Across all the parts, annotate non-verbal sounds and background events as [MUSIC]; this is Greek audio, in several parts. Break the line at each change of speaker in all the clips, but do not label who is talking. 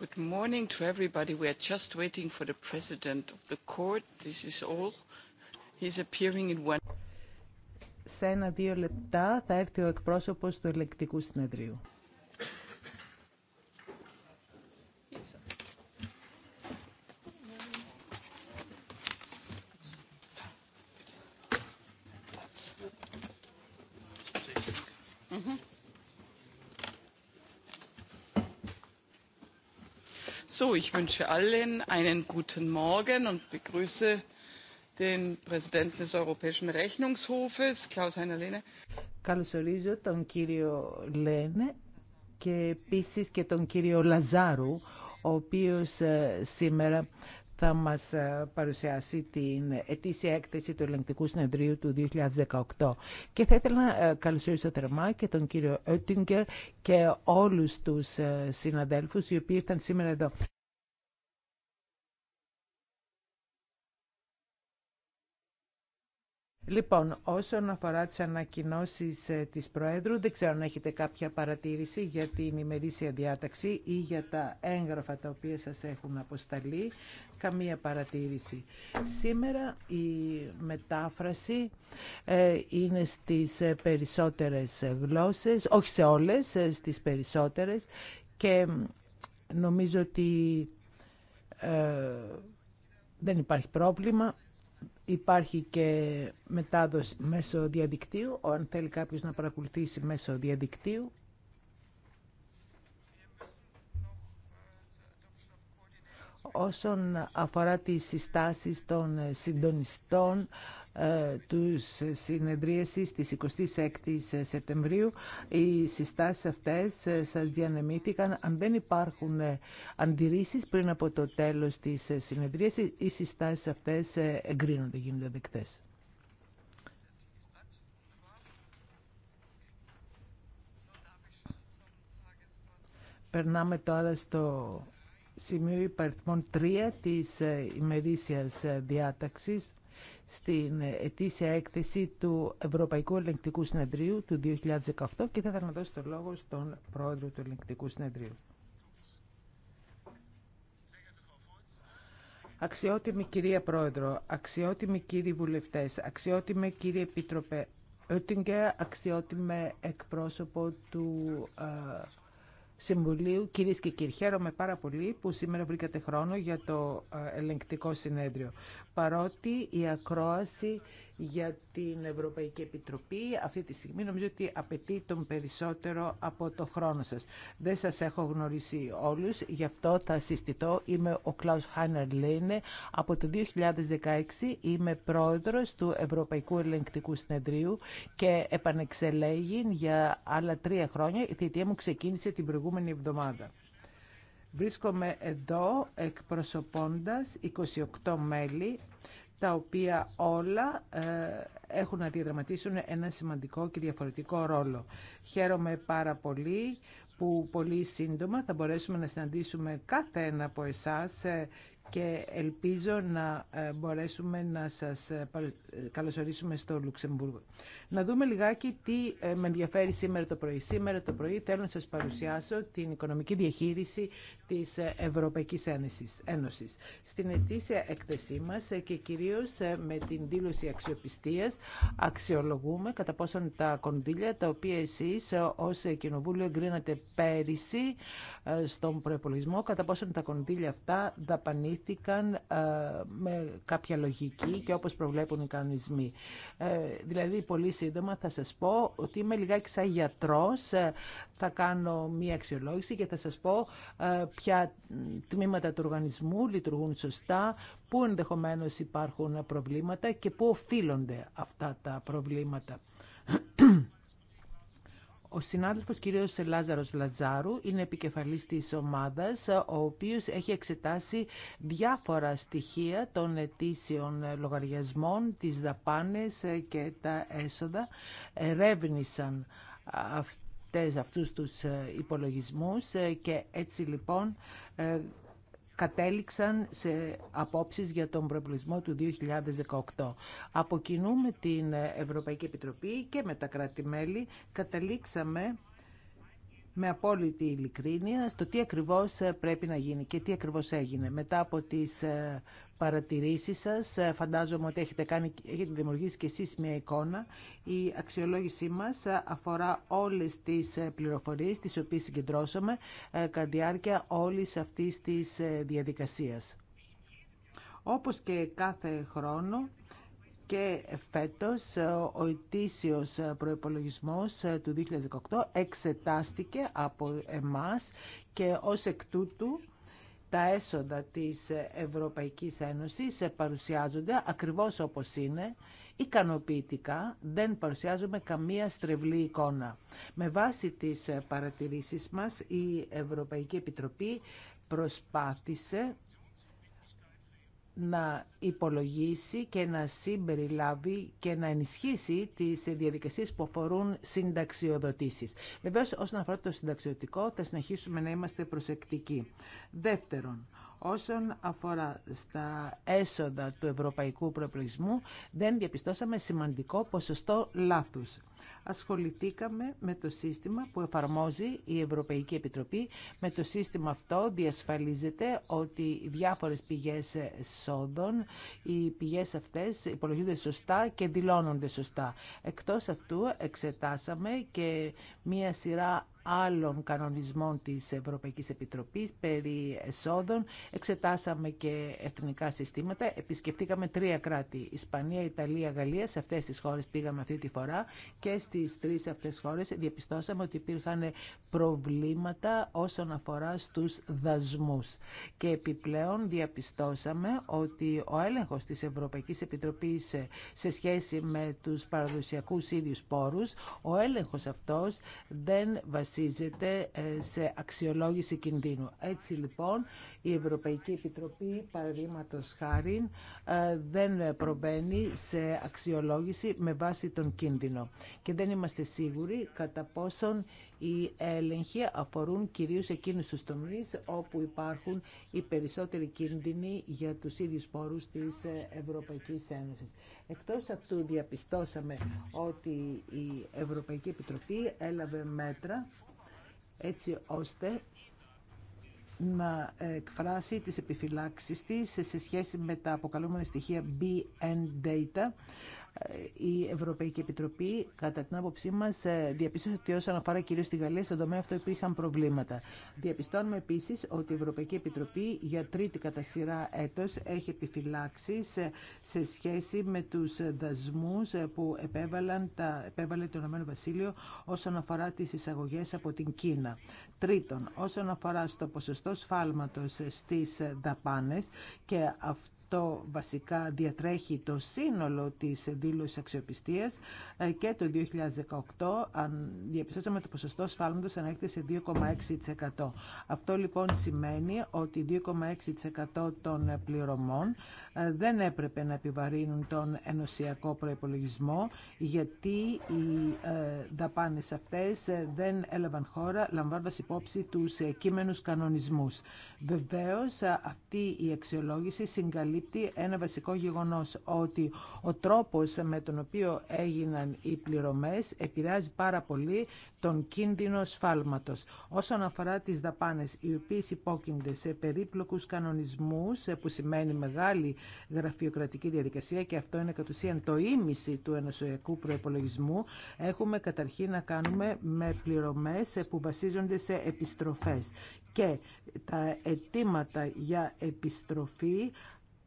Good morning to everybody. We are just waiting for the president of the court. This is all. He's appearing in one.
Σε ένα-δύο λεπτά θα έρθει ο εκπρόσωπος του ελεκτικού συνεδρίου.
So, ich wünsche allen einen guten Morgen und begrüße den Präsidenten des Europäischen Rechnungshofes, Klaus-Heiner Lehne.
Καλωσορίζω τον κύριο Λένε και επίσης και τον κύριο Λαζάρου, ο οποίος σήμερα θα μας ε, παρουσιάσει την ετήσια έκθεση του Ελεγκτικού Συνεδρίου του 2018. Και θα ήθελα να ε, καλωσορίσω θερμά και τον κύριο Ότιγκερ και όλους τους ε, συναδέλφους οι οποίοι ήρθαν σήμερα εδώ. Λοιπόν, όσον αφορά τις ανακοινώσεις ε, της Προέδρου, δεν ξέρω αν έχετε κάποια παρατήρηση για την ημερήσια διάταξη ή για τα έγγραφα τα οποία σας έχουν αποσταλεί. Καμία παρατήρηση. Σήμερα η μετάφραση ε, είναι στις ε, περισσότερες γλώσσες, όχι σε όλες, στις περισσότερες και νομίζω ότι δεν υπάρχει πρόβλημα. Υπάρχει και μετάδοση μέσω διαδικτύου, αν θέλει κάποιος να παρακολουθήσει μέσω διαδικτύου. Όσον αφορά τις συστάσεις των συντονιστών, τους συνεδρίασης της 26 Σεπτεμβρίου. Οι συστάσεις αυτές σας διανεμήθηκαν. Αν δεν υπάρχουν αντιρρήσεις πριν από το τέλος της συνεδρίασης, οι συστάσεις αυτές εγκρίνονται, γίνονται δεκτές. Περνάμε τώρα στο σημείο υπαριθμών 3 της ημερήσιας διάταξης στην ετήσια έκθεση του Ευρωπαϊκού Ελεγκτικού Συνεδρίου του 2018 και θα ήθελα να δώσω το λόγο στον πρόεδρο του Ελεγκτικού Συνεδρίου. Αξιότιμη κυρία Πρόεδρο, αξιότιμοι κύριοι βουλευτές, αξιότιμη κύριε Επίτροπε Ότιγκερ, αξιότιμη εκπρόσωπο του ε, Συμβουλίου, κυρίε και κύριοι, χαίρομαι πάρα πολύ που σήμερα βρήκατε χρόνο για το ε, ελεγκτικό συνέδριο παρότι η ακρόαση για την Ευρωπαϊκή Επιτροπή αυτή τη στιγμή νομίζω ότι απαιτεί τον περισσότερο από το χρόνο σας. Δεν σας έχω γνωρίσει όλους, γι' αυτό θα συστηθώ. Είμαι ο Κλάους Χάινερ Λένε. Από το 2016 είμαι πρόεδρος του Ευρωπαϊκού Ελεγκτικού Συνεδρίου και επανεξελέγει για άλλα τρία χρόνια. Η θητεία μου ξεκίνησε την προηγούμενη εβδομάδα. Βρίσκομαι εδώ εκπροσωπώντας 28 μέλη, τα οποία όλα ε, έχουν να διαδραματίσουν ένα σημαντικό και διαφορετικό ρόλο. Χαίρομαι πάρα πολύ που πολύ σύντομα θα μπορέσουμε να συναντήσουμε κάθε ένα από εσάς ε, και ελπίζω να ε, μπορέσουμε να σας ε, ε, καλωσορίσουμε στο Λουξεμβούργο. Να δούμε λιγάκι τι με ενδιαφέρει σήμερα το πρωί. Σήμερα το πρωί θέλω να σας παρουσιάσω την οικονομική διαχείριση της Ευρωπαϊκής Ένωσης. Στην ετήσια έκθεσή μας και κυρίως με την δήλωση αξιοπιστίας αξιολογούμε κατά πόσον τα κονδύλια τα οποία εσείς ως Κοινοβούλιο εγκρίνατε πέρυσι στον προπολογισμό, κατά πόσον τα κονδύλια αυτά δαπανή ε, με κάποια λογική και όπως προβλέπουν οι κανονισμοί. Ε, δηλαδή, πολύ σύντομα θα σας πω ότι είμαι λιγάκι σαν γιατρός, ε, θα κάνω μία αξιολόγηση και θα σας πω ποια τμήματα του οργανισμού λειτουργούν σωστά, πού ενδεχομένως υπάρχουν προβλήματα και πού οφείλονται αυτά τα προβλήματα. Ο συνάδελφος κύριος Λάζαρος Λαζάρου είναι επικεφαλής της ομάδας, ο οποίος έχει εξετάσει διάφορα στοιχεία των αιτήσεων λογαριασμών, τις δαπάνες και τα έσοδα. Ερεύνησαν αυτές, αυτούς τους υπολογισμούς και έτσι λοιπόν ε, κατέληξαν σε απόψεις για τον προεπλισμό του 2018. Αποκινούμε την Ευρωπαϊκή Επιτροπή και με τα κράτη-μέλη καταλήξαμε με απόλυτη ειλικρίνεια στο τι ακριβώς ε, πρέπει να γίνει και τι ακριβώς έγινε. Μετά από τις ε, παρατηρήσεις σας, ε, φαντάζομαι ότι έχετε, κάνει, έχετε δημιουργήσει και εσείς μια εικόνα. Η αξιολόγησή μας αφορά όλες τις πληροφορίες τις οποίες συγκεντρώσαμε κατά τη διάρκεια όλης αυτής της διαδικασίας. Όπως και κάθε χρόνο, και φέτος ε, ο ετήσιος ε, προϋπολογισμός ε, του 2018 εξετάστηκε από εμάς και ως εκ τούτου τα έσοδα της Ευρωπαϊκής Ένωσης παρουσιάζονται ακριβώς όπως είναι, ικανοποιητικά, δεν παρουσιάζουμε καμία στρεβλή εικόνα. Με βάση τις παρατηρήσεις μας, η Ευρωπαϊκή Επιτροπή προσπάθησε να υπολογίσει και να συμπεριλάβει και να ενισχύσει τις διαδικασίες που αφορούν συνταξιοδοτήσεις. Βεβαίως, όσον αφορά το συνταξιοτικό, θα συνεχίσουμε να είμαστε προσεκτικοί. Δεύτερον, Όσον αφορά στα έσοδα του ευρωπαϊκού προεπλογισμού, δεν διαπιστώσαμε σημαντικό ποσοστό λάθους ασχοληθήκαμε με το σύστημα που εφαρμόζει η Ευρωπαϊκή Επιτροπή. Με το σύστημα αυτό διασφαλίζεται ότι οι διάφορες πηγές εσόδων, οι πηγές αυτές υπολογίζονται σωστά και δηλώνονται σωστά. Εκτός αυτού εξετάσαμε και μία σειρά άλλων κανονισμών της Ευρωπαϊκής Επιτροπής περί εσόδων. Εξετάσαμε και εθνικά συστήματα. Επισκεφτήκαμε τρία κράτη, Ισπανία, Ιταλία, Γαλλία. Σε αυτές τις χώρες πήγαμε αυτή τη φορά και στις τρεις αυτές χώρες διαπιστώσαμε ότι υπήρχαν προβλήματα όσον αφορά στους δασμούς. Και επιπλέον διαπιστώσαμε ότι ο έλεγχος της Ευρωπαϊκής Επιτροπής σε σχέση με τους παραδοσιακούς ίδιους πόρους, ο έλεγχος αυτός δεν βασίζεται ε, σε αξιολόγηση κινδύνου. Έτσι λοιπόν η Ευρωπαϊκή Επιτροπή παραδείγματο χάρη ε, δεν προβαίνει σε αξιολόγηση με βάση τον κίνδυνο και δεν είμαστε σίγουροι κατά πόσον οι έλεγχοι αφορούν κυρίως εκείνους τους τομείς όπου υπάρχουν οι περισσότεροι κίνδυνοι για τους ίδιους πόρους της ε, Ευρωπαϊκής Ένωσης. Εκτός αυτού διαπιστώσαμε ότι η Ευρωπαϊκή Επιτροπή έλαβε μέτρα έτσι ώστε να εκφράσει τις επιφυλάξεις της σε σχέση με τα αποκαλούμενα στοιχεία BN Data η Ευρωπαϊκή Επιτροπή, κατά την άποψή μα, ε, διαπίστωσε ότι όσον αφορά κυρίω τη Γαλλία, στον τομέα αυτό υπήρχαν προβλήματα. Διαπιστώνουμε επίση ότι η Ευρωπαϊκή Επιτροπή για τρίτη κατά σειρά έτο έχει επιφυλάξει σε σχέση με του δασμού ε, που επέβαλαν τα, επέβαλε το Ηνωμένο Βασίλειο όσον αφορά τι εισαγωγέ από την Κίνα. Τρίτον, όσον αφορά στο ποσοστό σφάλματο στι δαπάνε και αυτό αυτό βασικά διατρέχει το σύνολο της δήλωση αξιοπιστίας ε, και το 2018 αν διαπιστώσαμε το ποσοστό σφάλματος ανέρχεται σε 2,6%. Αυτό λοιπόν σημαίνει ότι 2,6% των πληρωμών ε, δεν έπρεπε να επιβαρύνουν τον ενωσιακό προϋπολογισμό γιατί οι ε, δαπάνες αυτές ε, δεν έλαβαν χώρα λαμβάνοντας υπόψη τους κείμενους κανονισμούς. Βεβαίως αυτή η αξιολόγηση συγκαλύπτει ένα βασικό γεγονός ότι ο τρόπος με τον οποίο έγιναν οι πληρωμές επηρεάζει πάρα πολύ τον κίνδυνο σφάλματος. Όσον αφορά τις δαπάνες οι οποίες υπόκεινται σε περίπλοκους κανονισμούς ε, που σημαίνει μεγάλη γραφειοκρατική διαδικασία και αυτό είναι κατ' ουσίαν το ίμιση του ενωσιακού προπολογισμού, έχουμε καταρχήν να κάνουμε με πληρωμές ε, που βασίζονται σε επιστροφές και τα αιτήματα για επιστροφή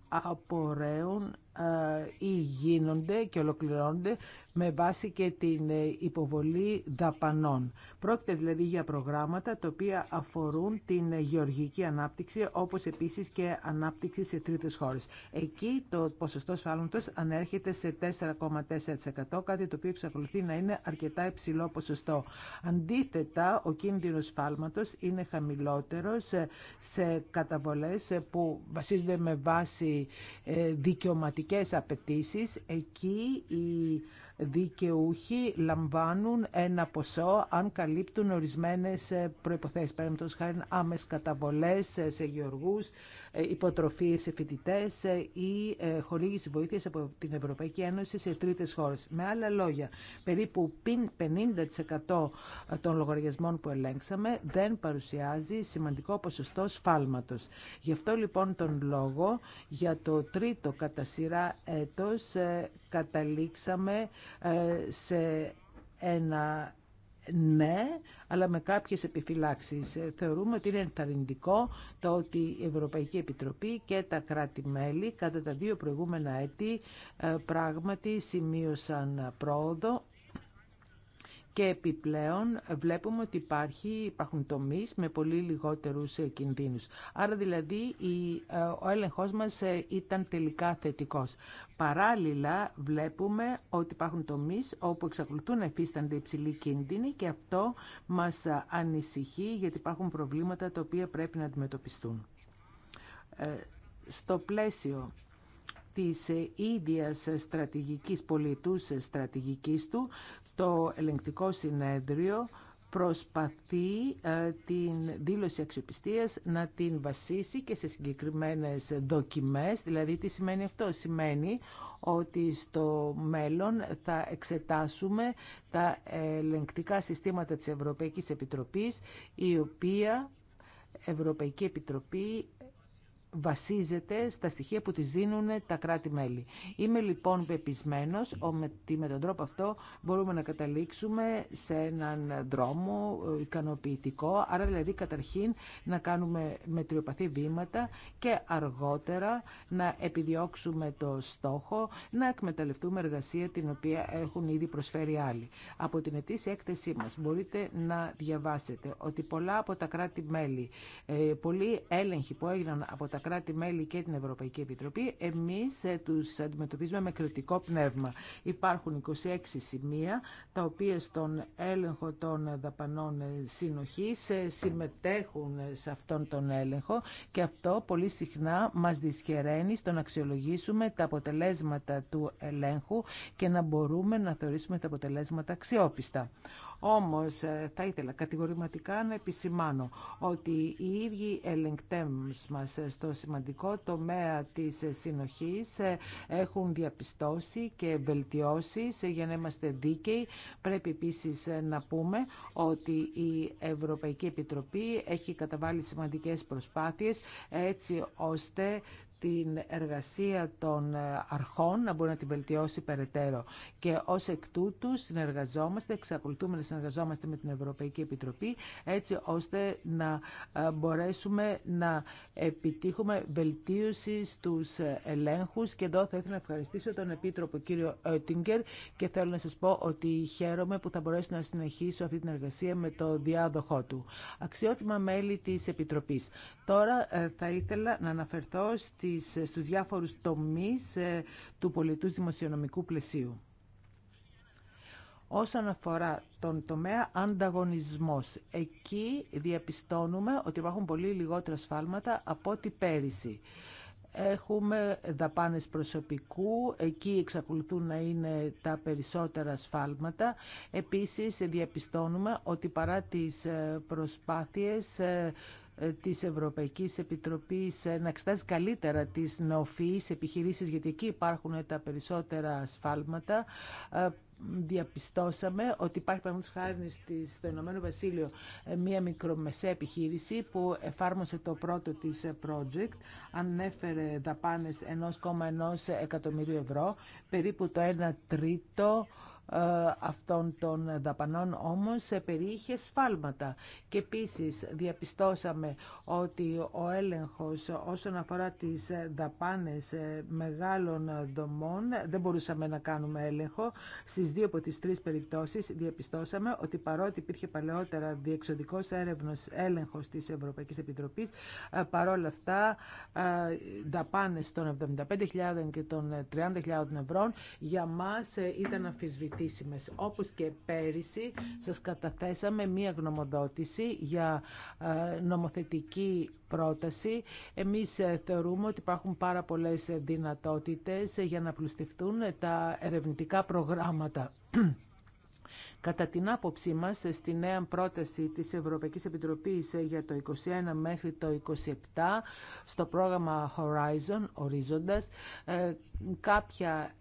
απορρέουν ε, ή γίνονται και ολοκληρώνονται με βάση και την ε, υποβολή δαπανών. Πρόκειται δηλαδή για προγράμματα τα οποία αφορούν την ε, γεωργική ανάπτυξη όπως επίσης και ανάπτυξη σε τρίτες χώρες. Εκεί το ποσοστό σφάλματος ανέρχεται σε 4,4% κάτι το οποίο εξακολουθεί να είναι αρκετά υψηλό ποσοστό. Αντίθετα, ο κίνδυνος σφάλματος είναι χαμηλότερο ε, σε καταβολές που βασίζονται με βάση δικαιωματικές απαιτήσει. Εκεί η δικαιούχοι λαμβάνουν ένα ποσό αν καλύπτουν ορισμένες ε, προϋποθέσεις. Παραδείγματος χάρη άμεσες καταβολές ε, σε γεωργούς, ε, υποτροφίες σε φοιτητέ ή χορήγηση βοήθειας από την Ευρωπαϊκή Ένωση σε τρίτες χώρες. Με άλλα λόγια, περίπου 50% των λογαριασμών που ελέγξαμε δεν παρουσιάζει σημαντικό ποσοστό σφάλματος. Γι' αυτό λοιπόν τον λόγο για το τρίτο κατά σειρά έτος καταλήξαμε ε, σε ένα ναι, αλλά με κάποιες επιφυλάξεις. Ε, θεωρούμε ότι είναι ενθαρρυντικό το ότι η Ευρωπαϊκή Επιτροπή και τα κράτη-μέλη κατά τα δύο προηγούμενα έτη ε, πράγματι σημείωσαν πρόοδο και επιπλέον βλέπουμε ότι υπάρχει, υπάρχουν τομείς με πολύ λιγότερους ε, κινδύνους. Άρα δηλαδή ε, ο έλεγχος μας ε, ήταν τελικά θετικός. Παράλληλα βλέπουμε ότι υπάρχουν τομείς όπου εξακολουθούν να υφίστανται υψηλοί κίνδυνοι και αυτό μας ανησυχεί γιατί υπάρχουν προβλήματα τα οποία πρέπει να αντιμετωπιστούν. Στο πλαίσιο της ίδιας στρατηγικής πολιτούς στρατηγικής του, το ελεγκτικό συνέδριο προσπαθεί ε, την δήλωση αξιοπιστίας να την βασίσει και σε συγκεκριμένες δοκιμές. Δηλαδή, τι σημαίνει αυτό. Σημαίνει ότι στο μέλλον θα εξετάσουμε τα ελεγκτικά συστήματα της Ευρωπαϊκής Επιτροπής, η οποία Ευρωπαϊκή Επιτροπή βασίζεται στα στοιχεία που τις δίνουν τα κράτη-μέλη. Είμαι λοιπόν πεπισμένος ότι με τον τρόπο αυτό μπορούμε να καταλήξουμε σε έναν δρόμο ε, ικανοποιητικό, άρα δηλαδή καταρχήν να κάνουμε μετριοπαθή βήματα και αργότερα να επιδιώξουμε το στόχο να εκμεταλλευτούμε εργασία την οποία έχουν ήδη προσφέρει άλλοι. Από την ετήσια έκθεσή μας μπορείτε να διαβάσετε ότι πολλά από τα κράτη-μέλη, ε, πολλοί έλεγχοι που έγιναν από τα κράτη-μέλη και την Ευρωπαϊκή Επιτροπή, εμείς ε, τους αντιμετωπίζουμε με κριτικό πνεύμα. Υπάρχουν 26 σημεία, τα οποία στον έλεγχο των δαπανών ε, συνοχής ε, συμμετέχουν σε αυτόν τον έλεγχο και αυτό πολύ συχνά μας δυσχεραίνει στο να αξιολογήσουμε τα αποτελέσματα του ελέγχου και να μπορούμε να θεωρήσουμε τα αποτελέσματα αξιόπιστα. Όμως θα ήθελα κατηγορηματικά να επισημάνω ότι οι ίδιοι ελεγκτές μας στο το σημαντικό τομέα της συνοχής έχουν διαπιστώσει και βελτιώσει για να είμαστε δίκαιοι. Πρέπει επίσης να πούμε ότι η Ευρωπαϊκή Επιτροπή έχει καταβάλει σημαντικές προσπάθειες έτσι ώστε την εργασία των ε, αρχών να μπορεί να την βελτιώσει περαιτέρω. Και ως εκ τούτου συνεργαζόμαστε, εξακολουθούμε να συνεργαζόμαστε με την Ευρωπαϊκή Επιτροπή έτσι ώστε να ε, μπορέσουμε να επιτύχουμε βελτίωση στους ε, ελέγχους και εδώ θα ήθελα να ευχαριστήσω τον Επίτροπο κύριο Ότιγκερ και θέλω να σας πω ότι χαίρομαι που θα μπορέσω να συνεχίσω αυτή την εργασία με το διάδοχό του. Αξιότιμα μέλη τη Επιτροπής. Τώρα θα ήθελα να αναφερθώ στη στις, στους διάφορους τομείς ε, του πολιτού δημοσιονομικού πλαισίου. Όσον αφορά τον τομέα ανταγωνισμός, εκεί διαπιστώνουμε ότι υπάρχουν πολύ λιγότερα σφάλματα από ό,τι πέρυσι. Έχουμε δαπάνες προσωπικού, εκεί εξακολουθούν να είναι τα περισσότερα σφάλματα. Επίσης διαπιστώνουμε ότι παρά τις ε, προσπάθειες ε, ε, της Ευρωπαϊκής Επιτροπής ε, να εξετάζει καλύτερα τις νεοφυείς επιχειρήσεις, γιατί εκεί υπάρχουν τα περισσότερα σφάλματα ε, διαπιστώσαμε ότι υπάρχει παραδείγματο χάρη στο Ηνωμένο Βασίλειο μία μικρομεσαία επιχείρηση που εφάρμοσε το πρώτο της project, ανέφερε δαπάνες 1,1 εκατομμύριο ευρώ, περίπου το 1 τρίτο ε, αυτών των δαπανών όμως ε, περιείχε σφάλματα και επίσης διαπιστώσαμε ότι ο έλεγχος όσον αφορά τις δαπάνες ε, μεγάλων δομών δεν μπορούσαμε να κάνουμε έλεγχο στις δύο από τις τρεις περιπτώσεις διαπιστώσαμε ότι παρότι υπήρχε παλαιότερα διεξοδικός έρευνος έλεγχος της Ευρωπαϊκής Επιτροπής παρόλα αυτά δαπάνες των 75.000 και των 30.000 ευρώ για μας ήταν αμφισβητή Όπω Όπως και πέρυσι σας καταθέσαμε μία γνωμοδότηση για ε, νομοθετική πρόταση. Εμείς ε, θεωρούμε ότι υπάρχουν πάρα πολλές δυνατότητες για να πλουστευτούν τα ερευνητικά προγράμματα. [CLEARS THROAT] Κατά την άποψή μας, στη νέα πρόταση της Ευρωπαϊκής Επιτροπής για το 2021 μέχρι το 2027, στο πρόγραμμα Horizon, ορίζοντας, ε, κάποια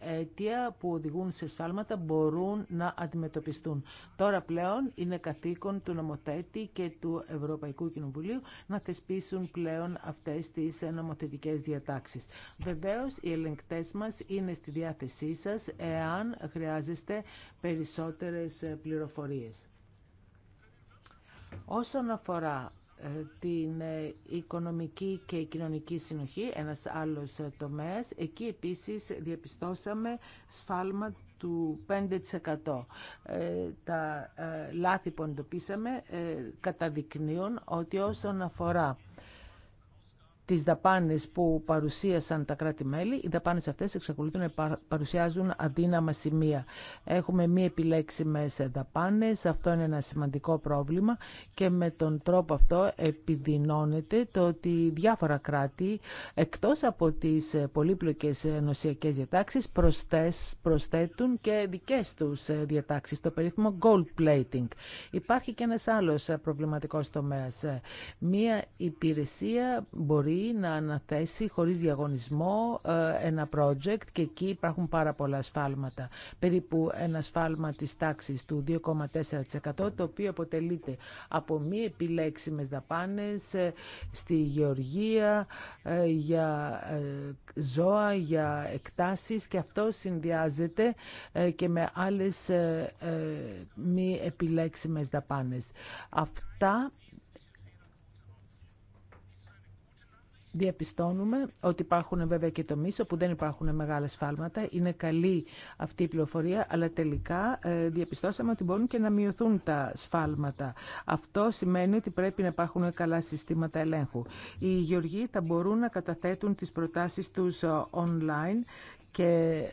ε, αίτια που οδηγούν σε σφάλματα μπορούν να αντιμετωπιστούν. Τώρα πλέον είναι καθήκον του νομοθέτη και του Ευρωπαϊκού Κοινοβουλίου να θεσπίσουν πλέον αυτές τις νομοθετικές διατάξεις. Βεβαίως οι ελεγκτές μας είναι στη διάθεσή σας εάν χρειάζεστε περισσότερες πληροφορίες. Όσον αφορά την ε, οικονομική και κοινωνική συνοχή, ένας άλλος ε, τομέας. Εκεί επίσης διαπιστώσαμε σφάλμα του 5%. Ε, τα λάθη που εντοπίσαμε καταδεικνύουν ότι όσον αφορά τις δαπάνες που παρουσίασαν τα κράτη-μέλη, οι δαπάνες αυτές εξακολουθούν να παρουσιάζουν αδύναμα σημεία. Έχουμε μη επιλέξιμες δαπάνες, αυτό είναι ένα σημαντικό πρόβλημα και με τον τρόπο αυτό επιδεινώνεται το ότι διάφορα κράτη, εκτός από τις πολύπλοκες νοσιακέ διατάξει προσθέτουν και δικές τους διατάξει το περίφημο gold plating. Υπάρχει και ένα άλλος προβληματικό τομέα. Μία υπηρεσία μπορεί να αναθέσει χωρίς διαγωνισμό ε, ένα project και εκεί υπάρχουν πάρα πολλά σφάλματα. Περίπου ένα σφάλμα της τάξης του 2,4% το οποίο αποτελείται από μη επιλέξιμες δαπάνες ε, στη γεωργία, ε, για ζώα, για εκτάσεις και αυτό συνδυάζεται και με άλλες μη επιλέξιμες δαπάνες. Αυτά Διαπιστώνουμε ότι υπάρχουν βέβαια και τομείς όπου δεν υπάρχουν μεγάλα σφάλματα. Είναι καλή αυτή η πληροφορία, αλλά τελικά ε, διαπιστώσαμε ότι μπορούν και να μειωθούν τα σφάλματα. Αυτό σημαίνει ότι πρέπει να υπάρχουν καλά συστήματα ελέγχου. Οι γεωργοί θα μπορούν να καταθέτουν τις προτάσεις τους ε, online και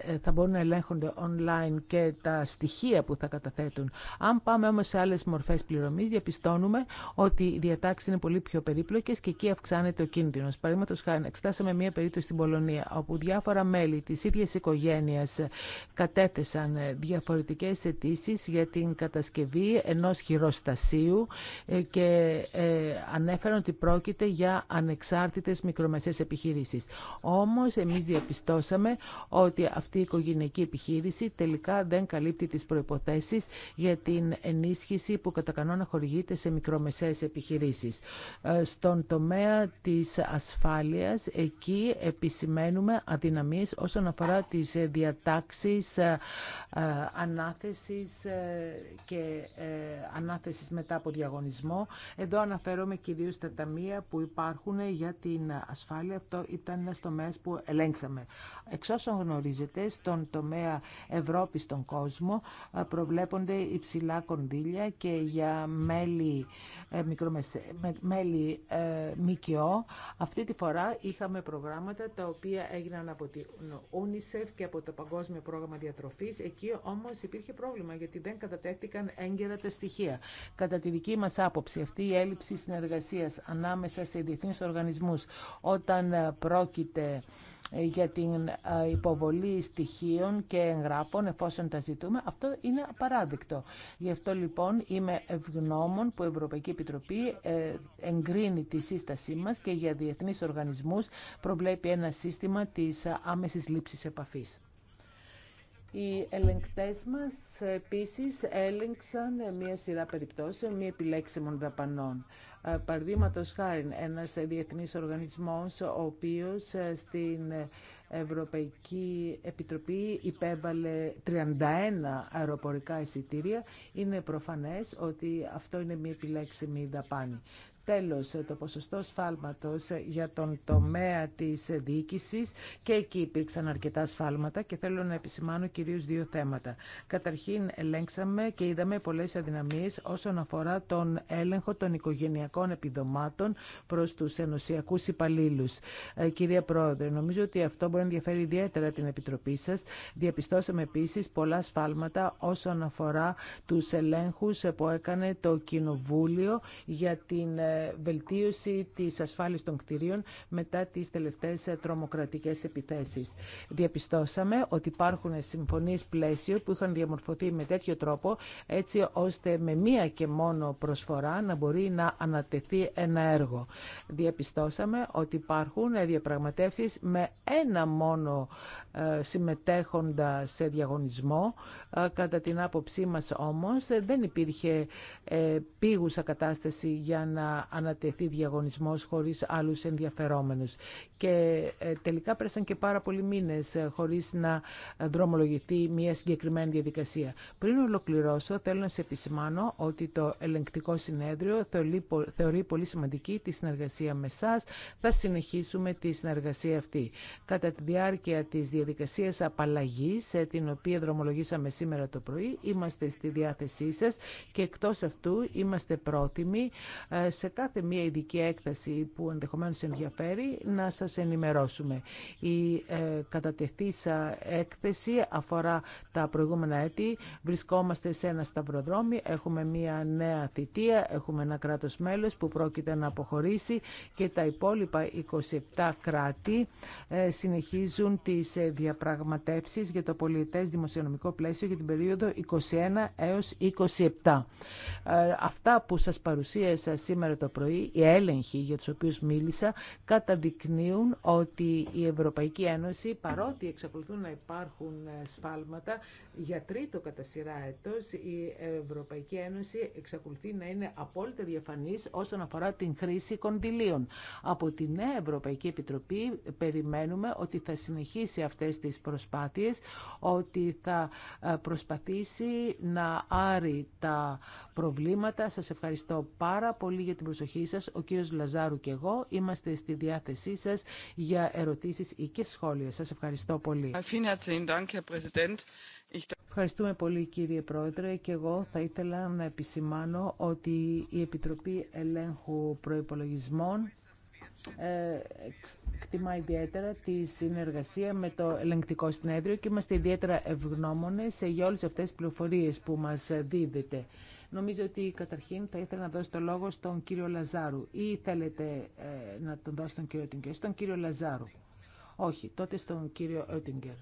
ε, θα μπορούν να ελέγχονται online και τα στοιχεία που θα καταθέτουν. Αν πάμε όμως σε άλλες μορφές πληρωμής, διαπιστώνουμε ότι οι διατάξεις είναι πολύ πιο περίπλοκες και εκεί αυξάνεται ο κίνδυνος. Παραδείγματος χάρη, εξετάσαμε μία περίπτωση στην Πολωνία, όπου διάφορα μέλη της ίδιας οικογένειας κατέθεσαν ε, διαφορετικές αιτήσει για την κατασκευή ενός χειροστασίου ε, και ανέφεραν ότι πρόκειται για ανεξάρτητες μικρομεσαίες επιχειρήσεις. Όμως, εμείς διαπιστώσαμε ότι αυτή η οικογενειακή επιχείρηση τελικά δεν καλύπτει τις προϋποθέσεις για την ενίσχυση που κατά κανόνα χορηγείται σε μικρομεσαίες επιχειρήσεις. Ε, στον τομέα της ασφάλειας, εκεί επισημαίνουμε αδυναμίες όσον αφορά τις διατάξεις ε, ε, ανάθεσης και ανάθεσης μετά από διαγωνισμό. Εδώ αναφέρομαι κυρίως τα ταμεία που υπάρχουν για την ασφάλεια. Αυτό ήταν ένα τομέα που ελέγξαμε. Εξ γνωρίζετε, στον τομέα Ευρώπη στον κόσμο προβλέπονται υψηλά κονδύλια και για μέλη ε, μέλη ε, ΜΚΟ. Αυτή τη φορά είχαμε προγράμματα τα οποία έγιναν από την UNICEF και από το Παγκόσμιο Πρόγραμμα Διατροφής. Εκεί όμως υπήρχε πρόβλημα γιατί δεν κατατέθηκαν έγκαιρα τα στοιχεία. Κατά τη δική μας άποψη αυτή η έλλειψη συνεργασίας ανάμεσα σε διεθνείς οργανισμούς όταν ε, πρόκειται για την υποβολή στοιχείων και εγγράφων εφόσον τα ζητούμε. Αυτό είναι απαράδεικτο. Γι' αυτό λοιπόν είμαι ευγνώμων που η Ευρωπαϊκή Επιτροπή Επιτροπή ε, εγκρίνει τη σύστασή μας και για διεθνείς οργανισμούς προβλέπει ένα σύστημα της άμεσης λήψης επαφής. Οι ελεγκτές μας επίσης έλεγξαν μία σειρά περιπτώσεων μη επιλέξιμων δαπανών. Ε, Παραδείγματο χάρη ένας διεθνή οργανισμός ο οποίος ε, στην Ευρωπαϊκή Επιτροπή υπέβαλε 31 αεροπορικά εισιτήρια. Είναι προφανές ότι αυτό είναι μια επιλέξιμη δαπάνη. Τέλος, το ποσοστό σφάλματος για τον τομέα της διοίκησης και εκεί υπήρξαν αρκετά σφάλματα και θέλω να επισημάνω κυρίως δύο θέματα. Καταρχήν ελέγξαμε και είδαμε πολλές αδυναμίες όσον αφορά τον έλεγχο των οικογενειακών επιδομάτων προς τους ενωσιακούς υπαλλήλους. Ε, κυρία Πρόεδρε, νομίζω ότι αυτό μπορεί να ενδιαφέρει ιδιαίτερα την Επιτροπή σας. Διαπιστώσαμε επίσης πολλά σφάλματα όσον αφορά τους ελέγχους που έκανε το Κοινοβούλιο για την ε, βελτίωση της ασφάλειας των κτηρίων μετά τις τελευταίες τρομοκρατικές επιθέσεις. Διαπιστώσαμε ότι υπάρχουν συμφωνίες πλαίσιο που είχαν διαμορφωθεί με τέτοιο τρόπο έτσι ώστε με μία και μόνο προσφορά να μπορεί να ανατεθεί ένα έργο. Διαπιστώσαμε ότι υπάρχουν διαπραγματεύσεις με ένα μόνο ε, συμμετέχοντα σε διαγωνισμό. Ε, κατά την άποψή μας όμως ε, δεν υπήρχε πήγουσα κατάσταση για να ανατεθεί διαγωνισμός χωρίς άλλους ενδιαφερόμενους. Και ε, τελικά πέρασαν και πάρα πολλοί μήνες ε, χωρίς να δρομολογηθεί μια συγκεκριμένη διαδικασία. Πριν ολοκληρώσω, θέλω να σε επισημάνω ότι το ελεγκτικό συνέδριο θεωρεί πολύ σημαντική τη συνεργασία με εσά. Θα συνεχίσουμε τη συνεργασία αυτή. Κατά τη διάρκεια της διαδικασίας απαλλαγής, ε, την οποία δρομολογήσαμε σήμερα το πρωί, είμαστε στη διάθεσή σας και εκτός αυτού είμαστε πρόθυμοι σε κάθε μία ειδική έκθεση που ενδεχομένως ενδιαφέρει να σας ενημερώσουμε. Η ε, κατατεθήσα έκθεση αφορά τα προηγούμενα έτη. Βρισκόμαστε σε ένα σταυροδρόμι, έχουμε μία νέα θητεία, έχουμε ένα κράτος μέλος που πρόκειται να αποχωρήσει και τα υπόλοιπα 27 κράτη ε, συνεχίζουν τις ε, διαπραγματεύσεις για το πολιτές δημοσιονομικό πλαίσιο για την περίοδο 21 έως 27. Ε, αυτά που σας παρουσίασα σήμερα το το πρωί, οι έλεγχοι για τους οποίους μίλησα καταδεικνύουν ότι η Ευρωπαϊκή Ένωση, παρότι εξακολουθούν να υπάρχουν ε, σφάλματα, για τρίτο κατά σειρά έτος η Ευρωπαϊκή Ένωση εξακολουθεί να είναι απόλυτα διαφανής όσον αφορά την χρήση κοντιλίων. Από τη Νέα Ευρωπαϊκή Επιτροπή περιμένουμε ότι θα συνεχίσει αυτές τις προσπάθειες, ότι θα ε, προσπαθήσει να άρει τα προβλήματα. Σας ευχαριστώ πάρα πολύ για την ο κύριος Λαζάρου και εγώ είμαστε στη διάθεσή σας για ερωτήσεις ή και σχόλια. Σας ευχαριστώ πολύ. Ευχαριστούμε πολύ κύριε Πρόεδρε και εγώ θα ήθελα να επισημάνω ότι η Επιτροπή Ελέγχου Προϋπολογισμών ε, εκτιμά ιδιαίτερα τη συνεργασία με το ελεγκτικό συνέδριο και είμαστε ιδιαίτερα ευγνώμονες για όλες αυτές τις πληροφορίες που μας δίδεται. Νομίζω ότι καταρχήν θα ήθελα να δώσω το λόγο στον κύριο Λαζάρου ή θέλετε ε, να τον δώσω στον κύριο Ότιγκερ. Στον κύριο Λαζάρου. Όχι, τότε στον κύριο Ότιγκερ.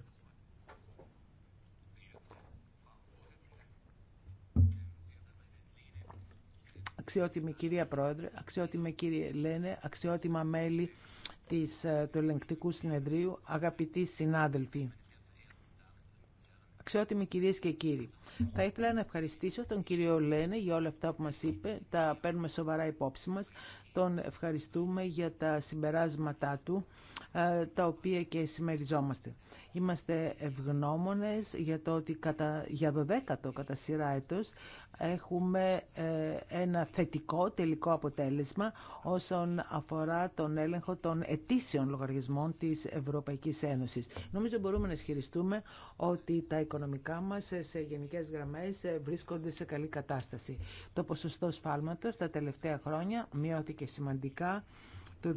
Αξιότιμη κυρία Πρόεδρε, αξιότιμη κύριε Λένε, αξιότιμα μέλη της, ε, του ελεγκτικού συνεδρίου, αγαπητοί συνάδελφοι. Αξιότιμοι κυρίες και κύριοι, θα ήθελα να ευχαριστήσω τον κύριο Λένε για όλα αυτά που μας είπε. Τα παίρνουμε σοβαρά υπόψη μας. Τον ευχαριστούμε για τα συμπεράσματά του, ε, τα οποία και συμμεριζόμαστε. Είμαστε ευγνώμονες για το ότι κατά, για 12ο κατά σειρά έτος έχουμε ε, ένα θετικό τελικό αποτέλεσμα όσον αφορά τον έλεγχο των ετήσιων λογαριασμών της Ευρωπαϊκής Ένωσης. Νομίζω μπορούμε να ισχυριστούμε ότι τα οικονομικά μας σε γενικές γραμμές βρίσκονται σε καλή κατάσταση. Το ποσοστό σφάλματος τα τελευταία χρόνια μειώθηκε σημαντικά. Το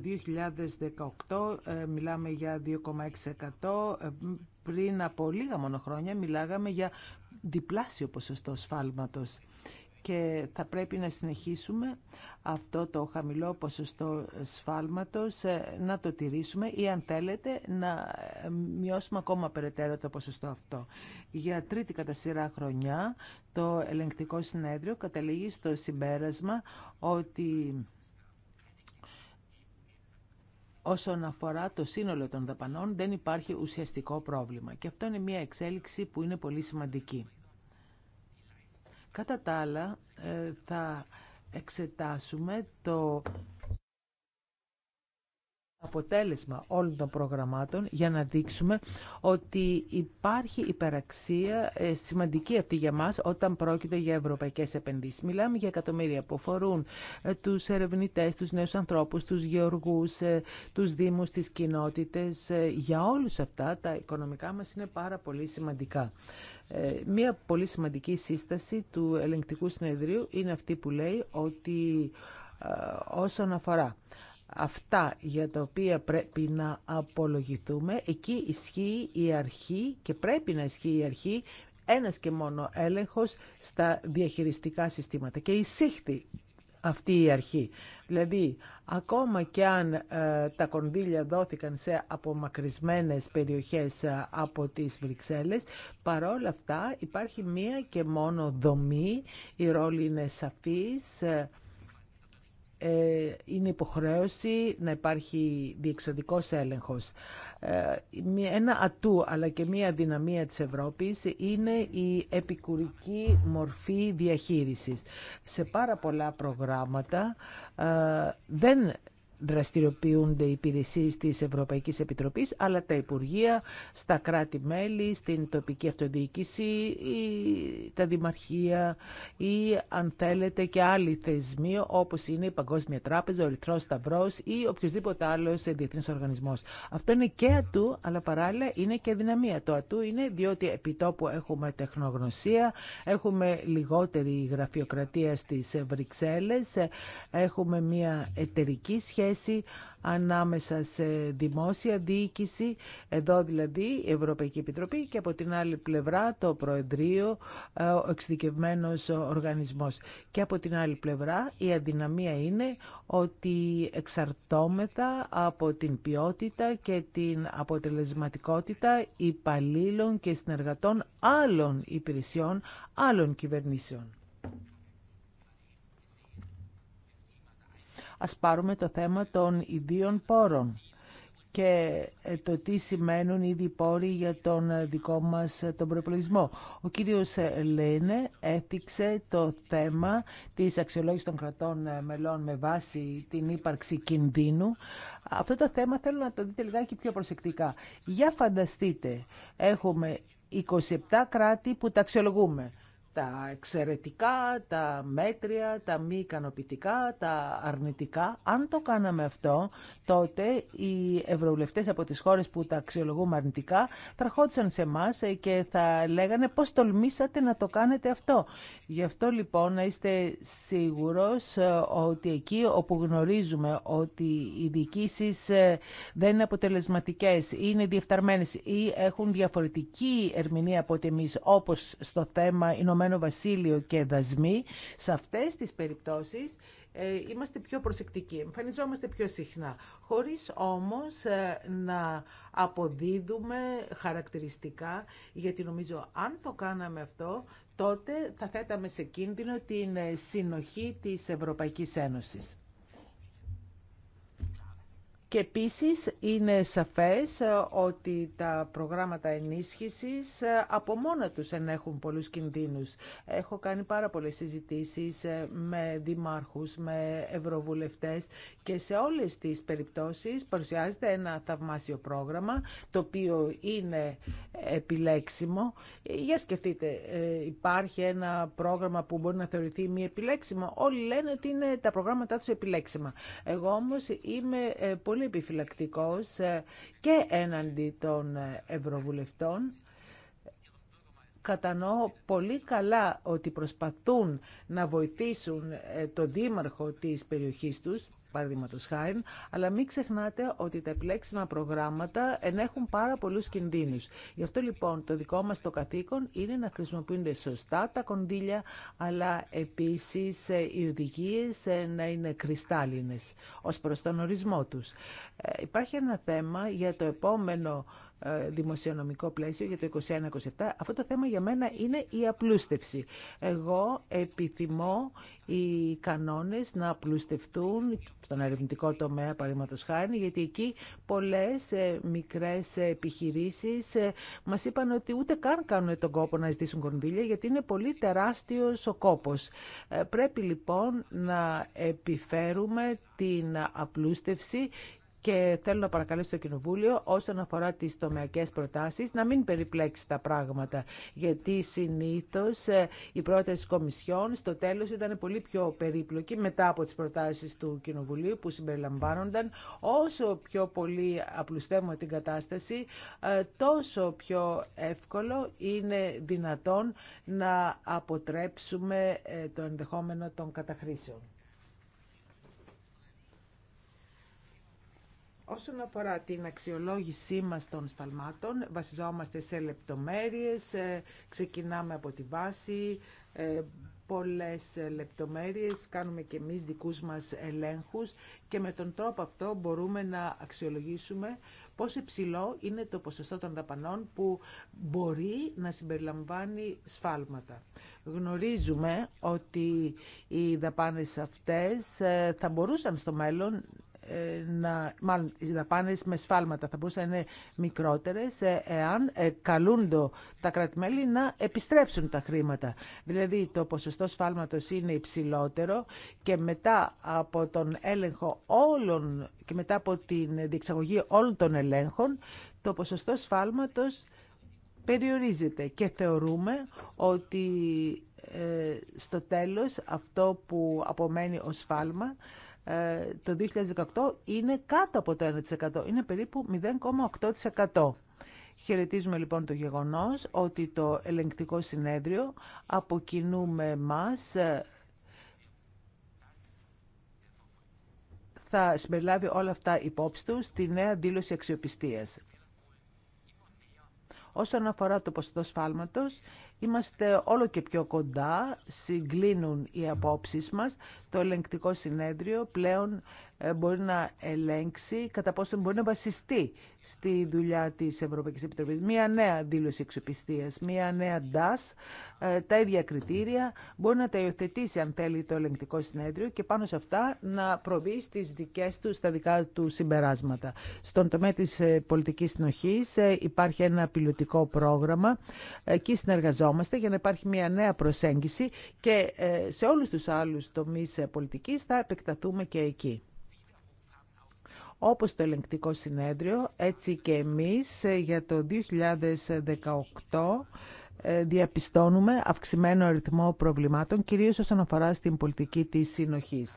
2018 ε, μιλάμε για 2,6%. Ε, πριν από λίγα μόνο χρόνια μιλάγαμε για διπλάσιο ποσοστό σφάλματος και θα πρέπει να συνεχίσουμε αυτό το χαμηλό ποσοστό σφάλματος ε, να το τηρήσουμε ή αν θέλετε να μειώσουμε ακόμα περαιτέρω το ποσοστό αυτό. Για τρίτη κατά σειρά χρονιά το ελεγκτικό συνέδριο καταλήγει στο συμπέρασμα ότι όσον αφορά το σύνολο των δαπανών δεν υπάρχει ουσιαστικό πρόβλημα και αυτό είναι μια εξέλιξη που είναι πολύ σημαντική. Κατά τα άλλα ε, θα εξετάσουμε το αποτέλεσμα όλων των προγραμμάτων για να δείξουμε ότι υπάρχει υπεραξία ε, σημαντική αυτή για μας όταν πρόκειται για ευρωπαϊκές επενδύσεις. Μιλάμε για εκατομμύρια που αφορούν ε, τους ερευνητές, τους νέους ανθρώπους, τους γεωργούς, ε, τους δήμους, τις κοινότητες. Για όλους αυτά τα οικονομικά μας είναι πάρα πολύ σημαντικά. Μία πολύ σημαντική σύσταση του ελεγκτικού συνεδρίου είναι αυτή που λέει ότι όσον αφορά αυτά για τα οποία πρέπει να απολογηθούμε, εκεί ισχύει η αρχή και πρέπει να ισχύει η αρχή ένας και μόνο έλεγχος στα διαχειριστικά συστήματα. Και εισήχθη αυτή η αρχή. Δηλαδή, ακόμα και αν ε, τα κονδύλια δόθηκαν σε απομακρυσμένες περιοχές ε, από τις Βρυξέλλες, παρόλα αυτά υπάρχει μία και μόνο δομή, η ρόλη είναι σαφής... Ε, ε, είναι υποχρέωση να υπάρχει διεξοδικός έλεγχος. Ε, ένα ατού αλλά και μία δυναμία της Ευρώπης είναι η επικουρική μορφή διαχείρισης. Σε πάρα πολλά προγράμματα ε, δεν δραστηριοποιούνται οι υπηρεσίε τη Ευρωπαϊκή Επιτροπή, αλλά τα Υπουργεία, στα κράτη-μέλη, στην τοπική αυτοδιοίκηση, ή τα Δημαρχία ή αν θέλετε και άλλοι θεσμοί όπως είναι η Παγκόσμια Τράπεζα, ο Ερυθρός Σταυρός ή οποιοδήποτε άλλος διεθνής οργανισμός. Αυτό είναι και αλλοι θεσμοι οπω ειναι η παγκοσμια τραπεζα ο ερυθρο σταυρο η οποιοδηποτε αλλο διεθνη οργανισμο αυτο ειναι και δυναμία. Το ατού είναι διότι επί τόπου έχουμε τεχνογνωσία, έχουμε λιγότερη γραφειοκρατία στι Βρυξέλλε, έχουμε μια εταιρική σχέση ανάμεσα σε δημόσια διοίκηση, εδώ δηλαδή η Ευρωπαϊκή Επιτροπή και από την άλλη πλευρά το Προεδρείο, ε, ο εξειδικευμένος οργανισμός. Και από την άλλη πλευρά η αδυναμία είναι ότι εξαρτώμεθα από την ποιότητα και την αποτελεσματικότητα υπαλλήλων και συνεργατών άλλων υπηρεσιών, άλλων κυβερνήσεων. Ας πάρουμε το θέμα των ιδίων πόρων και ε, το τι σημαίνουν οι ίδιοι για τον ε, δικό μας ε, τον προπολογισμό. Ο κύριος Λένε έφυξε το θέμα της αξιολόγησης των κρατών μελών με βάση την ύπαρξη κινδύνου. Αυτό το θέμα θέλω να το δείτε λιγάκι πιο προσεκτικά. Για φανταστείτε, έχουμε 27 κράτη που τα αξιολογούμε τα εξαιρετικά, τα μέτρια, τα μη ικανοποιητικά, τα αρνητικά. Αν το κάναμε αυτό, τότε οι ευρωβουλευτές από τις χώρες που τα αξιολογούμε αρνητικά θα ερχόντουσαν σε εμά και θα λέγανε πώς τολμήσατε να το κάνετε αυτό. Γι' αυτό λοιπόν να είστε σίγουρος ε, ότι εκεί όπου γνωρίζουμε ότι οι διοικήσει ε, δεν είναι αποτελεσματικές, είναι διεφθαρμένες ή έχουν διαφορετική ερμηνεία από ότι εμείς, όπως στο θέμα Ηνωμένων Ηνωμένο Βασίλειο και δασμοί, σε αυτές τις περιπτώσεις ε, είμαστε πιο προσεκτικοί, εμφανιζόμαστε πιο συχνά, χωρίς όμως ε, να αποδίδουμε χαρακτηριστικά, γιατί νομίζω αν το κάναμε αυτό, τότε θα θέταμε σε κίνδυνο την ε, συνοχή της Ευρωπαϊκής Ένωσης. Και επίσης είναι σαφές ε, ότι τα προγράμματα ενίσχυσης ε, από μόνα τους ενέχουν πολλούς κινδύνους. Έχω κάνει πάρα πολλές συζητήσεις ε, με δημάρχους, με ευρωβουλευτές και σε όλες τις περιπτώσεις παρουσιάζεται ένα θαυμάσιο πρόγραμμα το οποίο είναι επιλέξιμο. Για σκεφτείτε, υπάρχει ένα πρόγραμμα που μπορεί να θεωρηθεί μη επιλέξιμο. Όλοι λένε ότι είναι τα προγράμματά τους επιλέξιμα. Εγώ όμως είμαι πολύ πολύ επιφυλακτικός ε, και έναντι των ε, ευρωβουλευτών. Κατανοώ πολύ καλά ότι προσπαθούν να βοηθήσουν ε, το δήμαρχο της περιοχής τους, παραδείγματο χάρη, αλλά μην ξεχνάτε ότι τα επιλέξιμα προγράμματα ενέχουν πάρα πολλού κινδύνου. Γι' αυτό λοιπόν το δικό μα το καθήκον είναι να χρησιμοποιούνται σωστά τα κονδύλια, αλλά επίση ε, οι οδηγίε ε, να είναι κρυστάλλινε ω προ τον ορισμό του. Ε, υπάρχει ένα θέμα για το επόμενο ε, δημοσιονομικό πλαίσιο για το 2021-2027. Αυτό το θέμα για μένα είναι η απλούστευση. Εγώ επιθυμώ οι κανόνες να απλούστευτούν στον ερευνητικό τομέα, παραδείγματος χάρη, γιατί εκεί πολλές ε, μικρές επιχειρήσεις ε, μας είπαν ότι ούτε καν κάνουν τον κόπο να ζητήσουν κονδύλια, γιατί είναι πολύ τεράστιος ο κόπος. Πρέπει λοιπόν να επιφέρουμε την απλούστευση και θέλω να παρακαλέσω το Κοινοβούλιο όσον αφορά τις τομεακές προτάσεις να μην περιπλέξει τα πράγματα γιατί συνήθως οι ε, πρόταση Κομισιόν στο τέλος ήταν πολύ πιο περίπλοκη μετά από τις προτάσεις του Κοινοβουλίου που συμπεριλαμβάνονταν όσο πιο πολύ απλουστεύουμε την κατάσταση ε, τόσο πιο εύκολο είναι δυνατόν να αποτρέψουμε ε, το ενδεχόμενο των καταχρήσεων. Όσον αφορά την αξιολόγησή μας των σφαλμάτων, βασιζόμαστε σε λεπτομέρειες, ε, ξεκινάμε από τη βάση, ε, πολλές λεπτομέρειες, κάνουμε και εμείς δικούς μας ελέγχους και με τον τρόπο αυτό μπορούμε να αξιολογήσουμε πόσο υψηλό είναι το ποσοστό των δαπανών που μπορεί να συμπεριλαμβάνει σφάλματα. Γνωρίζουμε ότι οι δαπάνες αυτές ε, θα μπορούσαν στο μέλλον να, μάλλον οι δαπάνε με σφάλματα θα μπορούσαν να είναι μικρότερες ε, εάν ε, καλούντο τα κρατημέλη να επιστρέψουν τα χρήματα. Δηλαδή το ποσοστό σφάλματος είναι υψηλότερο και μετά από τον έλεγχο όλων και μετά από την διεξαγωγή όλων των ελέγχων το ποσοστό σφάλματος περιορίζεται και θεωρούμε ότι ε, στο τέλος αυτό που απομένει ως σφάλμα το 2018 είναι κάτω από το 1%. Είναι περίπου 0,8%. Χαιρετίζουμε λοιπόν το γεγονός ότι το ελεγκτικό συνέδριο από κοινού με εμάς ε, θα συμπεριλάβει όλα αυτά υπόψη του στη νέα δήλωση αξιοπιστίας. Όσον αφορά το ποσοστό σφάλματος, είμαστε όλο και πιο κοντά, συγκλίνουν οι απόψεις μας. Το ελεγκτικό συνέδριο πλέον ε, μπορεί να ελέγξει κατά πόσο μπορεί να βασιστεί στη δουλειά της Ευρωπαϊκής Επιτροπής. Μία νέα δήλωση εξοπιστίας, μία νέα DAS, ε, τα ίδια κριτήρια, μπορεί να τα υιοθετήσει αν θέλει το ελεγκτικό συνέδριο και πάνω σε αυτά να προβεί στις δικές του, στα δικά του συμπεράσματα. Στον τομέα της ε, πολιτικής συνοχής υπάρχει ένα πιλωτικό πρόγραμμα. Εκεί συνεργαζόμαστε για να υπάρχει μια νέα προσέγγιση και σε όλους τους άλλους τομείς πολιτικής θα επεκταθούμε και εκεί. Όπως το ελεγκτικό συνέδριο, έτσι και εμείς ε, για το 2018 ε, διαπιστώνουμε αυξημένο αριθμό προβλημάτων, κυρίως όσον αφορά στην πολιτική της συνοχής.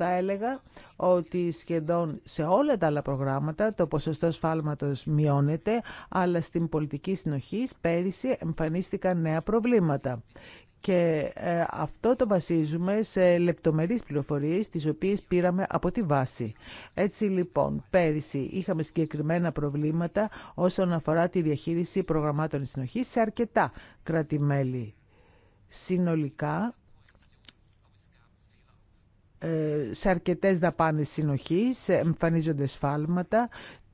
Θα έλεγα ότι σχεδόν σε όλα τα άλλα προγράμματα το ποσοστό σφάλματος μειώνεται, αλλά στην πολιτική συνοχής πέρυσι εμφανίστηκαν νέα προβλήματα. Και ε, αυτό το βασίζουμε σε λεπτομερείς πληροφορίες, τις οποίες πήραμε από τη βάση. Έτσι λοιπόν, πέρυσι είχαμε συγκεκριμένα προβλήματα όσον αφορά τη διαχείριση προγραμμάτων συνοχής σε αρκετά κράτη-μέλη. Συνολικά, ε, σε αρκετές δαπάνες συνοχής εμφανίζονται σφάλματα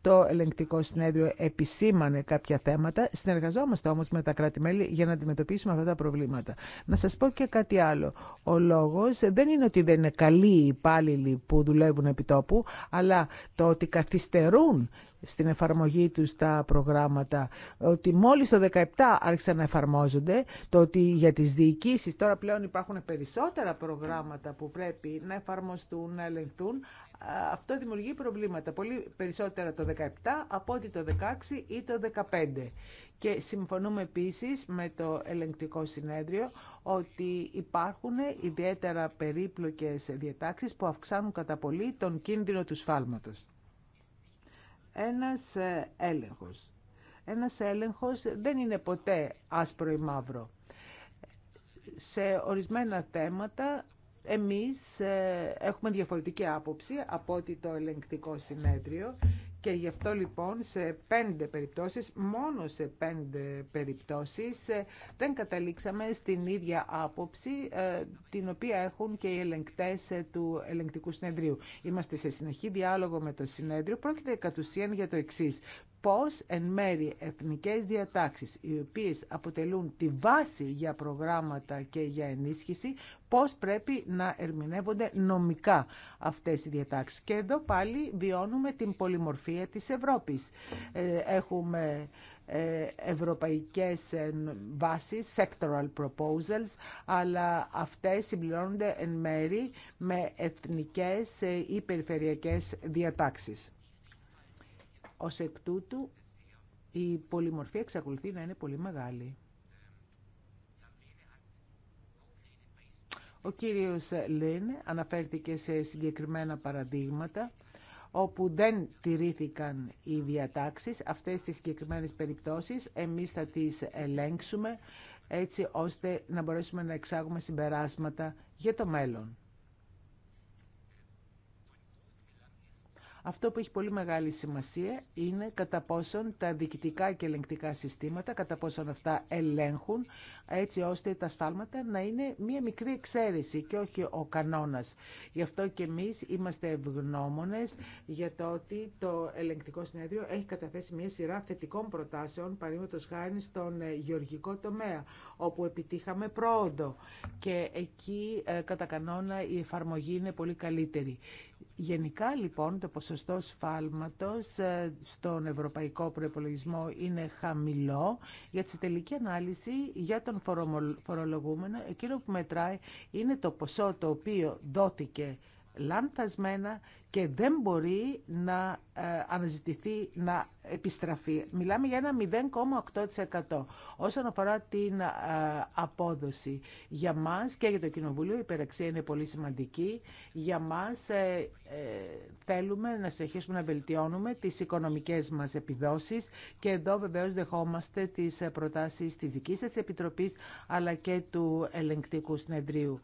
το ελεγκτικό συνέδριο επισήμανε κάποια θέματα. Συνεργαζόμαστε όμως με τα κράτη-μέλη για να αντιμετωπίσουμε αυτά τα προβλήματα. Να σας πω και κάτι άλλο. Ο λόγος δεν είναι ότι δεν είναι καλοί οι υπάλληλοι που δουλεύουν επί τόπου, αλλά το ότι καθυστερούν στην εφαρμογή τους τα προγράμματα, ότι μόλις το 17 άρχισαν να εφαρμόζονται, το ότι για τις διοικήσεις τώρα πλέον υπάρχουν περισσότερα προγράμματα που πρέπει να εφαρμοστούν, να ελεγχθούν, αυτό δημιουργεί προβλήματα. Πολύ περισσότερα το 17 από ότι το 16 ή το 15. Και συμφωνούμε επίσης με το ελεγκτικό συνέδριο ότι υπάρχουν ιδιαίτερα περίπλοκες διατάξεις που αυξάνουν κατά πολύ τον κίνδυνο του σφάλματος. Ένας ε, έλεγχος. Ένας έλεγχος δεν είναι ποτέ άσπρο ή μαύρο. Σε ορισμένα θέματα εμείς ε, έχουμε διαφορετική άποψη από ότι το ελεγκτικό συνέδριο και γι' αυτό λοιπόν σε πέντε περιπτώσεις, μόνο σε πέντε περιπτώσεις ε, δεν καταλήξαμε στην ίδια άποψη ε, την οποία έχουν και οι ελεγκτές του ελεγκτικού συνεδρίου. Είμαστε σε συνεχή διάλογο με το συνέδριο. Πρόκειται κατ' ουσίαν για το εξή πώς εν μέρη εθνικές διατάξεις, οι οποίες αποτελούν τη βάση για προγράμματα και για ενίσχυση, πώς πρέπει να ερμηνεύονται νομικά αυτές οι διατάξεις. Και εδώ πάλι βιώνουμε την πολυμορφία της Ευρώπης. Ε, έχουμε ε, ευρωπαϊκές ε, βάσεις, sectoral proposals, αλλά αυτές συμπληρώνονται εν μέρη με εθνικές ή περιφερειακές διατάξεις. Ω εκ τούτου, η πολυμορφία εξακολουθεί να είναι πολύ μεγάλη. Ο κύριος Λίν αναφέρθηκε σε συγκεκριμένα παραδείγματα όπου δεν τηρήθηκαν οι διατάξεις. Αυτές τις συγκεκριμένες περιπτώσεις εμείς θα τις ελέγξουμε έτσι ώστε να μπορέσουμε να εξάγουμε συμπεράσματα για το μέλλον. Αυτό που έχει πολύ μεγάλη σημασία είναι κατά πόσον τα διοικητικά και ελεγκτικά συστήματα, κατά πόσον αυτά ελέγχουν, έτσι ώστε τα σφάλματα να είναι μία μικρή εξαίρεση και όχι ο κανόνας. Γι' αυτό και εμείς είμαστε ευγνώμονες για το ότι το ελεγκτικό συνέδριο έχει καταθέσει μία σειρά θετικών προτάσεων, παρήματος χάρη στον ε, γεωργικό τομέα, όπου επιτύχαμε πρόοδο και εκεί ε, κατά κανόνα η εφαρμογή είναι πολύ καλύτερη. Γενικά λοιπόν το ποσοστό σφάλματος ε, στον ευρωπαϊκό προπολογισμό είναι χαμηλό. Για τη τελική ανάλυση για τον φορολογούμενο εκείνο που μετράει είναι το ποσό το οποίο δόθηκε λανθασμένα και δεν μπορεί να ε, αναζητηθεί, να επιστραφεί. Μιλάμε για ένα 0,8%. Όσον αφορά την ε, απόδοση, για μας και για το Κοινοβούλιο η υπεραξία είναι πολύ σημαντική. Για μας ε, θέλουμε να συνεχίσουμε να βελτιώνουμε τις οικονομικές μας επιδόσεις και εδώ βεβαίως δεχόμαστε τις προτάσεις της δικής σας Επιτροπής αλλά και του Ελεγκτικού Συνεδρίου.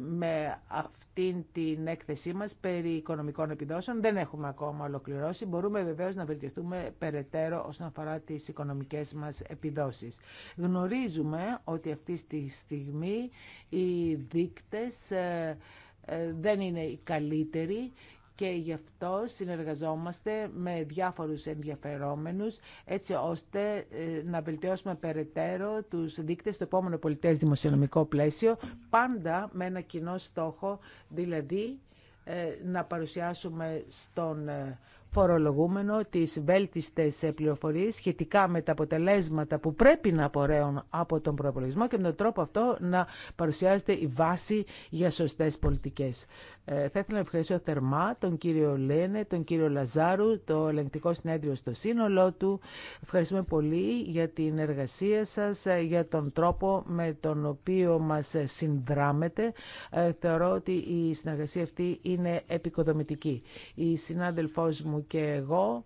Με αυτήν την έκθεσή μας περί επιδόσεων δεν έχουμε ακόμα ολοκληρώσει. Μπορούμε βεβαίως να βελτιωθούμε περαιτέρω όσον αφορά τι οικονομικέ μας επιδόσεις. Γνωρίζουμε ότι αυτή τη στιγμή οι δείκτες ε, ε, δεν είναι οι καλύτεροι και γι' αυτό συνεργαζόμαστε με διάφορους ενδιαφερόμενους έτσι ώστε ε, να βελτιώσουμε περαιτέρω τους δείκτες στο επόμενο πολιτές δημοσιονομικό πλαίσιο πάντα με ένα κοινό στόχο δηλαδή ε, να παρουσιάσουμε στον ε, φορολογούμενο τις βέλτιστες πληροφορίες σχετικά με τα αποτελέσματα που πρέπει να απορρέουν από τον προπολογισμό και με τον τρόπο αυτό να παρουσιάζεται η βάση για σωστές πολιτικές. Ε, θα ήθελα να ευχαριστήσω θερμά τον κύριο Λένε, τον κύριο Λαζάρου, το ελεγκτικό συνέδριο στο σύνολό του. Ευχαριστούμε πολύ για την εργασία σας, ε, για τον τρόπο με τον οποίο μας συνδράμετε. Ε, θεωρώ ότι η συνεργασία αυτή είναι επικοδομητική. Η συνάδελφός μου και εγώ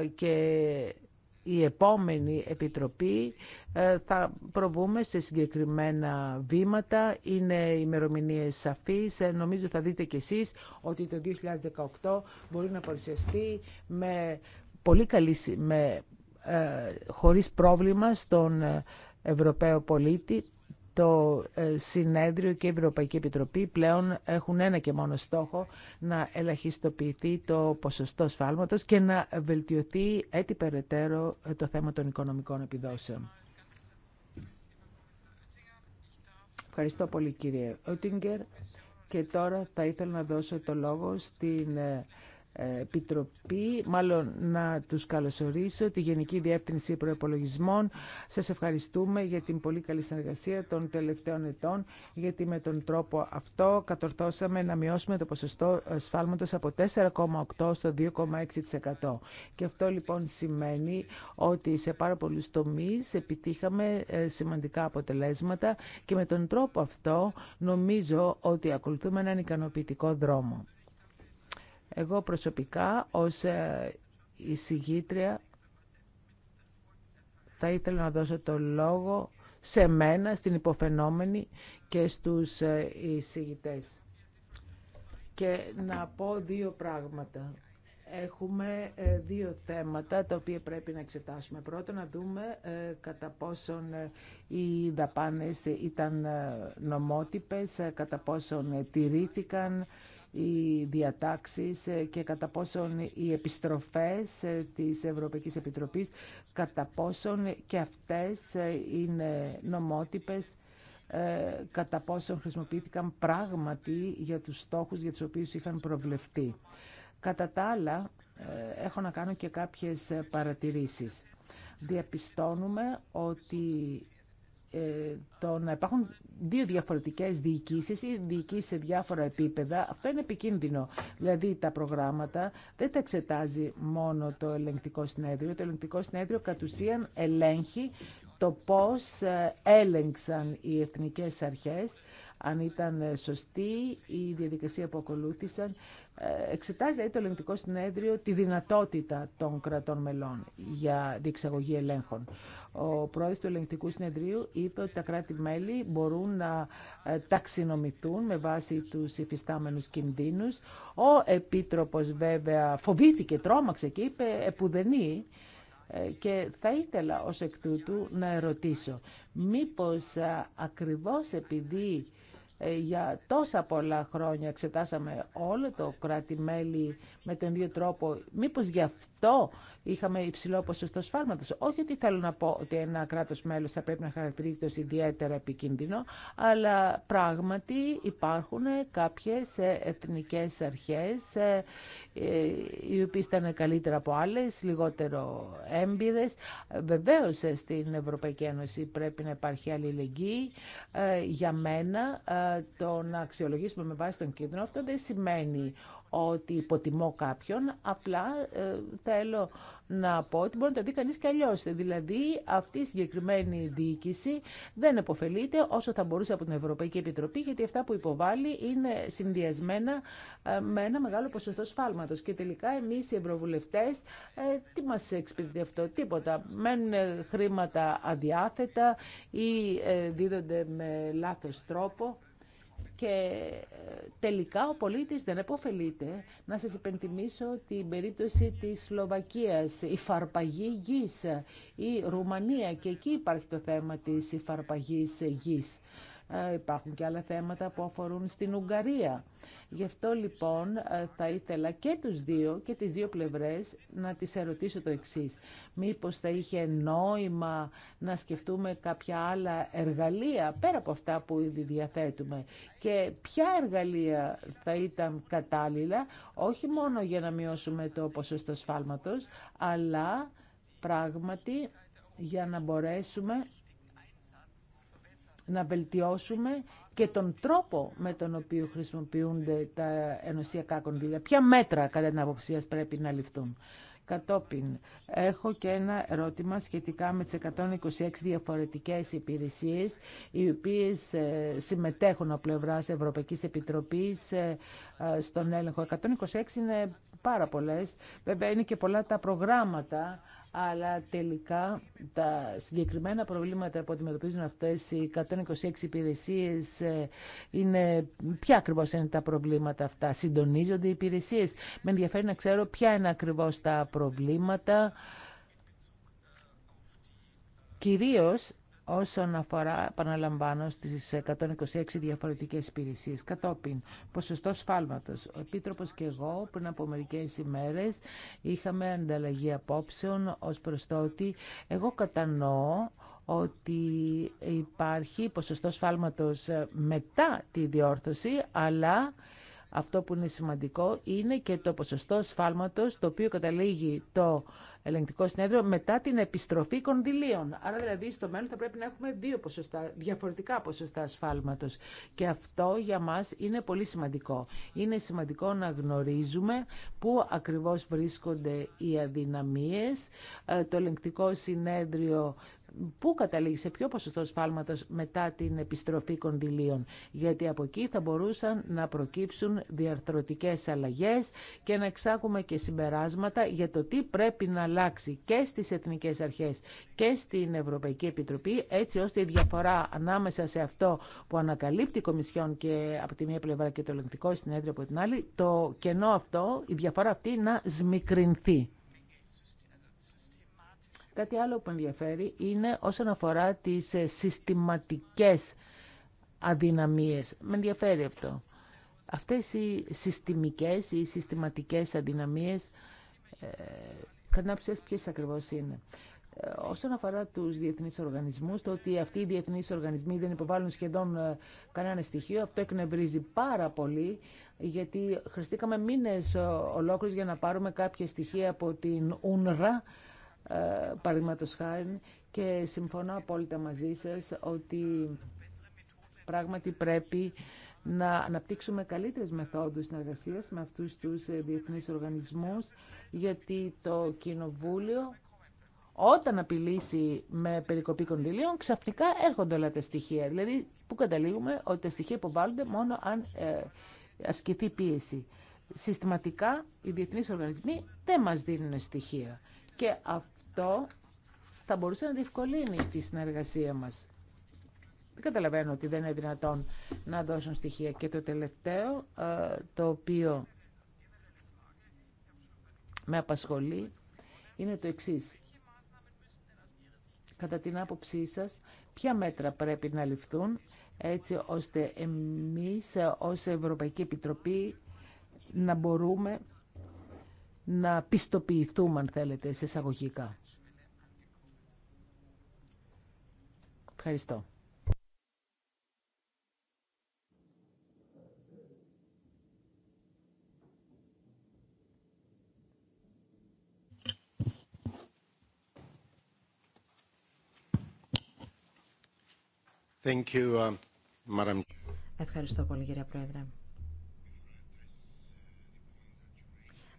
ε, και η επόμενη επιτροπή ε, θα προβούμε σε συγκεκριμένα βήματα. Είναι ημερομηνίε σαφείς. Ε, νομίζω θα δείτε κι εσείς ότι το 2018 μπορεί να παρουσιαστεί με πολύ καλή, με, χωρίς πρόβλημα στον Ευρωπαίο πολίτη το ε, Συνέδριο και η Ευρωπαϊκή Επιτροπή πλέον έχουν ένα και μόνο στόχο να ελαχιστοποιηθεί το ποσοστό σφάλματος και να βελτιωθεί έτσι περαιτέρω ε, το θέμα των οικονομικών επιδόσεων. Ευχαριστώ πολύ κύριε Ότιγκερ και τώρα θα ήθελα να δώσω το λόγο στην ε, Επιτροπή, μάλλον να τους καλωσορίσω, τη Γενική Διεύθυνση Προεπολογισμών. Σας ευχαριστούμε για την πολύ καλή συνεργασία των τελευταίων ετών, γιατί με τον τρόπο αυτό κατορθώσαμε να μειώσουμε το ποσοστό σφάλματος από 4,8% στο 2,6%. Και αυτό λοιπόν σημαίνει ότι σε πάρα πολλούς τομείς επιτύχαμε ε, σημαντικά αποτελέσματα και με τον τρόπο αυτό νομίζω ότι ακολουθούμε έναν ικανοποιητικό δρόμο. Εγώ προσωπικά ως ε, εισηγήτρια θα ήθελα να δώσω το λόγο σε μένα, στην υποφαινόμενη και στους ε, εισηγητές. Και να πω δύο πράγματα. Έχουμε ε, δύο θέματα τα οποία πρέπει να εξετάσουμε. Πρώτον, να δούμε κατά πόσον οι δαπάνες ήταν νομότυπες, κατά πόσον τηρήθηκαν οι διατάξεις ε, και κατά πόσον οι επιστροφές ε, της Ευρωπαϊκής Επιτροπής, κατά πόσον και αυτές ε, είναι νομότυπες, κατά πόσον χρησιμοποιήθηκαν πράγματι για τους στόχους για τους οποίους είχαν προβλεφτεί. Κατά τα άλλα, έχω να κάνω και κάποιες παρατηρήσεις. Διαπιστώνουμε ότι ε, το να υπάρχουν δύο διαφορετικές διοικήσεις ή διοικήσεις σε διάφορα επίπεδα, αυτό είναι επικίνδυνο. Δηλαδή τα προγράμματα δεν τα εξετάζει μόνο το ελεγκτικό συνέδριο. Το ελεγκτικό συνέδριο κατ' ουσίαν ελέγχει το πώς ε, έλεγξαν οι εθνικές αρχές, αν ήταν σωστή η διαδικασία που ακολούθησαν, ε, εξετάζει δηλαδή, το ελεγκτικό συνέδριο τη δυνατότητα των κρατών μελών για διεξαγωγή ελέγχων. Ο πρόεδρος του ελεγκτικού συνεδρίου είπε ότι τα κράτη-μέλη μπορούν να ε, ταξινομηθούν με βάση τους υφιστάμενους κινδύνους. Ο Επίτροπος βέβαια φοβήθηκε, τρόμαξε και είπε «επουδενή» ε, και θα ήθελα ως εκ τούτου να ερωτήσω μήπως ακριβώς επειδή ε, για τόσα πολλά χρόνια εξετάσαμε όλο το κράτη-μέλη με τον ίδιο τρόπο. Μήπως γι' αυτό είχαμε υψηλό ποσοστό σφάλματο. Όχι ότι θέλω να πω ότι ένα κράτο μέλο θα πρέπει να χαρακτηρίζεται ω ιδιαίτερα επικίνδυνο, αλλά πράγματι υπάρχουν κάποιε εθνικέ αρχέ, ε, ε, οι οποίε ήταν καλύτερα από άλλε, λιγότερο έμπειρε. Βεβαίω ε, στην Ευρωπαϊκή Ένωση πρέπει να υπάρχει αλληλεγγύη. Για μένα το να αξιολογήσουμε με βάση τον κίνδυνο αυτό δεν σημαίνει ότι υποτιμώ κάποιον, απλά ε, θέλω να πω ότι μπορεί να το δει κανεί και αλλιώς. Δηλαδή, αυτή η συγκεκριμένη διοίκηση δεν επωφελείται όσο θα μπορούσε από την Ευρωπαϊκή Επιτροπή, γιατί αυτά που υποβάλλει είναι συνδυασμένα ε, με ένα μεγάλο ποσοστό σφάλματος. Και τελικά, εμείς οι Ευρωβουλευτέ, ε, τι μας εξυπηρετεί αυτό, τίποτα. Μένουν χρήματα αδιάθετα ή δίδονται με λάθο τρόπο και ε, τελικά ο πολίτης δεν επωφελείται. Να σας υπενθυμίσω την περίπτωση της Σλοβακίας, η φαρπαγή γης, η Ρουμανία και εκεί υπάρχει το θέμα της φαρπαγής γης. Ε, υπάρχουν και άλλα θέματα που αφορούν στην Ουγγαρία. Γι' αυτό λοιπόν ε, θα ήθελα και τους δύο και τις δύο πλευρές να τις ερωτήσω το εξής. Μήπως θα είχε νόημα να σκεφτούμε κάποια άλλα εργαλεία πέρα από αυτά που ήδη διαθέτουμε και ποια εργαλεία θα ήταν κατάλληλα όχι μόνο για να μειώσουμε το ποσοστό σφάλματος αλλά πράγματι για να μπορέσουμε να βελτιώσουμε και τον τρόπο με τον οποίο χρησιμοποιούνται τα ενωσιακά κονδύλια. Ποια μέτρα κατά την αποψία πρέπει να ληφθούν. Κατόπιν, έχω και ένα ερώτημα σχετικά με τις 126 διαφορετικές υπηρεσίες οι οποίες ε, συμμετέχουν από πλευράς Ευρωπαϊκής Επιτροπής ε, ε, στον έλεγχο. 126 είναι πάρα πολλές. Βέβαια, είναι και πολλά τα προγράμματα αλλά τελικά τα συγκεκριμένα προβλήματα που αντιμετωπίζουν αυτές οι 126 υπηρεσίες ε, είναι ποια ακριβώς είναι τα προβλήματα αυτά. Συντονίζονται οι υπηρεσίες. Με ενδιαφέρει να ξέρω ποια είναι ακριβώς τα προβλήματα. Κυρίως όσον αφορά, επαναλαμβάνω, στι 126 διαφορετικές υπηρεσίε. Κατόπιν, ποσοστό σφάλματο, Ο Επίτροπο και εγώ πριν από μερικέ ημέρε, είχαμε ανταλλαγή απόψεων ως προς το ότι εγώ κατανοώ ότι υπάρχει ποσοστό σφάλματος μετά τη διόρθωση, αλλά αυτό που είναι σημαντικό είναι και το ποσοστό σφάλματος το οποίο καταλήγει το ελεγκτικό συνέδριο μετά την επιστροφή κονδυλίων. Άρα δηλαδή στο μέλλον θα πρέπει να έχουμε δύο ποσοστά, διαφορετικά ποσοστά σφάλματος. Και αυτό για μας είναι πολύ σημαντικό. Είναι σημαντικό να γνωρίζουμε πού ακριβώς βρίσκονται οι αδυναμίες. Ε, το ελεγκτικό συνέδριο πού καταλήγει, σε ποιο ποσοστό σφάλματος μετά την επιστροφή κονδυλίων. Γιατί από εκεί θα μπορούσαν να προκύψουν διαρθρωτικές αλλαγέ και να εξάγουμε και συμπεράσματα για το τι πρέπει να αλλάξει και στις εθνικές αρχές και στην Ευρωπαϊκή Επιτροπή, έτσι ώστε η διαφορά ανάμεσα σε αυτό που ανακαλύπτει η Κομισιόν και από τη μία πλευρά και το ελεγκτικό συνέδριο από την άλλη, το κενό αυτό, η διαφορά αυτή να σμικρινθεί. Κάτι άλλο που ενδιαφέρει είναι όσον αφορά τις ε, συστηματικές αδυναμίες. Με ενδιαφέρει αυτό. Αυτές οι συστημικές ή συστηματικές αδυναμίες, ε, κατά ποιες ακριβώς είναι. Ε, όσον αφορά τους διεθνείς οργανισμούς, το ότι αυτοί οι διεθνείς οργανισμοί δεν υποβάλλουν σχεδόν ε, κανένα στοιχείο, αυτό εκνευρίζει πάρα πολύ, γιατί χρειαστήκαμε μήνες ολόκληρους για να πάρουμε κάποια στοιχεία από την UNRWA, ε, παραδείγματος χάρη και συμφωνώ απόλυτα μαζί σας ότι πράγματι πρέπει να αναπτύξουμε καλύτερες μεθόδους συνεργασίας με αυτούς τους ε, διεθνείς οργανισμούς, γιατί το Κοινοβούλιο όταν απειλήσει με περικοπή κονδυλίων, ξαφνικά έρχονται όλα τα στοιχεία. Δηλαδή, που καταλήγουμε ότι τα στοιχεία υποβάλλονται μόνο αν ε, ασκηθεί πίεση. Συστηματικά, οι διεθνείς οργανισμοί δεν μας δίνουν στοιχεία και αυτό θα μπορούσε να διευκολύνει τη συνεργασία μας. Δεν καταλαβαίνω ότι δεν είναι δυνατόν να δώσουν στοιχεία. Και το τελευταίο, ε, το οποίο με απασχολεί, είναι το εξής. Κατά την άποψή σας, ποια μέτρα πρέπει να ληφθούν έτσι ώστε εμείς ε, ως Ευρωπαϊκή Επιτροπή να μπορούμε να πιστοποιηθούμε, αν θέλετε, σε εισαγωγικά. Ευχαριστώ.
Thank you, uh, Madam. Ευχαριστώ πολύ, κύριε Πρόεδρε.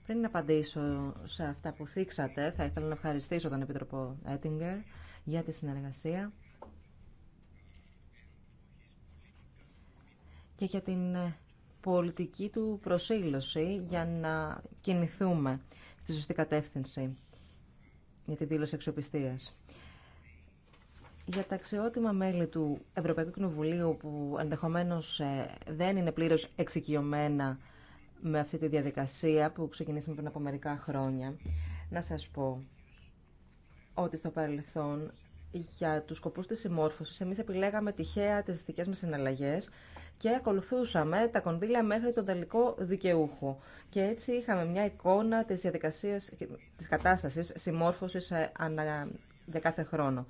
Πριν απαντήσω σε αυτά που θίξατε, θα ήθελα να ευχαριστήσω τον Επίτροπο Έτιγκερ για τη συνεργασία και για την πολιτική του προσήλωση για να κινηθούμε στη σωστή κατεύθυνση για τη δήλωση αξιοπιστίας. Για τα αξιότιμα μέλη του Ευρωπαϊκού Κοινοβουλίου που ενδεχομένως ε, δεν είναι πλήρως εξοικειωμένα με αυτή τη διαδικασία που ξεκινήσαμε πριν από μερικά χρόνια. Να σας πω ότι στο παρελθόν για τους σκοπούς της συμμόρφωσης εμείς επιλέγαμε τυχαία τις δικές μας συναλλαγές και ακολουθούσαμε τα κονδύλια μέχρι τον τελικό δικαιούχο. Και έτσι είχαμε μια εικόνα της διαδικασίας, της κατάστασης συμμόρφωσης ε, για κάθε χρόνο.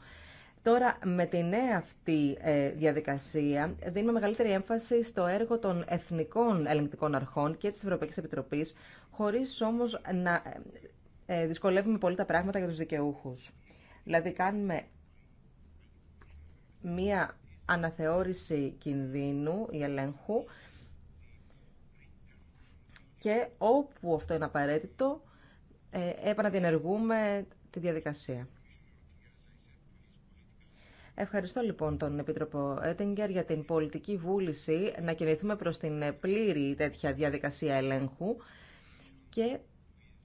Τώρα με τη νέα αυτή ε, διαδικασία δίνουμε μεγαλύτερη έμφαση στο έργο των εθνικών ελεγκτικών αρχών και της Ευρωπαϊκής Επιτροπής, χωρίς όμως να ε, ε, δυσκολεύουμε πολύ τα πράγματα για τους δικαιούχους. Δηλαδή κάνουμε μία αναθεώρηση κινδύνου ή ελέγχου και όπου αυτό είναι απαραίτητο επαναδιενεργούμε τη διαδικασία. Ευχαριστώ λοιπόν τον Επίτροπο Έτεγκερ για την πολιτική βούληση να κινηθούμε προς την πλήρη τέτοια διαδικασία ελέγχου και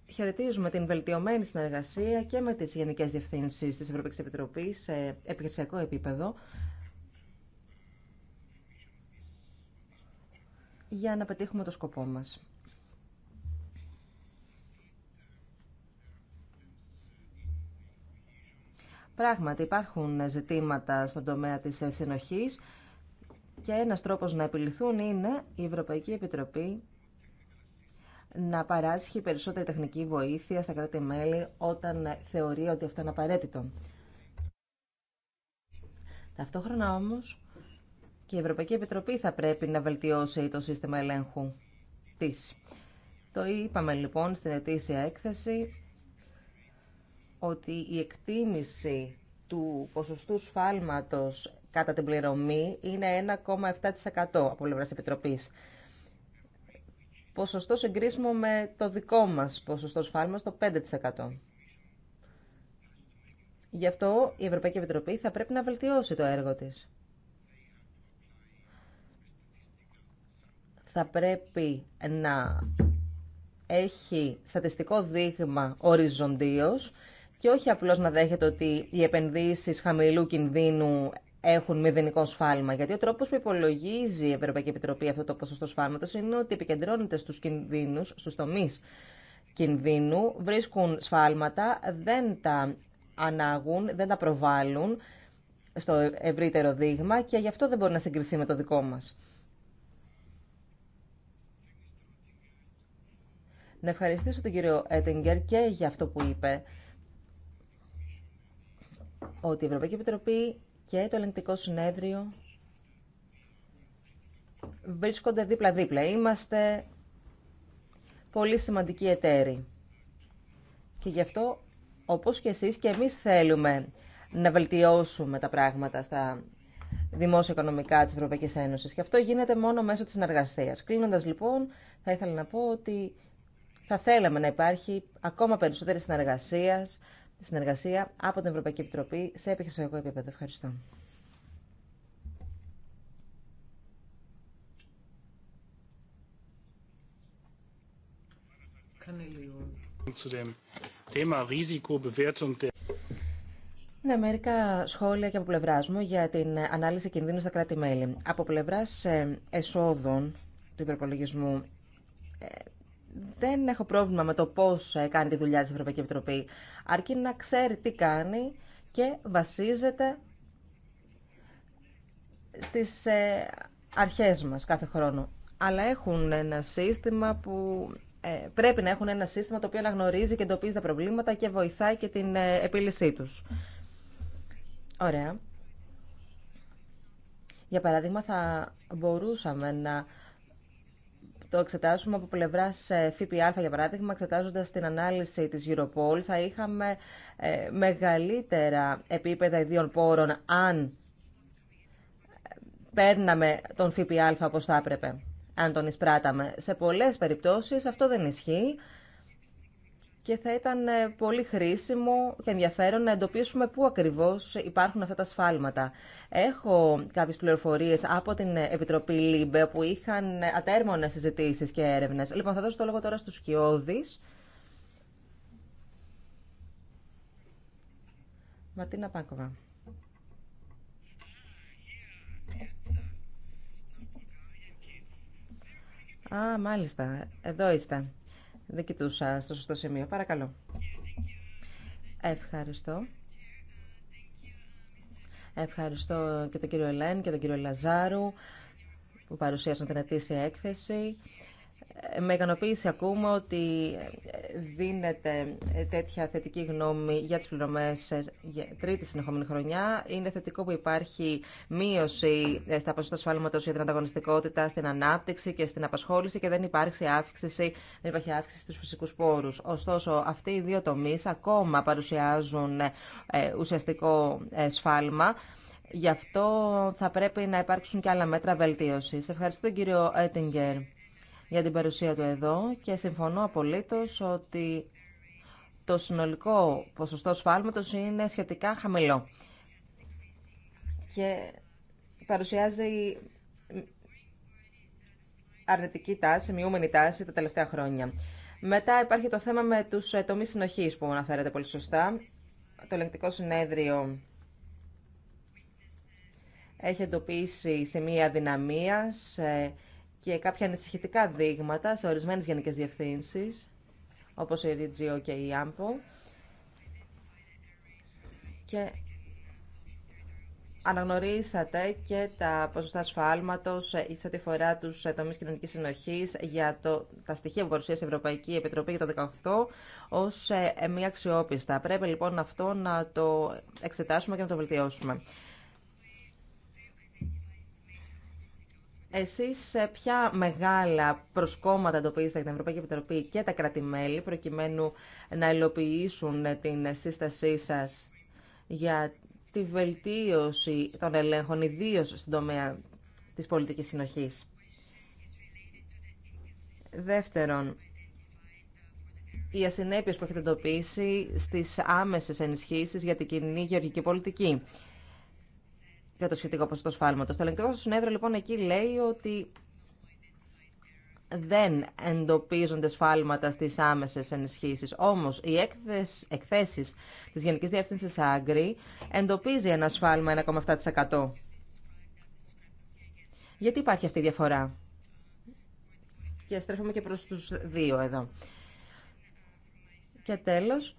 χαιρετίζουμε την βελτιωμένη συνεργασία και με τις Γενικές Διευθύνσεις της Ευρωπαϊκής Επιτροπής σε επιχειρησιακό επίπεδο για να πετύχουμε το σκοπό μας. Πράγματι υπάρχουν ζητήματα στον τομέα της συνοχής και ένας τρόπος να επιληθούν είναι η Ευρωπαϊκή Επιτροπή να παράσχει περισσότερη τεχνική βοήθεια στα κράτη-μέλη όταν θεωρεί ότι αυτό είναι απαραίτητο. Ταυτόχρονα όμως και η Ευρωπαϊκή Επιτροπή θα πρέπει να βελτιώσει το σύστημα ελέγχου της. Το είπαμε λοιπόν στην ετήσια έκθεση ότι η εκτίμηση του ποσοστού σφάλματος κατά την πληρωμή είναι 1,7% από πλευράς Επιτροπής. Ποσοστό συγκρίσιμο με το δικό μας ποσοστό σφάλματος το 5%. Γι' αυτό η Ευρωπαϊκή Επιτροπή θα πρέπει να βελτιώσει το έργο της. Θα πρέπει να έχει στατιστικό δείγμα οριζοντίως και όχι απλώς να δέχεται ότι οι επενδύσεις χαμηλού κινδύνου έχουν μηδενικό σφάλμα. Γιατί ο τρόπο που υπολογίζει η Ευρωπαϊκή Επιτροπή αυτό το ποσοστό σφάλματο είναι ότι επικεντρώνεται στου κινδύνου, στου τομεί κινδύνου, βρίσκουν σφάλματα, δεν τα ανάγουν, δεν τα προβάλλουν στο ευρύτερο δείγμα και γι' αυτό δεν μπορεί να συγκριθεί με το δικό μα. Να ευχαριστήσω τον κύριο Έτιγκερ και για αυτό που είπε ότι η Ευρωπαϊκή Επιτροπή και το Ελεγκτικό Συνέδριο βρίσκονται δίπλα-δίπλα. Είμαστε πολύ σημαντικοί εταίροι. Και γι' αυτό, όπως και εσείς, και εμείς θέλουμε να βελτιώσουμε τα πράγματα στα δημόσια οικονομικά της Ευρωπαϊκής Ένωσης. Και αυτό γίνεται μόνο μέσω της συνεργασίας. Κλείνοντας λοιπόν, θα ήθελα να πω ότι θα θέλαμε να υπάρχει ακόμα περισσότερη συνεργασία συνεργασία από την Ευρωπαϊκή Επιτροπή σε επιχειρησιακό επίπεδο. Ευχαριστώ. Ναι, μερικά σχόλια και από πλευρά μου για την ανάλυση κινδύνου στα κράτη-μέλη. Από πλευρά ε, εσόδων του υπερπολογισμού, ε, δεν έχω πρόβλημα με το πώς ε, κάνει τη δουλειά τη Ευρωπαϊκή Επιτροπή, αρκεί να ξέρει τι κάνει και βασίζεται στις ε, αρχές μας κάθε χρόνο. Αλλά έχουν ένα σύστημα που ε, πρέπει να έχουν ένα σύστημα το οποίο αναγνωρίζει και εντοπίζει τα προβλήματα και βοηθάει και την επίλυσή τους. Ωραία. Για παράδειγμα, θα μπορούσαμε να το εξετάσουμε από πλευρά ε, ΦΠΑ, για παράδειγμα, εξετάζοντα την ανάλυση τη Europol, θα είχαμε ε, μεγαλύτερα επίπεδα ιδίων πόρων αν ε, παίρναμε τον ΦΠΑ όπως θα έπρεπε, αν τον εισπράταμε. Σε πολλές περιπτώσεις αυτό δεν ισχύει και θα ήταν ε, πολύ χρήσιμο και ενδιαφέρον να εντοπίσουμε πού ακριβώς υπάρχουν αυτά τα σφάλματα. Έχω κάποιες πληροφορίες από την Επιτροπή ΛΥΜΠΕ που είχαν ε, ατέρμονες συζητήσεις και έρευνες. Λοιπόν, θα δώσω το λόγο τώρα στους Σκιώδης. Ματίνα Πάκοβα. Α, μάλιστα. Εδώ είστε δεν κοιτούσα στο σωστό σημείο. Παρακαλώ. Ευχαριστώ. Ευχαριστώ και τον κύριο Ελέν και τον κύριο Λαζάρου που παρουσίασαν την ετήσια έκθεση. Ε, με ικανοποίηση ακούμε ότι ε, δίνεται ε, τέτοια θετική γνώμη για τις πληρωμές τρίτη συνεχόμενη χρονιά. Είναι θετικό που υπάρχει μείωση στα ποσοστά ασφάλματος για την ανταγωνιστικότητα, στην ανάπτυξη και στην απασχόληση και δεν υπάρχει αύξηση, δεν υπάρχει αύξηση στους φυσικούς πόρους. Ωστόσο, αυτοί οι δύο τομείς ακόμα παρουσιάζουν ουσιαστικό σφάλμα. Γι' αυτό θα πρέπει να υπάρξουν και άλλα μέτρα βελτίωσης. Ευχαριστώ κύριο Έτιγκερ για την παρουσία του εδώ και συμφωνώ απολύτως ότι το συνολικό ποσοστό σφάλματος είναι σχετικά χαμηλό και παρουσιάζει αρνητική τάση, μειούμενη τάση τα τελευταία χρόνια. Μετά υπάρχει το θέμα με τους ε, τομείς συνοχής που αναφέρεται πολύ σωστά. Το ελεγκτικό συνέδριο έχει εντοπίσει σε δυναμίας, σε και κάποια ανησυχητικά δείγματα σε ορισμένε γενικέ διευθύνσει, όπω η Ριτζιο και η Άμπο. Και αναγνωρίσατε και τα ποσοστά σφάλματος ε, σε ό,τι αφορά του ε, τομεί κοινωνική συνοχή για το, τα στοιχεία που παρουσίασε η Ευρωπαϊκή Επιτροπή για το 2018 ω μία αξιόπιστα. Πρέπει λοιπόν αυτό να το εξετάσουμε και να το βελτιώσουμε. Εσείς ποια μεγάλα προσκόμματα εντοπίζετε για την Ευρωπαϊκή Επιτροπή και τα κράτη-μέλη προκειμένου να υλοποιήσουν την σύστασή σα για τη βελτίωση των ελέγχων, ιδίω στον τομέα της πολιτικής συνοχής. Δεύτερον, οι ασυνέπειε που έχετε εντοπίσει στις άμεσες ενισχύσει για την κοινή γεωργική πολιτική για το σχετικό ποσοστό σφάλματος. Το ελεγκτικό συνέδριο λοιπόν εκεί λέει ότι δεν εντοπίζονται σφάλματα στις άμεσες ενισχύσει. Όμως οι εκθέσει εκθέσεις της Γενικής Άγκρη εντοπίζει ένα σφάλμα 1,7%. Γιατί υπάρχει αυτή η διαφορά. Και στρέφουμε και προς τους δύο εδώ. Και τέλος,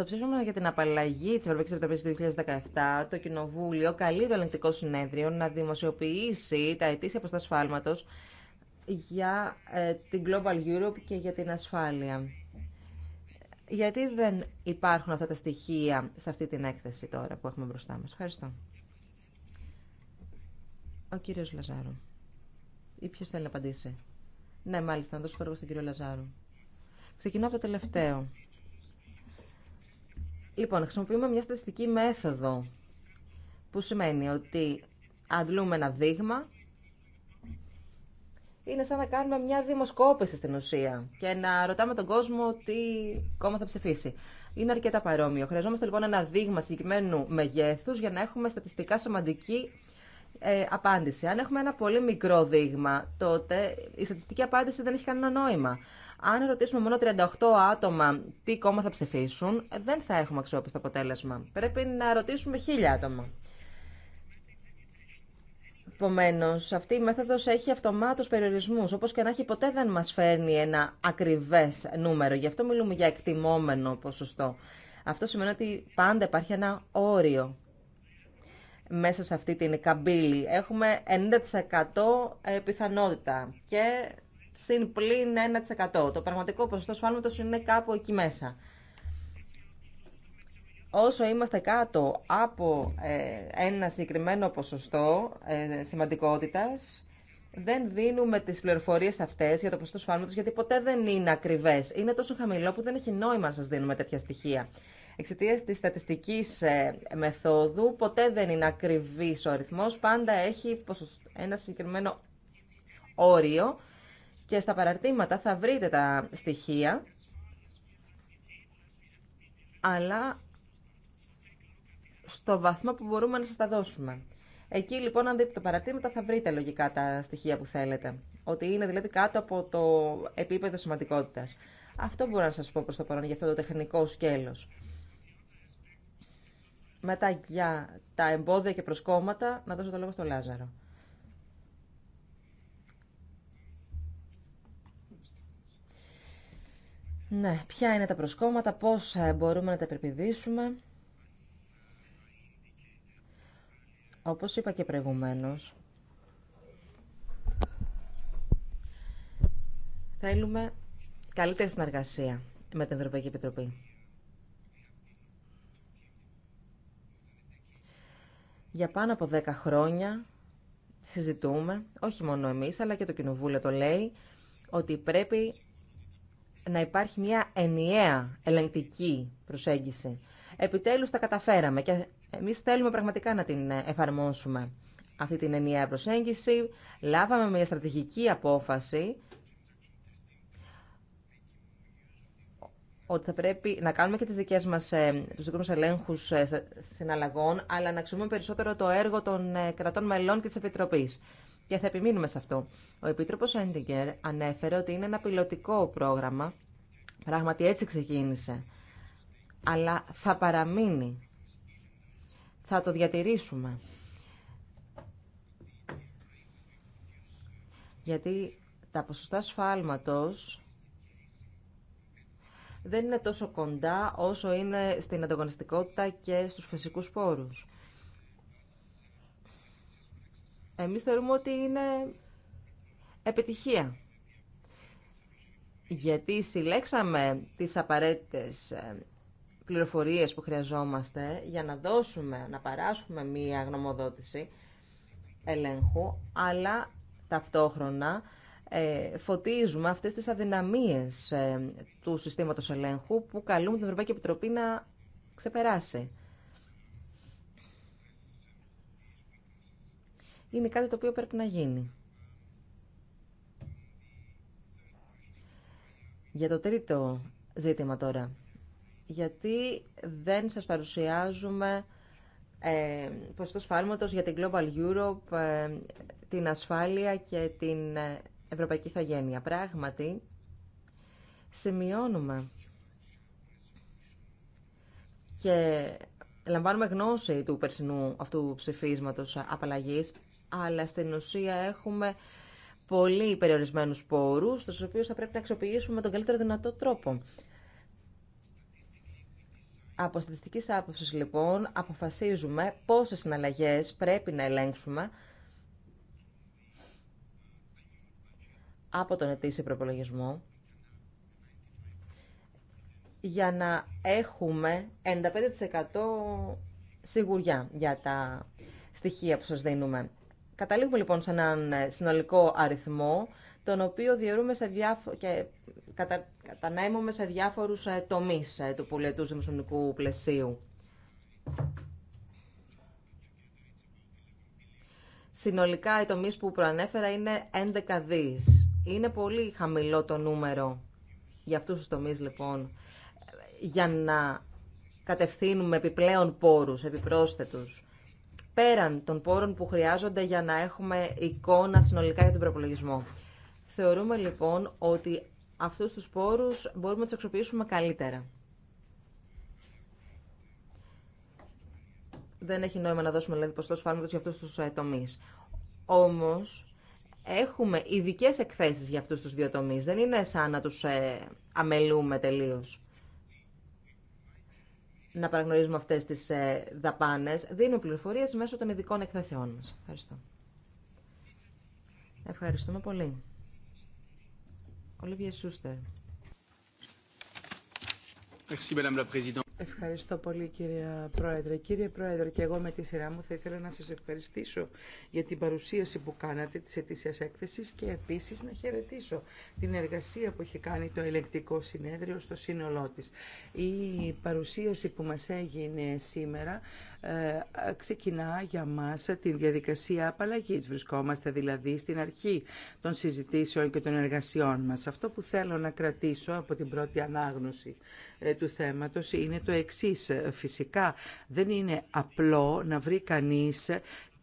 Στο ψήφισμα για την απαλλαγή τη Ευρωπαϊκή Επιτροπή του 2017, το Κοινοβούλιο καλεί το Ελεγκτικό Συνέδριο να δημοσιοποιήσει τα αιτήσια προστασφάλματο για ε, την Global Europe και για την ασφάλεια. Γιατί δεν υπάρχουν αυτά τα στοιχεία σε αυτή την έκθεση τώρα που έχουμε μπροστά μας. Ευχαριστώ. Ο κύριος Λαζάρου. Ή ποιος θέλει να απαντήσει. Ναι, μάλιστα, να δώσω το λόγο στον κύριο Λαζάρου. Ξεκινώ από το τελευταίο. Λοιπόν, χρησιμοποιούμε μια στατιστική μέθοδο που σημαίνει ότι αντλούμε ένα δείγμα είναι σαν να κάνουμε μια δημοσκόπηση στην ουσία και να ρωτάμε τον κόσμο τι κόμμα θα ψηφίσει. Είναι αρκετά παρόμοιο. Χρειαζόμαστε λοιπόν ένα δείγμα συγκεκριμένου μεγέθου για να έχουμε στατιστικά σημαντική ε, απάντηση. Αν έχουμε ένα πολύ μικρό δείγμα, τότε η στατιστική απάντηση δεν έχει κανένα νόημα. Αν ρωτήσουμε μόνο 38 άτομα τι κόμμα θα ψηφίσουν, δεν θα έχουμε αξιόπιστο αποτέλεσμα. Πρέπει να ρωτήσουμε χίλια άτομα. Επομένω, αυτή η μέθοδο έχει αυτομάτω περιορισμού. Όπω και να έχει, ποτέ δεν μα φέρνει ένα ακριβέ νούμερο. Γι' αυτό μιλούμε για εκτιμόμενο ποσοστό. Αυτό σημαίνει ότι πάντα υπάρχει ένα όριο μέσα σε αυτή την καμπύλη. Έχουμε 90% ε, πιθανότητα και συν πλήν 1%. Το πραγματικό ποσοστό σφάλματος είναι κάπου εκεί μέσα. Όσο είμαστε κάτω από ε, ένα συγκεκριμένο ποσοστό ε, σημαντικότητας, δεν δίνουμε τις πληροφορίες αυτές για το ποσοστό σφάλματος, γιατί ποτέ δεν είναι ακριβές. Είναι τόσο χαμηλό που δεν έχει νόημα να σας δίνουμε τέτοια στοιχεία. Εξαιτία τη στατιστική ε, μεθόδου, ποτέ δεν είναι ακριβή ο αριθμό, πάντα έχει ένα συγκεκριμένο όριο και στα παραρτήματα θα βρείτε τα στοιχεία. Αλλά στο βαθμό που μπορούμε να σας τα δώσουμε. Εκεί λοιπόν αν δείτε τα παραρτήματα θα βρείτε λογικά τα στοιχεία που θέλετε. Ότι είναι δηλαδή κάτω από το επίπεδο σημαντικότητας. Αυτό μπορώ να σας πω προς το παρόν για αυτό το τεχνικό σκέλος. Μετά για τα εμπόδια και προσκόμματα να δώσω το λόγο στο Λάζαρο. Ναι, ποια είναι τα προσκόμματα, πώς μπορούμε να τα επιπηδήσουμε. Όπως είπα και προηγουμένως, θέλουμε καλύτερη συνεργασία με την Ευρωπαϊκή Επιτροπή. Για πάνω από 10 χρόνια συζητούμε, όχι μόνο εμείς, αλλά και το Κοινοβούλιο το λέει, ότι πρέπει να υπάρχει μια ενιαία ελεγκτική προσέγγιση. Επιτέλους τα καταφέραμε και εμείς θέλουμε πραγματικά να την εφαρμόσουμε αυτή την ενιαία προσέγγιση. Λάβαμε μια στρατηγική απόφαση ότι θα πρέπει να κάνουμε και τις δικές μας, ε, τους δικούς μας ελέγχους ε, συναλλαγών, αλλά να αξιοποιούμε περισσότερο το έργο των ε, κρατών μελών και της Επιτροπής και θα επιμείνουμε σε αυτό. Ο Επίτροπος Έντιγκερ ανέφερε ότι είναι ένα πιλωτικό πρόγραμμα, πράγματι έτσι ξεκίνησε, αλλά θα παραμείνει, θα το διατηρήσουμε. Γιατί τα ποσοστά σφάλματος δεν είναι τόσο κοντά όσο είναι στην ανταγωνιστικότητα και στους φυσικούς πόρους. Εμείς θεωρούμε ότι είναι επιτυχία. Γιατί συλλέξαμε τις απαραίτητες ε, πληροφορίες που χρειαζόμαστε για να δώσουμε, να παράσχουμε μία γνωμοδότηση ελέγχου, αλλά ταυτόχρονα ε, φωτίζουμε αυτές τις αδυναμίες ε, του συστήματος ελέγχου που καλούμε την Ευρωπαϊκή Επιτροπή να ξεπεράσει. είναι κάτι το οποίο πρέπει να γίνει. Για το τρίτο ζήτημα τώρα. Γιατί δεν σας παρουσιάζουμε ε, ποσοστό σφάλματος για την Global Europe, ε, την ασφάλεια και την ε, ευρωπαϊκή θαγένεια. Πράγματι, σημειώνουμε και λαμβάνουμε γνώση του περσινού αυτού ψηφίσματος απαλλαγής αλλά στην ουσία έχουμε πολύ περιορισμένους πόρους, τους οποίους θα πρέπει να αξιοποιήσουμε με τον καλύτερο δυνατό τρόπο. Από στατιστικής άποψης, λοιπόν, αποφασίζουμε πόσες συναλλαγές πρέπει να ελέγξουμε από τον ετήσιο προπολογισμό για να έχουμε 95% σιγουριά για τα στοιχεία που σας δίνουμε. Καταλήγουμε λοιπόν σε έναν ε, συνολικό αριθμό, τον οποίο διαιρούμε σε διάφο... και κατα... κατανέμουμε σε διάφορους ε, τομείς ε, του πολιετού δημοσιονομικού πλαισίου. Συνολικά οι τομείς που προανέφερα είναι 11 δις. Είναι πολύ χαμηλό το νούμερο για αυτούς τους τομείς λοιπόν για να κατευθύνουμε επιπλέον πόρους, επιπρόσθετους πέραν των πόρων που χρειάζονται για να έχουμε εικόνα συνολικά για τον προπολογισμό. Θεωρούμε λοιπόν ότι αυτούς τους πόρους μπορούμε να τους αξιοποιήσουμε καλύτερα. Δεν έχει νόημα να δώσουμε δηλαδή ποστό για αυτούς τους ε, τομείς. Όμως, έχουμε ειδικέ εκθέσεις για αυτούς τους δύο τομείς. Δεν είναι σαν να τους ε, αμελούμε τελείως να παραγνωρίζουμε αυτές τις ε, δαπάνες. Δίνουν πληροφορίες μέσω των ειδικών εκθέσεών μας. Ευχαριστώ. Ευχαριστούμε πολύ. Σούστερ. Ευχαριστώ πολύ
κύριε Πρόεδρε. Κύριε Πρόεδρε, και εγώ με τη σειρά μου θα ήθελα να σας ευχαριστήσω για την παρουσίαση που κάνατε της ετήσιας έκθεσης και επίσης να χαιρετήσω την εργασία που έχει κάνει το ελεκτικό συνέδριο στο σύνολό της. Η παρουσίαση που μας έγινε σήμερα ε, ξεκινά για μας την διαδικασία απαλλαγής. Βρισκόμαστε δηλαδή στην αρχή των συζητήσεων και των εργασιών μας. Αυτό που θέλω να κρατήσω από την πρώτη ανάγνωση ε, του θέματος είναι το εξής. Φυσικά δεν είναι απλό να βρει κανείς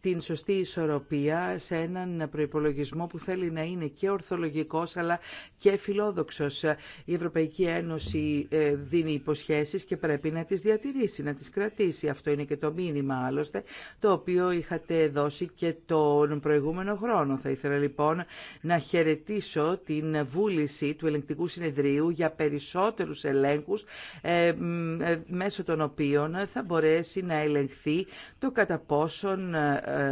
την σωστή ισορροπία σε έναν προϋπολογισμό που θέλει να είναι και ορθολογικός αλλά και φιλόδοξος. Η Ευρωπαϊκή Ένωση ε, δίνει υποσχέσεις και πρέπει να τις διατηρήσει, να τις κρατήσει. Αυτό είναι και το μήνυμα άλλωστε το οποίο είχατε δώσει και τον προηγούμενο χρόνο. Θα ήθελα λοιπόν να χαιρετήσω την βούληση του ελεγκτικού συνεδρίου για περισσότερους ελέγχους ε, ε, μέσω των οποίων θα μπορέσει να ελεγχθεί το κατά πόσον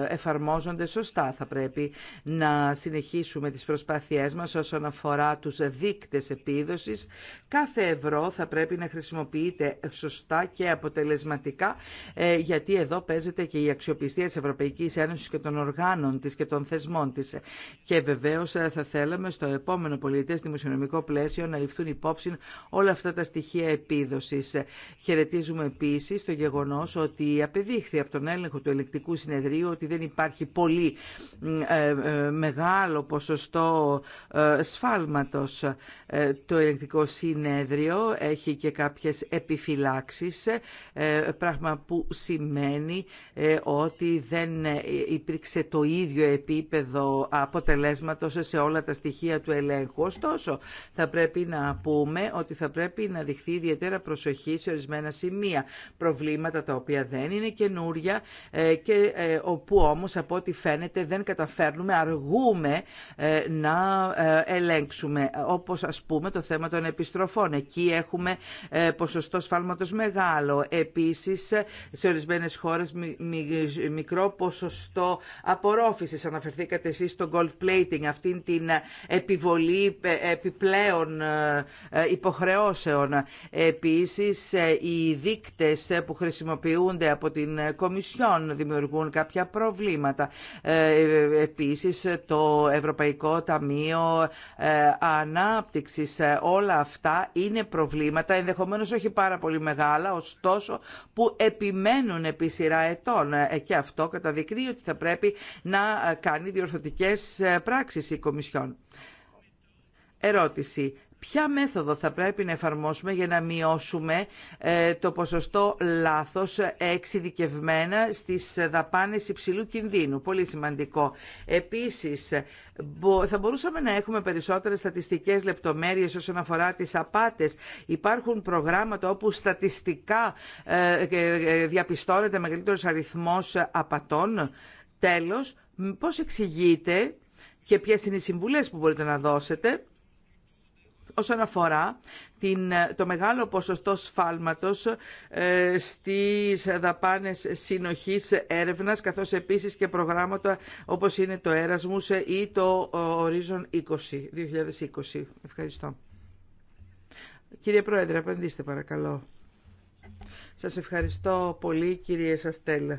εφαρμόζονται σωστά. Θα πρέπει να συνεχίσουμε τις προσπάθειές μας όσον αφορά τους δείκτες επίδοσης. Κάθε ευρώ θα πρέπει να χρησιμοποιείται σωστά και αποτελεσματικά, ε, γιατί εδώ παίζεται και η αξιοπιστία της Ευρωπαϊκής Ένωσης και των οργάνων της και των θεσμών της. Και βεβαίως ε, θα θέλαμε στο επόμενο πολιτές δημοσιονομικό πλαίσιο να ληφθούν υπόψη όλα αυτά τα στοιχεία επίδοσης. Χαιρετίζουμε επίσης το γεγονός ότι απεδείχθη από τον έλεγχο του ελεκτικού συνεδρίου ότι δεν υπάρχει πολύ ε, ε, μεγάλο ποσοστό ε, σφάλματος. Το ελεγκτικό συνέδριο έχει και κάποιες επιφυλάξεις, πράγμα που σημαίνει ότι δεν υπήρξε το ίδιο επίπεδο αποτελέσματος σε όλα τα στοιχεία του ελέγχου. Ωστόσο, θα πρέπει να πούμε ότι θα πρέπει να δειχθεί ιδιαίτερα προσοχή σε ορισμένα σημεία. Προβλήματα τα οποία δεν είναι καινούρια και όπου όμως από ό,τι φαίνεται δεν καταφέρνουμε, αργούμε ε, να ε, ελέγξουμε. Όπως ας πούμε το θέμα των επιστροφών. Εκεί έχουμε ε, ποσοστό σφάλματος μεγάλο. Επίσης σε ορισμένες χώρες μικρό ποσοστό απορρόφησης. Αναφερθήκατε εσείς στο gold plating, αυτήν την επιβολή επιπλέον υποχρεώσεων. Επίσης οι δείκτες που χρησιμοποιούνται από την Κομισιόν δημιουργούν κάποια προβλήματα. Ε, επίσης το Ευρωπαϊκό Ταμείο ε, Ανάπτυξης, ε, όλα αυτά είναι προβλήματα, ενδεχομένως όχι πάρα πολύ μεγάλα, ωστόσο που επιμένουν επί σειρά ετών. Και αυτό καταδεικνύει ότι θα πρέπει να κάνει διορθωτικές πράξεις η Κομισιόν. Ερώτηση. Ποια μέθοδο θα πρέπει να εφαρμόσουμε για να μειώσουμε ε, το ποσοστό λάθος εξειδικευμένα στις δαπάνες υψηλού κινδύνου. Πολύ σημαντικό. Επίσης, θα μπορούσαμε να έχουμε περισσότερες στατιστικές λεπτομέρειες όσον αφορά τις απάτες. Υπάρχουν προγράμματα όπου στατιστικά ε, ε, διαπιστώνεται μεγαλύτερος αριθμός απατών. Τέλος, πώς εξηγείτε και ποιες είναι οι συμβουλές που μπορείτε να δώσετε όσον αφορά την, το μεγάλο ποσοστό σφάλματος ε, στις δαπάνες συνοχής έρευνας, καθώς επίσης και προγράμματα όπως είναι το Erasmus ή το ε, Horizon 20, 2020. Ευχαριστώ. Κύριε Πρόεδρε, απαντήστε παρακαλώ. Σας ευχαριστώ πολύ κύριε Σαστέλ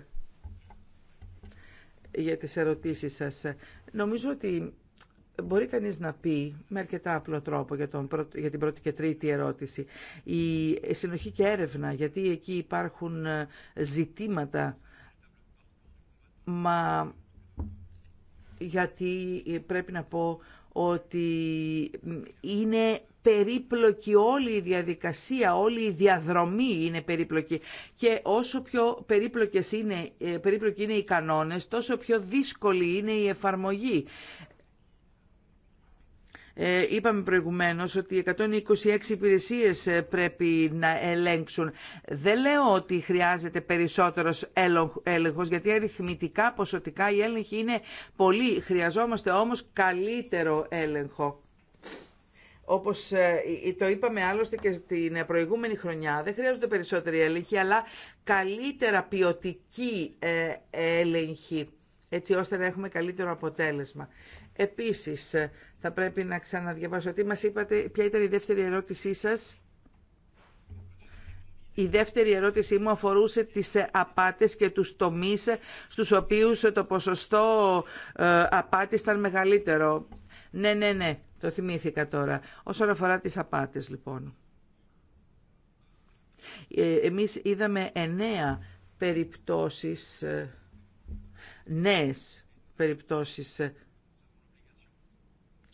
για τις ερωτήσεις σας. Νομίζω ότι μπορεί κανείς να πει με αρκετά απλό τρόπο για, τον, για την πρώτη και τρίτη ερώτηση η συνοχή και έρευνα γιατί εκεί υπάρχουν ε, ζητήματα μα γιατί ε, πρέπει να πω ότι είναι περίπλοκη όλη η διαδικασία, όλη η διαδρομή είναι περίπλοκη. Και όσο πιο περίπλοκες είναι, ε, περίπλοκοι είναι οι κανόνες, τόσο πιο δύσκολη είναι η εφαρμογή. Ε, είπαμε προηγουμένως ότι 126 υπηρεσίες ε, πρέπει να ελέγξουν. Δεν λέω ότι χρειάζεται περισσότερος έλεγχος, γιατί αριθμητικά, ποσοτικά η έλεγχη είναι πολύ. Χρειαζόμαστε όμως καλύτερο έλεγχο. Όπως ε, το είπαμε άλλωστε και την προηγούμενη χρονιά, δεν χρειάζονται περισσότεροι έλεγχοι, αλλά καλύτερα ποιοτική έλεγχη, έτσι ώστε να έχουμε καλύτερο αποτέλεσμα. Επίσης, θα πρέπει να ξαναδιαβάσω. Τι μας είπατε, ποια ήταν η δεύτερη ερώτησή σας. Η δεύτερη ερώτησή μου αφορούσε τις ε, απάτες και τους τομείς ε, στους οποίους ε, το ποσοστό απάτης ήταν μεγαλύτερο. Ναι, ναι, ναι, το θυμήθηκα τώρα. Όσον αφορά τις απάτες, λοιπόν. Εμείς είδαμε εννέα περιπτώσεις, νέες περιπτώσεις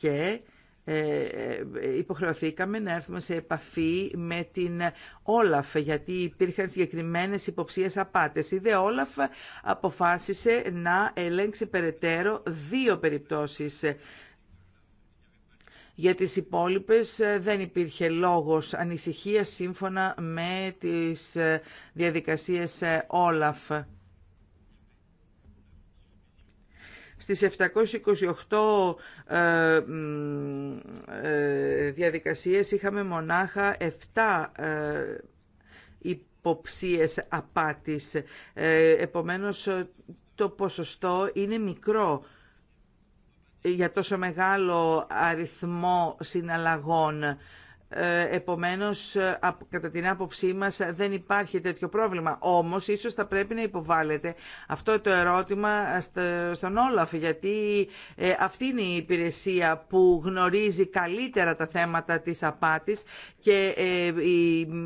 και ε, ε, υποχρεωθήκαμε να έρθουμε σε επαφή με την Όλαφ γιατί υπήρχαν συγκεκριμένες υποψίες απάτες. Η ΔΕ Όλαφ αποφάσισε να ελέγξει περαιτέρω δύο περιπτώσεις για τις υπόλοιπες ε, δεν υπήρχε λόγος ανησυχίας σύμφωνα με τις διαδικασίες Όλαφ. στις 728 ε, ε, διαδικασίες είχαμε μονάχα 7 ε, υποψίες απάτης. Ε, επομένως ε, το ποσοστό είναι μικρό για τόσο μεγάλο αριθμό συναλλαγών. Ε, επομένως, ε, κατά την άποψή μας ε, δεν υπάρχει τέτοιο πρόβλημα. Όμως, ίσως θα πρέπει να υποβάλλετε αυτό το ερώτημα στον Όλαφ, γιατί αυτή είναι η υπηρεσία που γνωρίζει καλύτερα τα θέματα της απάτης και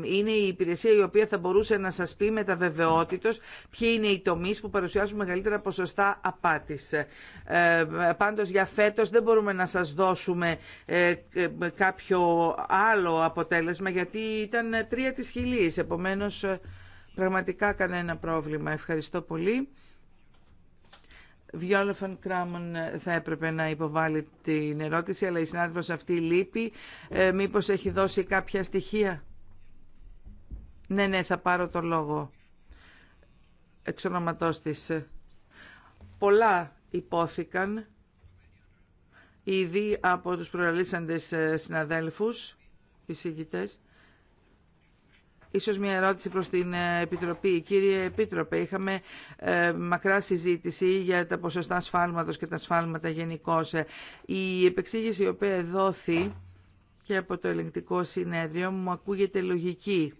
είναι η υπηρεσία η οποία θα μπορούσε να σας πει με τα βεβαιότητος ποιοι είναι οι τομείς που παρουσιάζουν μεγαλύτερα ποσοστά απάτης. Πάντως, για φέτος δεν μπορούμε να σας δώσουμε κάποιο άλλο μεγάλο αποτέλεσμα γιατί ήταν τρία της χιλής. Επομένως, πραγματικά κανένα πρόβλημα. Ευχαριστώ πολύ. Βιόλεφαν Κράμον ε, θα έπρεπε να υποβάλει την ερώτηση, αλλά η συνάδελφος αυτή λείπει. Ε, μήπως έχει δώσει κάποια στοιχεία. Ναι, ναι, θα πάρω το λόγο. Εξ ονοματός της. Πολλά υπόθηκαν ήδη από τους προελίσσαντες ε, συναδέλφους εισηγητές. Ίσως μια ερώτηση προς την ε, Επιτροπή. Κύριε Επίτροπε, είχαμε ε, μακρά συζήτηση για τα ποσοστά ασφάλματος και τα ασφάλματα γενικώ. Ε, η επεξήγηση η οποία δόθη και από το ελεγκτικό συνέδριο μου ακούγεται λογική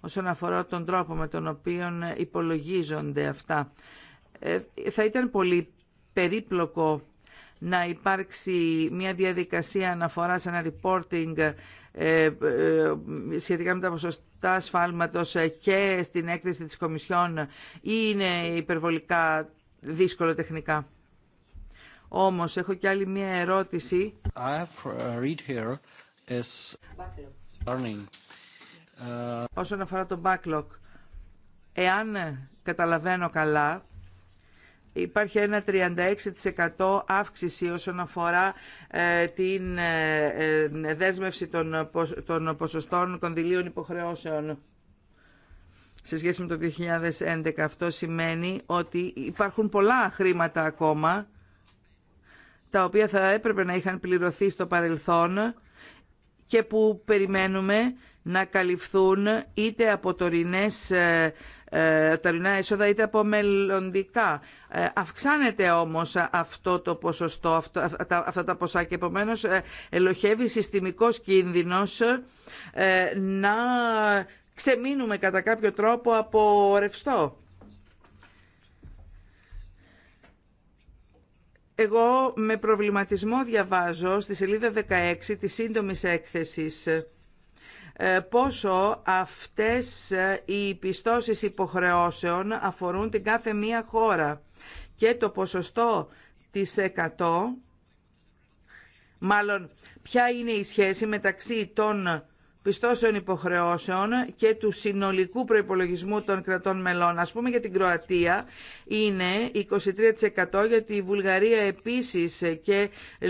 όσον αφορά τον τρόπο με τον οποίο υπολογίζονται αυτά. Θα ήταν πολύ περίπλοκο να υπάρξει μια διαδικασία αναφοράς, ένα reporting ε, ε, σχετικά με τα ποσοστά ασφάλματο ε, και στην έκθεση της Κομισιόν είναι υπερβολικά δύσκολο τεχνικά. Όμως, έχω και άλλη μία ερώτηση. Uh, Όσον αφορά το backlog, εάν καταλαβαίνω καλά, Υπάρχει ένα 36% αύξηση όσον αφορά ε, την ε, ε, δέσμευση των ποσοστών κονδυλίων υποχρεώσεων σε σχέση με το 2011. Αυτό σημαίνει ότι υπάρχουν πολλά χρήματα ακόμα τα οποία θα έπρεπε να είχαν πληρωθεί στο παρελθόν και που περιμένουμε να καλυφθούν είτε από τωρινές ε, τωρινά έσοδα είτε από μελλοντικά. Ε, αυξάνεται όμως αυτό το ποσοστό, αυτά τα ποσά και επομένως ε, ελοχεύει συστημικός κίνδυνος να ξεμείνουμε κατά κάποιο τρόπο από ρευστό. Εγώ με προβληματισμό διαβάζω στη σελίδα 16 της σύντομης έκθεσης ε, πόσο αυτές ε, οι πιστώσεις υποχρεώσεων αφορούν την κάθε μία χώρα και το ποσοστό της 100, μάλλον ποια είναι η σχέση μεταξύ των πιστώσεων υποχρεώσεων και του συνολικού προϋπολογισμού των κρατών μελών. Ας πούμε για την Κροατία είναι 23%, για τη Βουλγαρία επίσης και 20%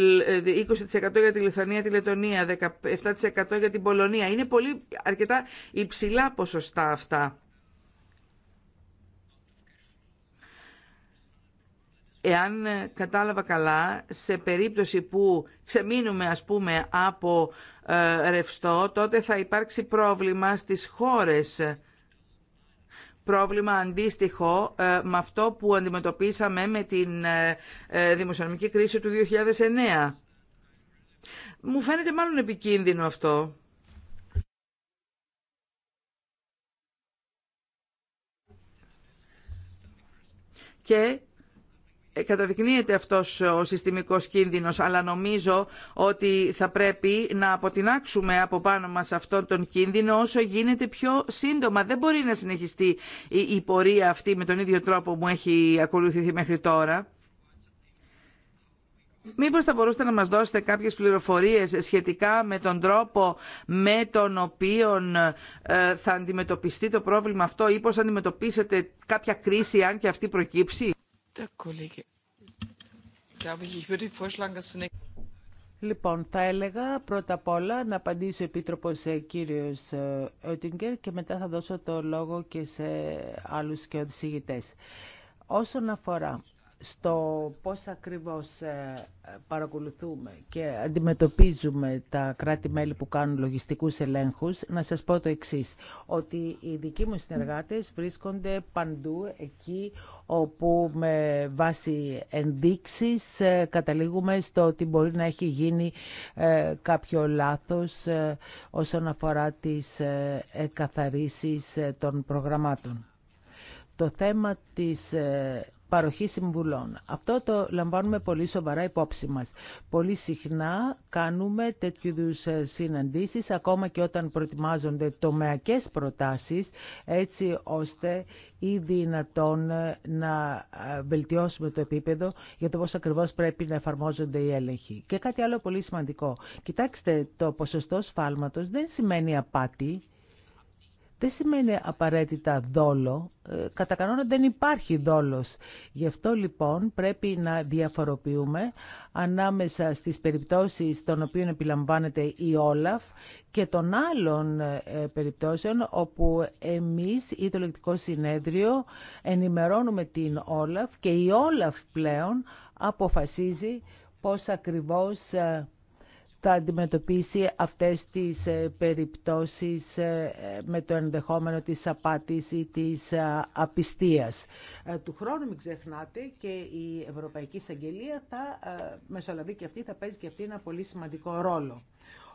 ε, για τη Λιθουανία, τη Λετωνία, 17% για την Πολωνία. Είναι πολύ αρκετά υψηλά ποσοστά αυτά. Εάν ε, κατάλαβα καλά, σε περίπτωση που ξεμείνουμε ας πούμε από ε, ρευστό, τότε θα υπάρξει πρόβλημα στις χώρες. Πρόβλημα αντίστοιχο ε, με αυτό που αντιμετωπίσαμε με την ε, δημοσιονομική κρίση του 2009. Μου φαίνεται μάλλον επικίνδυνο αυτό. Και ε, καταδεικνύεται αυτός ο συστημικός κίνδυνος, αλλά νομίζω ότι θα πρέπει να αποτινάξουμε από πάνω μας αυτόν τον κίνδυνο όσο γίνεται πιο σύντομα. Δεν μπορεί να συνεχιστεί η πορεία αυτή με τον ίδιο τρόπο που έχει ακολουθηθεί μέχρι τώρα. Μήπως θα μπορούσατε να μας δώσετε κάποιες πληροφορίες σχετικά με τον τρόπο με τον οποίο ε, θα αντιμετωπιστεί το πρόβλημα αυτό ή πώς αντιμετωπίσετε
κάποια κρίση αν και αυτή προκύψει. Λοιπόν, θα έλεγα πρώτα απ' όλα να απαντήσει ο Επίτροπος ε, κύριος ε, και μετά θα δώσω το λόγο και σε άλλους και οδησηγητές. Όσον αφορά στο πώς ακριβώς ε, παρακολουθούμε και αντιμετωπίζουμε τα κράτη-μέλη που κάνουν λογιστικούς ελέγχους, να σας πω το εξής, ότι οι δικοί μου συνεργάτες βρίσκονται παντού εκεί όπου με βάση ενδείξεις ε, καταλήγουμε στο ότι μπορεί να έχει γίνει ε, κάποιο λάθος όσον αφορά τις καθαρίσεις των προγραμμάτων. Το θέμα της παροχή συμβουλών. Αυτό το λαμβάνουμε πολύ σοβαρά υπόψη μας. Πολύ συχνά κάνουμε τέτοιου είδου ε, συναντήσεις, ακόμα και όταν προετοιμάζονται τομεακές προτάσεις, έτσι ώστε ή δυνατόν ε, να ε, βελτιώσουμε το επίπεδο για το πώς ακριβώς πρέπει να εφαρμόζονται οι έλεγχοι. Και κάτι άλλο πολύ σημαντικό. Κοιτάξτε, το ποσοστό σφάλματος δεν σημαίνει απάτη δεν σημαίνει απαραίτητα δόλο. Ε, κατά κανόνα δεν υπάρχει δόλος. Γι' αυτό λοιπόν πρέπει να διαφοροποιούμε ανάμεσα στις περιπτώσεις των οποίων επιλαμβάνεται η Όλαφ και των άλλων ε, περιπτώσεων όπου εμείς ή το λεκτικό συνέδριο ενημερώνουμε την Όλαφ και η Όλαφ πλέον αποφασίζει πώς ακριβώς ε, θα αντιμετωπίσει αυτές τις ε, περιπτώσεις ε, με το ενδεχόμενο της απάτης ή της ε, απιστίας. Του χρόνου μην ξεχνάτε και η Ευρωπαϊκή Εισαγγελία θα μεσολαβεί και αυτή, θα παίζει και αυτή ένα πολύ σημαντικό ρόλο.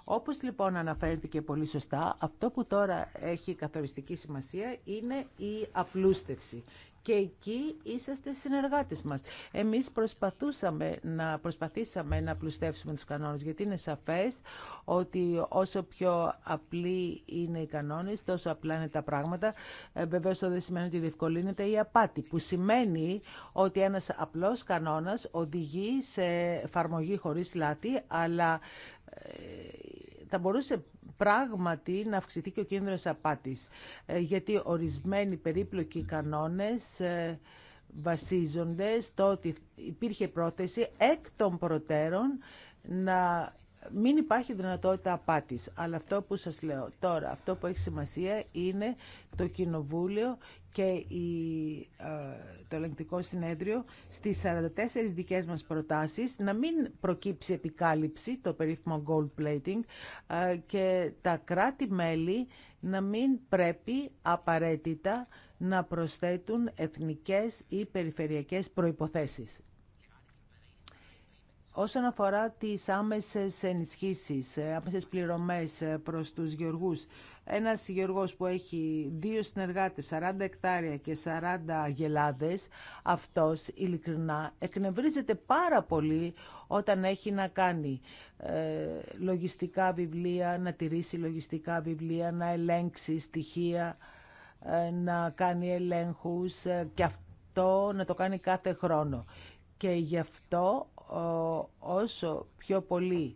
Όπως λοιπόν αναφέρθηκε πολύ σωστά, αυτό που τώρα έχει καθοριστική σημασία είναι η απλούστευση και εκεί είσαστε συνεργάτες μας. Εμείς προσπαθούσαμε να, προσπαθήσαμε να πλουστεύσουμε τους κανόνες, γιατί είναι σαφές ότι όσο πιο απλή είναι οι κανόνες, τόσο απλά είναι τα πράγματα. Ε, Βεβαίω αυτό δεν σημαίνει ότι διευκολύνεται η απάτη, που σημαίνει ότι ένας απλός κανόνας οδηγεί σε εφαρμογή χωρίς λάθη, αλλά ε, θα μπορούσε πράγματι να αυξηθεί και ο κίνδυνος απάτης, ε, γιατί ορισμένοι περίπλοκοι κανόνες ε, βασίζονται στο ότι υπήρχε πρόθεση εκ των προτέρων να μην υπάρχει δυνατότητα απάτης. Αλλά αυτό που σας λέω τώρα, αυτό που έχει σημασία είναι το Κοινοβούλιο και ε, το ελεγκτικό συνέδριο στις 44 δικές μας προτάσεις να μην προκύψει επικάλυψη, το περίφημο gold plating, ε, και τα κράτη-μέλη να μην πρέπει απαραίτητα να προσθέτουν εθνικές ή περιφερειακές προϋποθέσεις. Όσον αφορά τις άμεσες ενισχύσεις, ε, άμεσες πληρωμές ε, προς τους γεωργούς, ένας γεωργός που έχει δύο συνεργάτες, 40 εκτάρια και 40 γελάδες, αυτός ειλικρινά εκνευρίζεται πάρα πολύ όταν έχει να κάνει ε, λογιστικά βιβλία, να τηρήσει λογιστικά βιβλία, να ελέγξει στοιχεία, να κάνει ελέγχους και αυτό να το κάνει κάθε χρόνο. Και γι' αυτό όσο πιο πολύ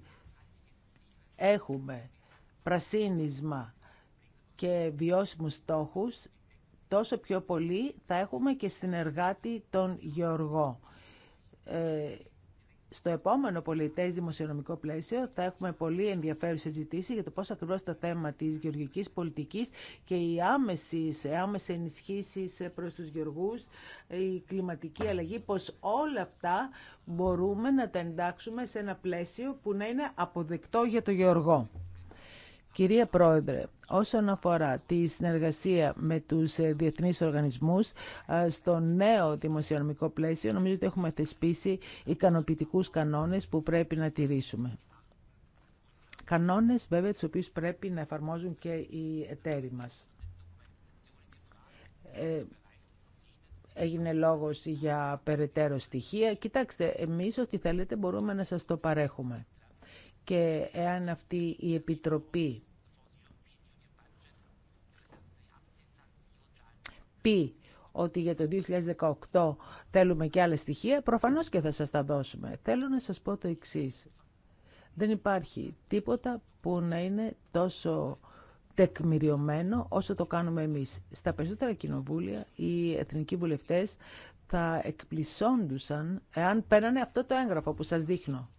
έχουμε πρασίνισμα και βιώσιμους στόχους, τόσο πιο πολύ θα έχουμε και συνεργάτη τον Γεωργό. Ε, στο επόμενο πολιτέ δημοσιονομικό πλαίσιο θα έχουμε πολύ ενδιαφέρουσε συζητήσει για το πώ ακριβώ το θέμα τη γεωργική πολιτική και οι ε, άμεσε ενισχύσει ε, προ του γεωργού, η κλιματική αλλαγή, πω όλα αυτά μπορούμε να τα εντάξουμε σε ένα πλαίσιο που να είναι αποδεκτό για το γεωργό. Κυρία Πρόεδρε, όσον αφορά τη συνεργασία με τους ε, διεθνείς οργανισμούς ε, στο νέο δημοσιονομικό πλαίσιο, νομίζω ότι έχουμε θεσπίσει ικανοποιητικούς κανόνες που πρέπει να τηρήσουμε. Κανόνες βέβαια τους οποίους πρέπει να εφαρμόζουν και οι εταίροι μας. Ε, έγινε λόγος για περαιτέρω στοιχεία. Κοιτάξτε, εμείς ό,τι θέλετε μπορούμε να σας το παρέχουμε και εάν αυτή η Επιτροπή πει ότι για το 2018 θέλουμε και άλλα στοιχεία, προφανώς και θα σας τα δώσουμε. Θέλω να σας πω το εξής. Δεν υπάρχει τίποτα που να είναι τόσο τεκμηριωμένο όσο το κάνουμε εμείς. Στα περισσότερα κοινοβούλια οι εθνικοί βουλευτές θα εκπλησόντουσαν εάν παίρνανε αυτό το έγγραφο που σας δείχνω.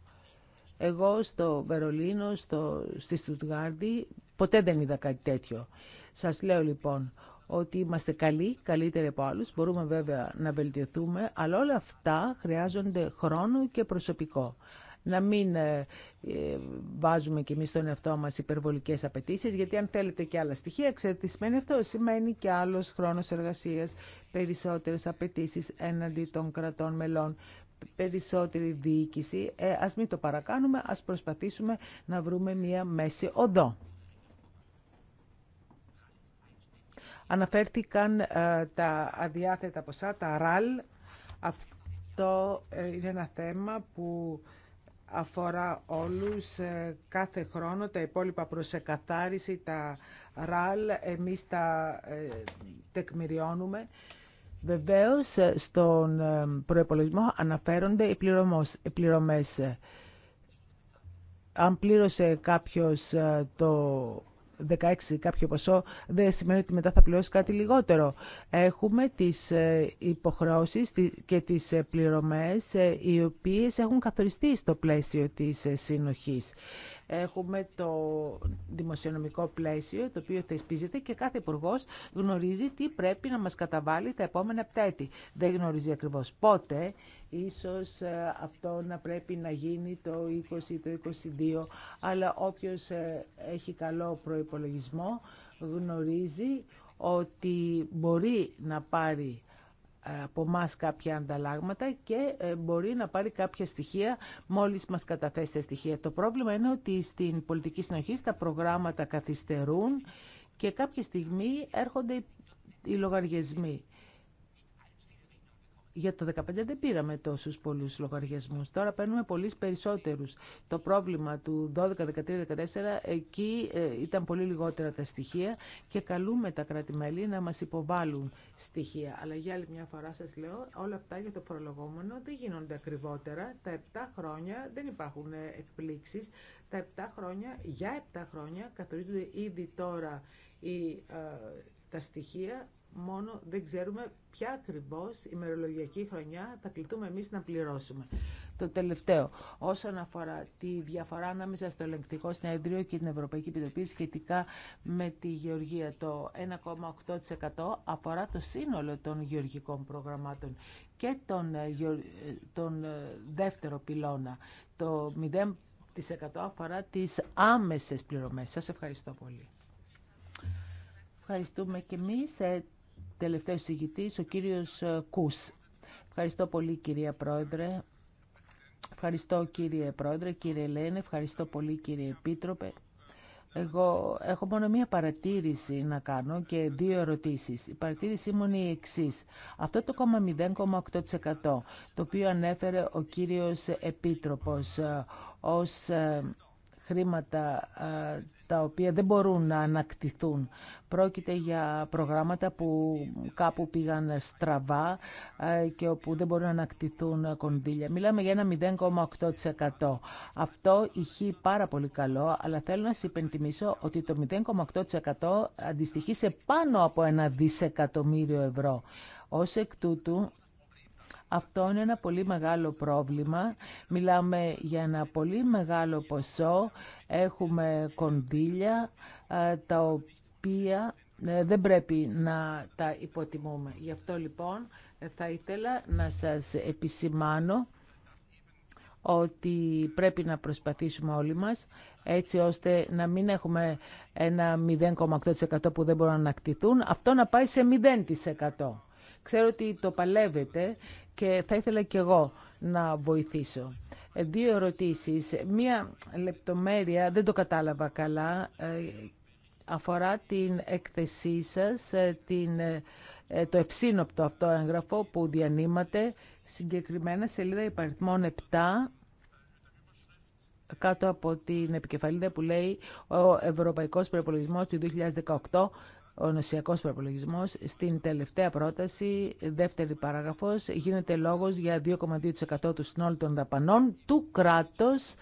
Εγώ στο Βερολίνο, στο, στη Στουτγάρδη, ποτέ δεν είδα κάτι τέτοιο. Σας λέω λοιπόν ότι είμαστε καλοί, καλύτεροι από άλλους, μπορούμε βέβαια να βελτιωθούμε, αλλά όλα αυτά χρειάζονται χρόνο και προσωπικό. Να μην ε, ε, βάζουμε κι εμείς στον εαυτό μας υπερβολικές απαιτήσει, γιατί αν θέλετε και άλλα στοιχεία, ξέρετε τι σημαίνει αυτό, σημαίνει και άλλος χρόνος εργασίας, περισσότερες απαιτήσει έναντι των κρατών μελών, περισσότερη διοίκηση. Ε, ας μην το παρακάνουμε, ας προσπαθήσουμε να βρούμε μία μέση οδό. Αναφέρθηκαν ε, τα αδιάθετα ποσά, τα ραλ. Αυτό ε, είναι ένα θέμα που αφορά όλους ε, κάθε χρόνο. Τα υπόλοιπα προσεκαθάριση, τα ραλ, εμείς τα τεκμηριώνουμε. Βεβαίω ε, στον ε, προπολογισμό αναφέρονται οι πληρωμέ. Αν πλήρωσε κάποιος ε, το 16 κάποιο ποσό, δεν σημαίνει ότι μετά θα πληρώσει κάτι λιγότερο. Έχουμε τις υποχρεώσεις και τις πληρωμές οι οποίες έχουν καθοριστεί στο πλαίσιο της συνοχής. Έχουμε το δημοσιονομικό πλαίσιο το οποίο θεσπίζεται και κάθε υπουργό γνωρίζει τι πρέπει να μας καταβάλει τα επόμενα πτέτη. Δεν γνωρίζει ακριβώς πότε. Ίσως ε, αυτό να πρέπει να γίνει το 20 το 22, αλλά όποιος ε, έχει καλό προϋπολογισμό γνωρίζει ότι μπορεί να πάρει από εμά κάποια ανταλλάγματα και ε, μπορεί να πάρει κάποια στοιχεία μόλις μας καταθέσει τα στοιχεία. Το πρόβλημα είναι ότι στην πολιτική συνοχή τα προγράμματα καθυστερούν και κάποια στιγμή έρχονται οι λογαριασμοί. Για το 2015 δεν πήραμε τόσους πολλούς λογαριασμούς. Τώρα παίρνουμε πολλοί περισσότερους. Το πρόβλημα του 12, 13, 14, εκεί ε, ήταν πολύ λιγότερα τα στοιχεία και καλούμε τα κρατη να μας υποβάλουν στοιχεία. Αλλά για άλλη μια φορά σας λέω, όλα αυτά για το φορολογόμενο δεν γίνονται ακριβότερα. Τα 7 χρόνια δεν υπάρχουν ε, εκπλήξεις. Τα 7 χρόνια, για 7 χρόνια καθορίζονται ήδη τώρα ε, τα στοιχεία μόνο δεν ξέρουμε ποια ακριβώ ημερολογιακή χρονιά θα κληθούμε εμείς να πληρώσουμε. Το τελευταίο, όσον αφορά τη διαφορά ανάμεσα στο ελεγκτικό συνέδριο και την Ευρωπαϊκή Επιτροπή σχετικά με τη γεωργία, το 1,8% αφορά το σύνολο των γεωργικών προγραμμάτων και τον, ε, ε, τον ε, δεύτερο πυλώνα. Το 0% αφορά τις άμεσες πληρωμές. Σας ευχαριστώ πολύ. Ευχαριστούμε και εμείς. Τελευταίο ηγητής, ο κύριο ε, Κούς. Ευχαριστώ πολύ κυρία Πρόεδρε. Ευχαριστώ κύριε Πρόεδρε, κύριε Ελένε. ευχαριστώ πολύ κύριε Επίτροπε. Εγώ έχω μόνο μία παρατήρηση να κάνω και δύο ερωτήσεις. Η παρατήρησή μου είναι η εξή. Αυτό το 0,8% το οποίο ανέφερε ο κύριος Επίτροπος ε, ως ε, χρήματα τα οποία δεν μπορούν να ανακτηθούν. Πρόκειται για προγράμματα που κάπου πήγαν στραβά και όπου δεν μπορούν να ανακτηθούν κονδύλια. Μιλάμε για ένα 0,8%. Αυτό ηχεί πάρα πολύ καλό, αλλά θέλω να σας υπενθυμίσω ότι το 0,8% αντιστοιχεί σε πάνω από ένα δισεκατομμύριο ευρώ. Ως εκ τούτου αυτό είναι ένα πολύ μεγάλο πρόβλημα. Μιλάμε για ένα πολύ μεγάλο ποσό. Έχουμε κονδύλια ε, τα οποία ε, δεν πρέπει να τα υποτιμούμε. Γι' αυτό λοιπόν θα ήθελα να σας επισημάνω ότι πρέπει να προσπαθήσουμε όλοι μας έτσι ώστε να μην έχουμε ένα 0,8% που δεν μπορούν να ανακτηθούν, αυτό να πάει σε 0%. Ξέρω ότι το παλεύετε και θα ήθελα και εγώ να βοηθήσω. Ε, δύο ερωτήσεις. Μία λεπτομέρεια, δεν το κατάλαβα καλά, ε, αφορά την έκθεσή σας, ε, την, το ευσύνοπτο αυτό έγγραφο που διανύματε, συγκεκριμένα σελίδα υπαριθμών 7, κάτω από την επικεφαλίδα που λέει «Ο Ευρωπαϊκός Προϋπολογισμός του 2018 ο νοσιακός προπολογισμός, στην τελευταία πρόταση, δεύτερη παράγραφος, γίνεται λόγος για 2,2% του συνόλου των δαπανών του κράτος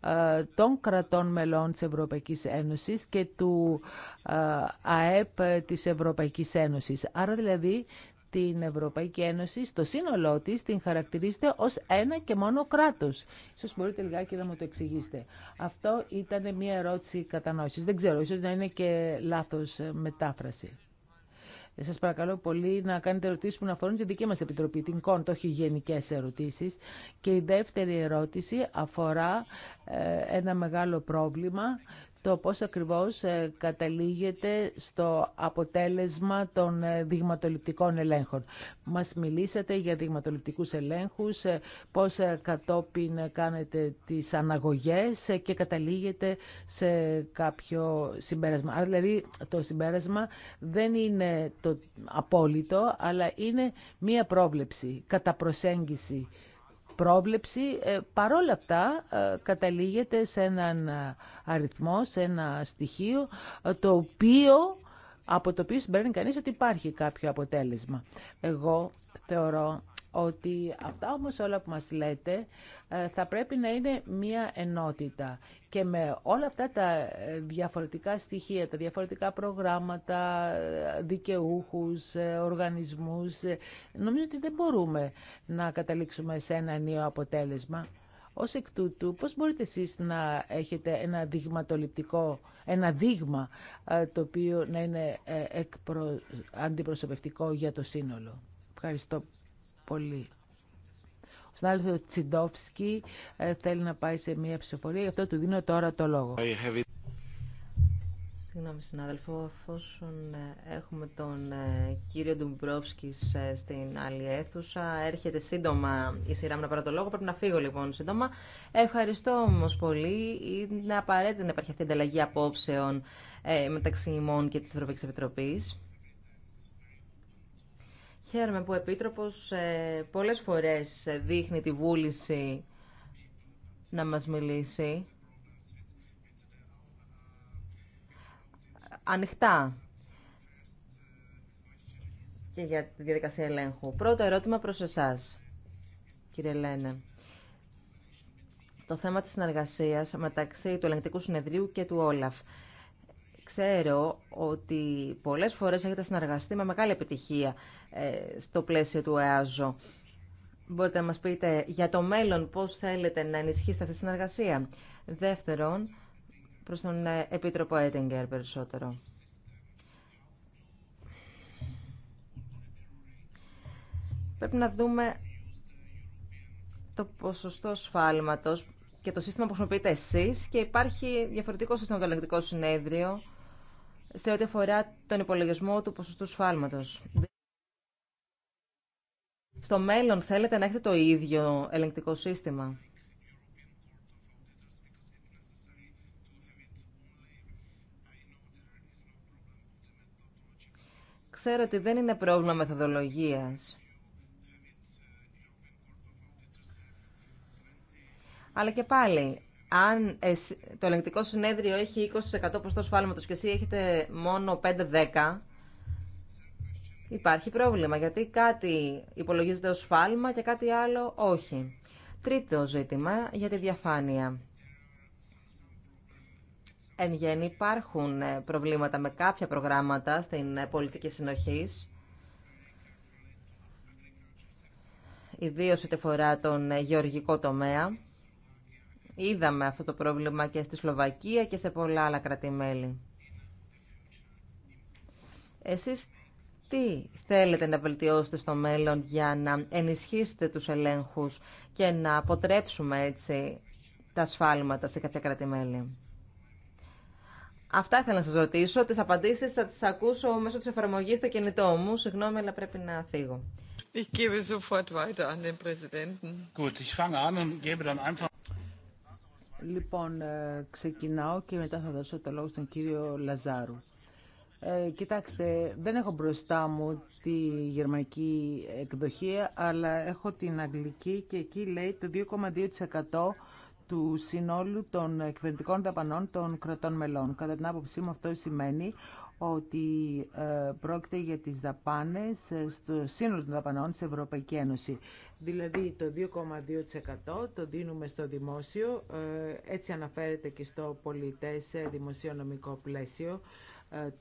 ε, των κρατών μελών της Ευρωπαϊκής Ένωσης και του ε, ΑΕΠ της Ευρωπαϊκής Ένωσης. Άρα δηλαδή την Ευρωπαϊκή Ένωση στο σύνολό της την χαρακτηρίζεται ως ένα και μόνο κράτος. Ίσως μπορείτε λιγάκι να μου το εξηγήσετε. Αυτό ήταν μια ερώτηση κατανόησης. Δεν ξέρω, ίσως να είναι και λάθος ε, μετάφραση. Ε, Σα παρακαλώ πολύ να κάνετε ερωτήσει που να αφορούν τη δική μας Επιτροπή, την ΚΟΝΤ, όχι γενικέ ερωτήσει. Και η δεύτερη ερώτηση αφορά ε, ένα μεγάλο πρόβλημα το πώς ακριβώς ε, καταλήγεται στο αποτέλεσμα των ε, δειγματοληπτικών ελέγχων. Μας μιλήσατε για δειγματοληπτικούς ελέγχους, ε, πώς κατόπιν κάνετε τις αναγωγές και καταλήγετε σε κάποιο συμπέρασμα. Άρα δηλαδή το συμπέρασμα δεν είναι το απόλυτο, αλλά είναι μία πρόβλεψη κατά προσέγγιση πρόβλεψη ε, παρόλα αυτά ε, καταλήγεται σε έναν ε, αριθμό, σε ένα στοιχείο το οποίο από το οποίο συμπεραίνει κανείς ότι υπάρχει κάποιο αποτέλεσμα. Εγώ θεωρώ ότι αυτά όμως όλα που μας λέτε ε, θα πρέπει να είναι μία ενότητα. Και με όλα αυτά τα ε, διαφορετικά στοιχεία, τα διαφορετικά προγράμματα, ε, δικαιούχους, οργανισμούς, νομίζω ότι δεν μπορούμε να καταλήξουμε σε ένα νέο αποτέλεσμα. Ως εκ τούτου, πώς μπορείτε εσείς να έχετε ένα δειγματοληπτικό, ένα δείγμα το οποίο να είναι αντιπροσωπευτικό για το σύνολο. Ευχαριστώ πολύ. Ο συνάδελφος Τσιντόφσκι ε, θέλει να πάει σε μια ψηφοφορία, γι' αυτό του δίνω τώρα το λόγο.
Συγγνώμη συνάδελφο, εφόσον ε, έχουμε τον ε, κύριο ε, στην άλλη αίθουσα, έρχεται σύντομα η σειρά μου να πάρω το λόγο, πρέπει να φύγω λοιπόν σύντομα. Ευχαριστώ όμως πολύ, είναι απαραίτητο να υπάρχει αυτή η ανταλλαγή απόψεων μεταξύ ημών και της Ευρωπαϊκής Επιτροπής. Χαίρομαι που ο Επίτροπος ε, πολλές φορές δείχνει τη βούληση να μας μιλήσει. Ανοιχτά και για τη διαδικασία ελέγχου. Πρώτο ερώτημα προς εσάς, κύριε Λένε. Το θέμα της συνεργασίας μεταξύ του Ελεγκτικού Συνεδρίου και του Όλαφ. Ξέρω ότι πολλές φορές έχετε συνεργαστεί με μεγάλη επιτυχία ε, στο πλαίσιο του ΕΑΖΟ. Μπορείτε να μας πείτε για το μέλλον πώς θέλετε να ενισχύσετε αυτή τη συνεργασία. Δεύτερον, προς τον ε, Επίτροπο Έτιγκερ περισσότερο. Πρέπει να δούμε το ποσοστό σφάλματος και το σύστημα που χρησιμοποιείτε εσείς και υπάρχει διαφορετικό σύστημα το συνέδριο σε ό,τι αφορά τον υπολογισμό του ποσοστού σφάλματος. Στο μέλλον θέλετε να έχετε το ίδιο ελεγκτικό σύστημα. Ξέρω ότι δεν είναι πρόβλημα μεθοδολογίας. Αλλά και πάλι, αν το ελεγκτικό συνέδριο έχει 20% ποσοστό σφάλματος και εσύ έχετε μόνο 5-10%, υπάρχει πρόβλημα, γιατί κάτι υπολογίζεται ως φάλμα και κάτι άλλο όχι. Τρίτο ζήτημα για τη διαφάνεια. Εν γέννη υπάρχουν ε, προβλήματα με κάποια προγράμματα στην ε, πολιτική συνοχής, ιδίως ό,τι φορά τον ε, γεωργικό τομέα. Είδαμε αυτό το πρόβλημα και στη Σλοβακία και σε πολλά άλλα κρατημέλη. Εσείς τι θέλετε να βελτιώσετε στο μέλλον για να ενισχύσετε τους ελέγχους και να αποτρέψουμε έτσι τα σφάλματα σε κάποια κρατημέλη. Αυτά ήθελα να σας ρωτήσω. Τις απαντήσεις θα τις ακούσω μέσω της εφαρμογής στο κινητό μου. Συγγνώμη, αλλά πρέπει να φύγω.
Ich gebe sofort weiter an den Präsidenten. Gut, ich fange an und gebe dann einfach...
Λοιπόν, ε, ξεκινάω και μετά θα δώσω το λόγο στον κύριο Λαζάρου. Ε, κοιτάξτε, δεν έχω μπροστά μου τη γερμανική εκδοχή, αλλά έχω την αγγλική και εκεί λέει το 2,2% του συνόλου των κυβερνητικών δαπανών των κρατών μελών. Κατά την άποψή μου αυτό σημαίνει ότι ε, πρόκειται για τις δαπάνες ε, στο σύνολο των δαπανών σε Ευρωπαϊκή Ένωση. Δηλαδή το 2,2% το δίνουμε στο δημόσιο, ε, έτσι αναφέρεται και στο πολιτές δημοσιονομικό πλαίσιο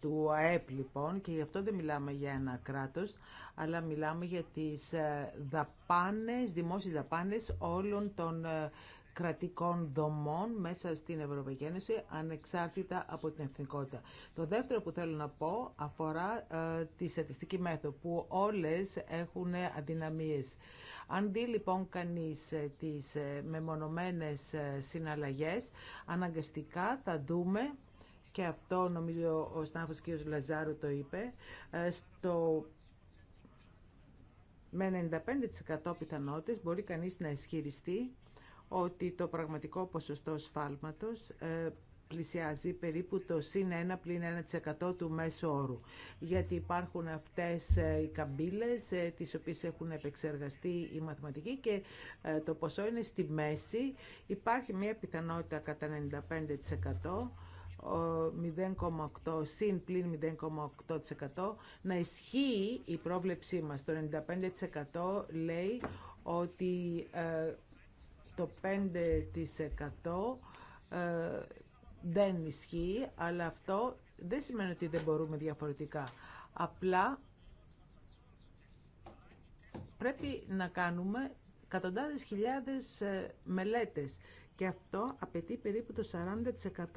του ΑΕΠ λοιπόν και γι' αυτό δεν μιλάμε για ένα κράτος, αλλά μιλάμε για τις ε, δαπάνες, δημόσιες δαπάνες όλων των ε, κρατικών δομών μέσα στην Ευρωπαϊκή Ένωση, ανεξάρτητα από την εθνικότητα. Το δεύτερο που θέλω να πω αφορά ε, τη στατιστική μέθοδο, που όλες έχουν αδυναμίες. Αν δει λοιπόν κανείς τις μεμονωμένες συναλλαγές, αναγκαστικά θα δούμε και αυτό νομίζω ο Στάνφος κ. Λαζάρου το είπε, ε, στο με 95% πιθανότητες μπορεί κανείς να ισχυριστεί ότι το πραγματικό ποσοστό σφάλματος ε, πλησιάζει περίπου το συν 1 πλην 1% του μέσου όρου. Γιατί υπάρχουν αυτές ε, οι καμπύλες τις οποίες έχουν επεξεργαστεί οι μαθηματικοί και το ποσό είναι στη μέση. Υπάρχει μια πιθανότητα κατά 95% 0,8 συν πλήν 0,8% να ισχύει η πρόβλεψή μας. Το 95% λέει ότι ε, το 5% ε, δεν ισχύει, αλλά αυτό δεν σημαίνει ότι δεν μπορούμε διαφορετικά. Απλά πρέπει να κάνουμε εκατοντάδες χιλιάδες ε, μελέτες και αυτό απαιτεί περίπου το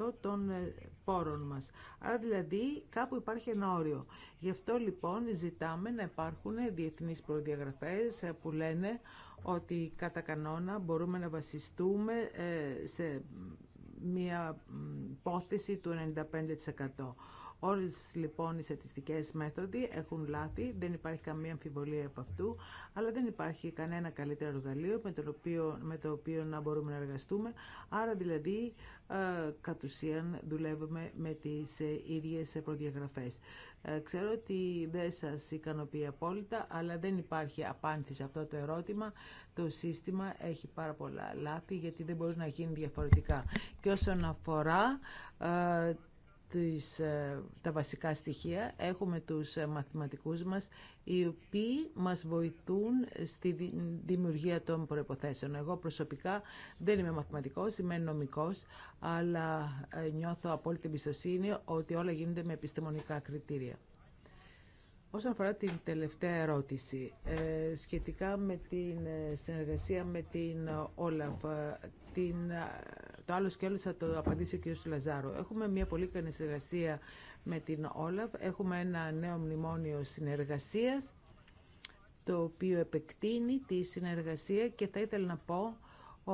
40% των ε, πόρων μας. Άρα δηλαδή κάπου υπάρχει ένα όριο. Γι' αυτό λοιπόν ζητάμε να υπάρχουν διεθνείς προδιαγραφές ε, που λένε ότι κατά κανόνα μπορούμε να βασιστούμε ε, σε μια υπόθεση του 95%. Όλες λοιπόν οι στατιστικές μέθοδοι έχουν λάθη, δεν υπάρχει καμία αμφιβολία από αυτού, αλλά δεν υπάρχει κανένα καλύτερο εργαλείο με, το οποίο, με το οποίο να μπορούμε να εργαστούμε. Άρα δηλαδή ε, κατ' ουσίαν δουλεύουμε με τις ε, ίδιες προδιαγραφές. Ε, ξέρω ότι δεν σας ικανοποιεί απόλυτα, αλλά δεν υπάρχει απάντηση σε αυτό το ερώτημα. Το σύστημα έχει πάρα πολλά λάθη, γιατί δεν μπορεί να γίνει διαφορετικά. Και όσον αφορά τις, ε, τα βασικά στοιχεία. Έχουμε τους ε, μαθηματικούς μας, οι οποίοι μας βοηθούν στη δημιουργία των προϋποθέσεων. Εγώ προσωπικά δεν είμαι μαθηματικός, είμαι νομικός, αλλά ε, νιώθω απόλυτη εμπιστοσύνη ότι όλα γίνονται με επιστημονικά κριτήρια. Όσον αφορά την τελευταία ερώτηση, ε, σχετικά με την ε, συνεργασία με την ε, Όλαφ, την, το άλλο σκέλος θα το απαντήσει ο κ. Λαζάρο. Έχουμε μια πολύ καλή συνεργασία με την Όλαφ, έχουμε ένα νέο μνημόνιο συνεργασίας, το οποίο επεκτείνει τη συνεργασία και θα ήθελα να πω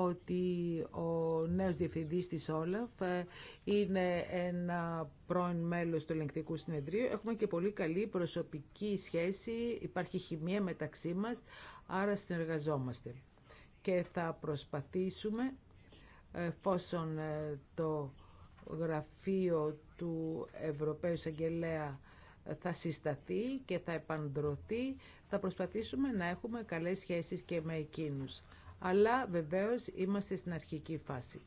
ότι ο νέος διευθυντής της Όλαφ ε, είναι ένα πρώην μέλος του ελεγκτικού συνεδρίου. Έχουμε και πολύ καλή προσωπική σχέση, υπάρχει χημεία μεταξύ μας, άρα συνεργαζόμαστε. Και θα προσπαθήσουμε, εφόσον ε, το γραφείο του Ευρωπαίου Εισαγγελέα ε, θα συσταθεί και θα επαντρωθεί, θα προσπαθήσουμε να έχουμε καλές σχέσεις και με εκείνους αλλά βεβαίως είμαστε στην αρχική φάση.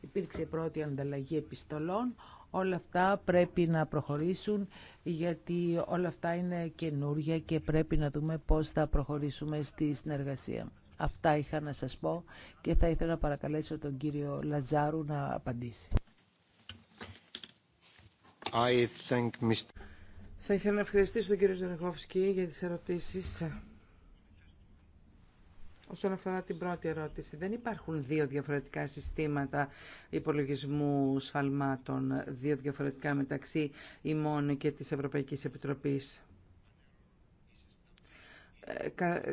Υπήρξε η πρώτη ανταλλαγή επιστολών, όλα αυτά πρέπει να προχωρήσουν γιατί όλα αυτά είναι καινούργια και πρέπει να δούμε πώς θα προχωρήσουμε στη συνεργασία. Αυτά είχα να σας πω και θα ήθελα να παρακαλέσω τον κύριο Λαζάρου να απαντήσει.
Θα ήθελα να ευχαριστήσω τον κύριο Ζενεχόφσκι για τις ερωτήσεις Όσον αφορά την πρώτη ερώτηση, δεν υπάρχουν δύο διαφορετικά συστήματα υπολογισμού σφαλμάτων, δύο διαφορετικά μεταξύ ημών και της Ευρωπαϊκής Επιτροπής. Ε,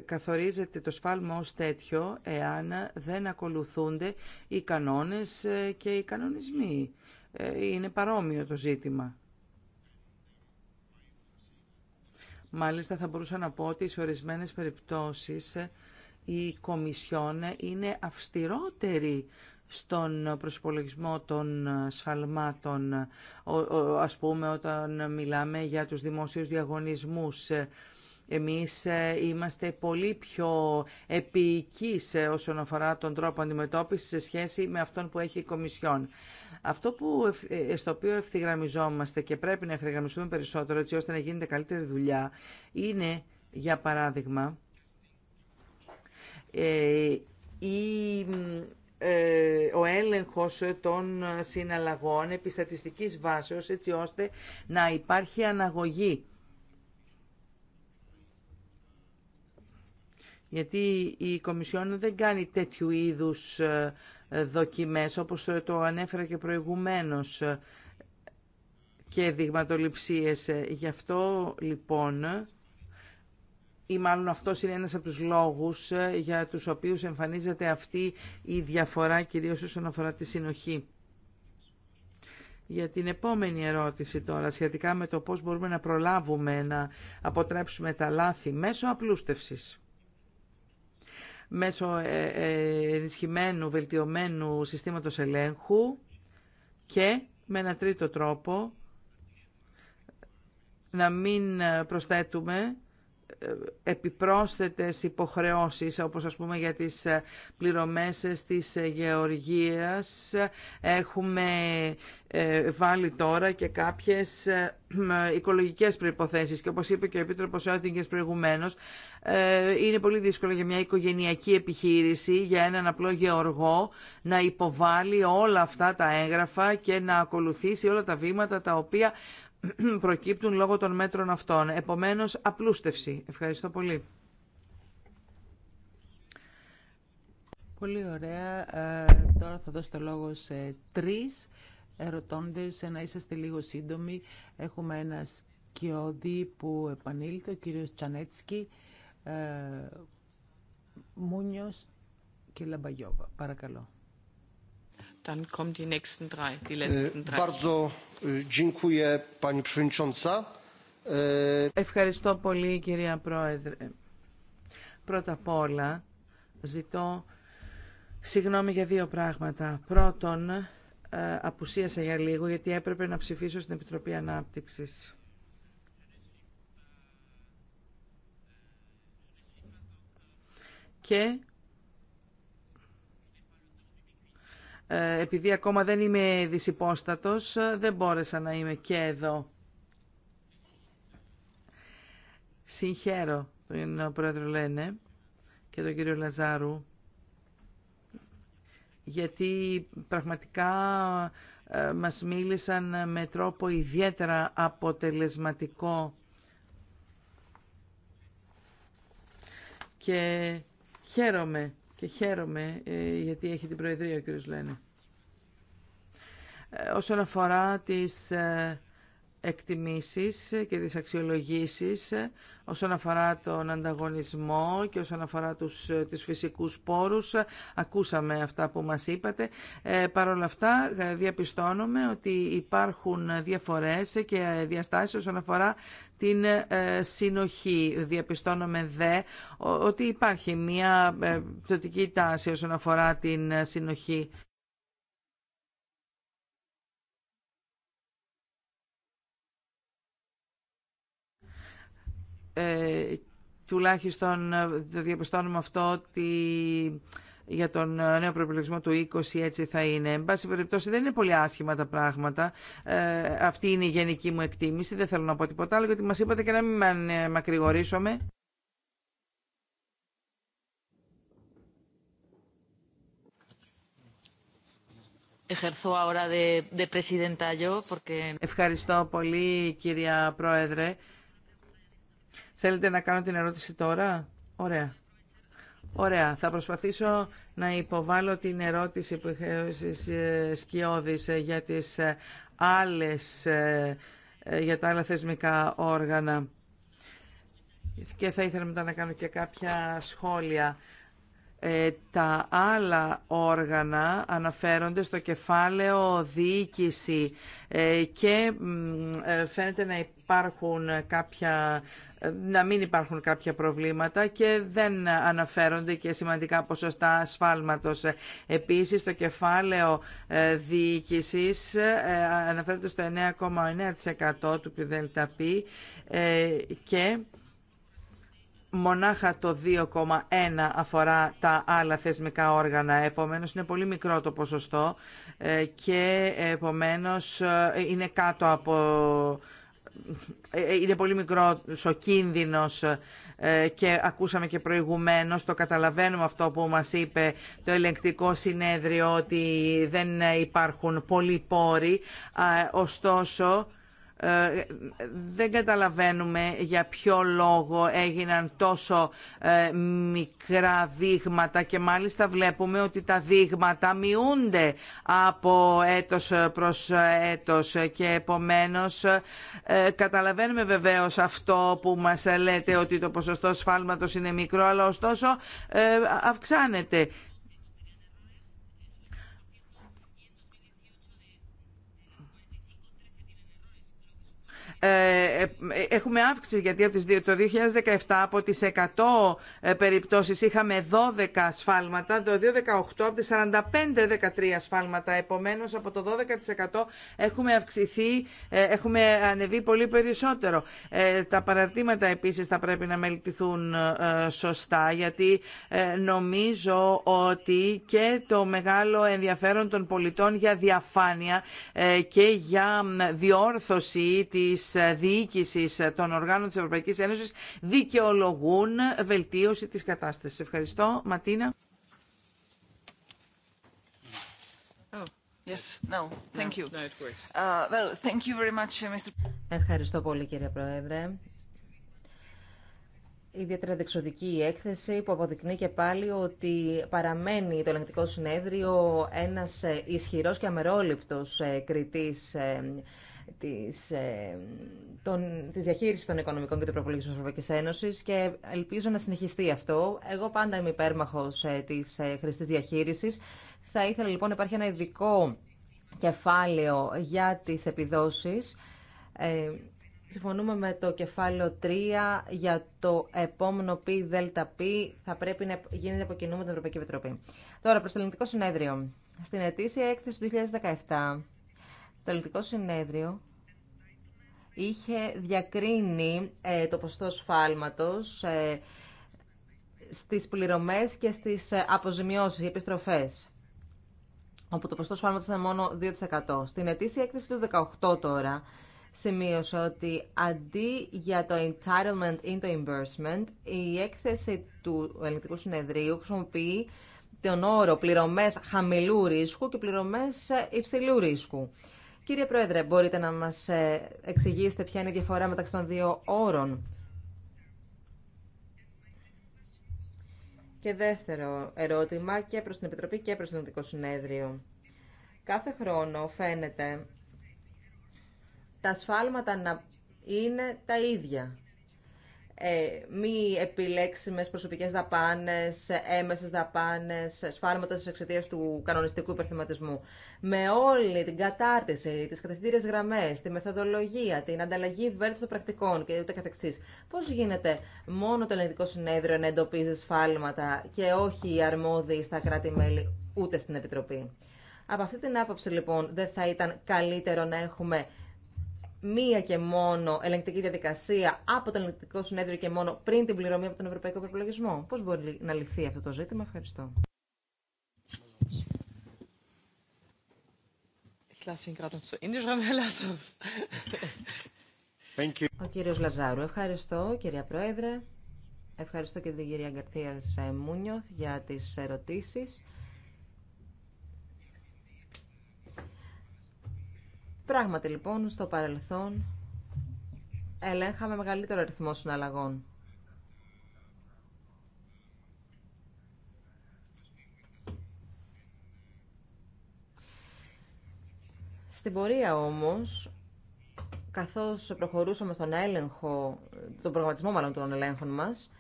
καθορίζεται το σφάλμα ως τέτοιο εάν δεν ακολουθούνται οι κανόνες ε, και οι κανονισμοί. Ε, είναι παρόμοιο το ζήτημα. Μάλιστα θα μπορούσα να πω ότι σε ορισμένες περιπτώσεις η Κομισιόν είναι αυστηρότερη στον προσυπολογισμό των σφαλμάτων, ας πούμε όταν μιλάμε για τους δημόσιους διαγωνισμούς. Εμείς ε, είμαστε πολύ πιο επίοικείς ε, όσον αφορά τον τρόπο αντιμετώπισης σε σχέση με αυτόν που έχει η Κομισιόν. Αυτό που, ε, στο οποίο ευθυγραμμιζόμαστε και πρέπει να ευθυγραμμιστούμε περισσότερο έτσι ώστε να γίνεται καλύτερη δουλειά είναι, για παράδειγμα, ε, η, ε, ο έλεγχος των συναλλαγών επί στατιστικής βάσεως έτσι ώστε να υπάρχει αναγωγή. Γιατί η Κομισιόν δεν κάνει τέτοιου είδους ε, δοκιμές όπως το ανέφερα και προηγουμένως και δειγματοληψίες. Γι' αυτό λοιπόν ή μάλλον αυτό είναι ένας από τους λόγους ε, για τους οποίους εμφανίζεται αυτή η διαφορά κυρίως όσον αφορά τη συνοχή. Για την επόμενη ερώτηση τώρα, σχετικά με το πώς μπορούμε να προλάβουμε να αποτρέψουμε τα λάθη μέσω απλούστευσης μέσω ε, ε, ενισχυμένου, βελτιωμένου συστήματος ελέγχου και με ένα τρίτο τρόπο να μην προσθέτουμε ε, επιπρόσθετες υποχρεώσεις όπως ας πούμε για τις ε, πληρωμές της ε, γεωργίας έχουμε βάλει τώρα και κάποιες οικολογικές προϋποθέσεις και όπως είπε και ο Επίτροπος Ότιγκες προηγουμένως είναι πολύ δύσκολο για μια οικογενειακή επιχείρηση για έναν απλό γεωργό να υποβάλει όλα αυτά τα έγγραφα και να ακολουθήσει όλα τα βήματα τα οποία προκύπτουν λόγω των μέτρων αυτών. Επομένως, απλούστευση. Ευχαριστώ πολύ.
Πολύ ωραία. Ε, τώρα θα δώσω το λόγο σε τρεις ερωτώντες, να είσαστε λίγο σύντομοι. Έχουμε ένα σκιώδη που επανήλθε, ο κύριος Τσανέτσκι, ε, Μούνιος και Λαμπαγιώβα. Παρακαλώ.
Ευχαριστώ πολύ, κυρία Πρόεδρε. Πρώτα απ' όλα, ζητώ συγγνώμη για δύο πράγματα. Πρώτον, ε, απουσίασα για λίγο, γιατί έπρεπε να ψηφίσω στην Επιτροπή Ανάπτυξης. Και Ε, επειδή ακόμα δεν είμαι δυσυπόστατος, δεν μπόρεσα να είμαι και εδώ. Συγχαίρω τον πρόεδρο Λένε και τον κύριο Λαζάρου, γιατί πραγματικά ε, μας μίλησαν με τρόπο ιδιαίτερα αποτελεσματικό και χαίρομαι και χαίρομαι ε, γιατί έχει την Προεδρία ο κ. Λένε. Ε, όσον αφορά τις ε, εκτιμήσεις και τις αξιολογήσεις όσον αφορά τον ανταγωνισμό και όσον αφορά τους, τους φυσικούς πόρους. Ακούσαμε αυτά που μας είπατε. Ε, Παρ' όλα αυτά ε, διαπιστώνουμε ότι υπάρχουν διαφορές και διαστάσεις όσον αφορά την ε, συνοχή. Διαπιστώνουμε δε ότι υπάρχει μια πτωτική ε, τάση όσον αφορά την συνοχή. ε, τουλάχιστον ε, το διαπιστώνουμε αυτό ότι για τον ε, νέο προπολογισμό του 20 έτσι θα είναι. Εν πάση περιπτώσει δεν είναι πολύ άσχημα τα πράγματα. Ε, αυτή είναι η γενική μου εκτίμηση. Δεν θέλω να πω τίποτα άλλο γιατί μας είπατε και να μην ε, μακρηγορήσουμε. Ευχαριστώ πολύ κυρία Πρόεδρε. Θέλετε να κάνω την ερώτηση τώρα. Ωραία. Ωραία. Θα προσπαθήσω να υποβάλω την ερώτηση που είχε Σκιώδης ε, για, τις ε, άλλες, ε, για τα άλλα θεσμικά όργανα. Και θα ήθελα μετά να κάνω και κάποια σχόλια. τα άλλα όργανα αναφέρονται στο κεφάλαιο διοίκηση και φαίνεται να υπάρχουν κάποια να μην υπάρχουν κάποια προβλήματα και δεν αναφέρονται και σημαντικά ποσοστά ασφάλματος. Επίσης, το κεφάλαιο ε, διοίκησης ε, αναφέρεται στο 9,9% του πιδελταπή και μονάχα το 2,1 αφορά τα άλλα θεσμικά όργανα. Επομένως είναι πολύ μικρό το ποσοστό ε, και επομένως είναι κάτω από είναι πολύ μικρό ο κίνδυνος ε, και ακούσαμε και προηγουμένως, το καταλαβαίνουμε αυτό που μας είπε το ελεγκτικό συνέδριο ότι δεν υπάρχουν πολλοί πόροι, ωστόσο ε, δεν καταλαβαίνουμε για ποιο λόγο έγιναν τόσο ε, μικρά δείγματα και μάλιστα βλέπουμε ότι τα δείγματα μειούνται από έτος προς έτος και επομένως ε, καταλαβαίνουμε βεβαίως αυτό που μας λέτε ότι το ποσοστό σφάλματος είναι μικρό αλλά ωστόσο αυξάνεται Ε, ε, έχουμε αύξηση γιατί από τις, το 2017 από τις 100 ε, περιπτώσεις είχαμε 12 ασφάλματα, το 2018 από τις 45 13 σφάλματα. Επομένως από το 12% έχουμε αυξηθεί, έχουμε ανεβεί πολύ περισσότερο. Τα παραρτήματα επίσης θα πρέπει να μελετηθούν σωστά γιατί νομίζω ότι και το μεγάλο ενδιαφέρον των πολιτών για διαφάνεια και για διόρθωση της της ε, διοίκησης ε, των οργάνων της Ευρωπαϊκής Ένωσης δικαιολογούν βελτίωση της κατάστασης. Ευχαριστώ. Ματίνα.
Ευχαριστώ πολύ κύριε Πρόεδρε. Ιδιαίτερα δεξοδική η έκθεση που αποδεικνύει και πάλι ότι παραμένει το ελεγκτικό συνέδριο ένας ε, ισχυρός και αμερόληπτος κριτής της, ε, των, της διαχείρισης των οικονομικών και των προπολογισμού της Ευρωπαϊκής Ένωσης και ελπίζω να συνεχιστεί αυτό. Εγώ πάντα είμαι υπέρμαχος ε, της ε, χρηστής διαχείρισης. Θα ήθελα λοιπόν να υπάρχει ένα ειδικό κεφάλαιο για τις επιδόσεις. Ε, συμφωνούμε με το κεφάλαιο 3 για το επόμενο πι δελτα πι θα πρέπει να γίνεται από κοινού με την Ευρωπαϊκή Επιτροπή. Τώρα προς το ελληνικό συνέδριο. Στην ετήσια έκθεση του 2017 το ελληνικό συνέδριο είχε διακρίνει ε, το ποστό σφάλματος ε, στις πληρωμές και στις ε, αποζημιώσεις, οι επιστροφές. Όπου το ποστό σφάλματος ήταν μόνο 2%. Στην ετήσια έκθεση του 2018 τώρα σημείωσε ότι αντί για το entitlement in the reimbursement, η έκθεση του Ελληνικού Συνεδρίου χρησιμοποιεί τον όρο πληρωμές χαμηλού ρίσκου και πληρωμές υψηλού ρίσκου. Κύριε Πρόεδρε, μπορείτε να μας ε, εξηγήσετε ποια είναι η διαφορά μεταξύ των δύο όρων. Και δεύτερο ερώτημα και προς την Επιτροπή και προς το Δυτικό Συνέδριο. Κάθε χρόνο φαίνεται τα σφάλματα να είναι τα ίδια. Ε, μη επιλέξιμες προσωπικές δαπάνες, έμεσες δαπάνες, σφάλματα της εξαιτία του κανονιστικού υπερθυματισμού. Με όλη την κατάρτιση, τις κατευθυντήριες γραμμές, τη μεθοδολογία, την ανταλλαγή των πρακτικών και ούτε καθεξής. Πώς γίνεται μόνο το ελληνικό συνέδριο να εντοπίζει σφάλματα και όχι οι αρμόδιοι στα κράτη-μέλη ούτε στην Επιτροπή. Από αυτή την άποψη λοιπόν δεν θα ήταν καλύτερο να έχουμε μία και μόνο ελεγκτική διαδικασία από το ελεγκτικό συνέδριο και μόνο πριν την πληρωμή από τον Ευρωπαϊκό Προπολογισμό. Πώς μπορεί να λυθεί αυτό το ζήτημα. Ευχαριστώ. Ο κύριος Λαζάρου, ευχαριστώ κυρία Πρόεδρε. Ευχαριστώ και την κυρία Γκαρθία Σαεμούνιοθ για τις ερωτήσεις. Πράγματι λοιπόν στο παρελθόν ελέγχαμε μεγαλύτερο αριθμό συναλλαγών. Στην πορεία όμως, καθώς προχωρούσαμε στον έλεγχο, τον προγραμματισμό μάλλον των ελέγχων μας,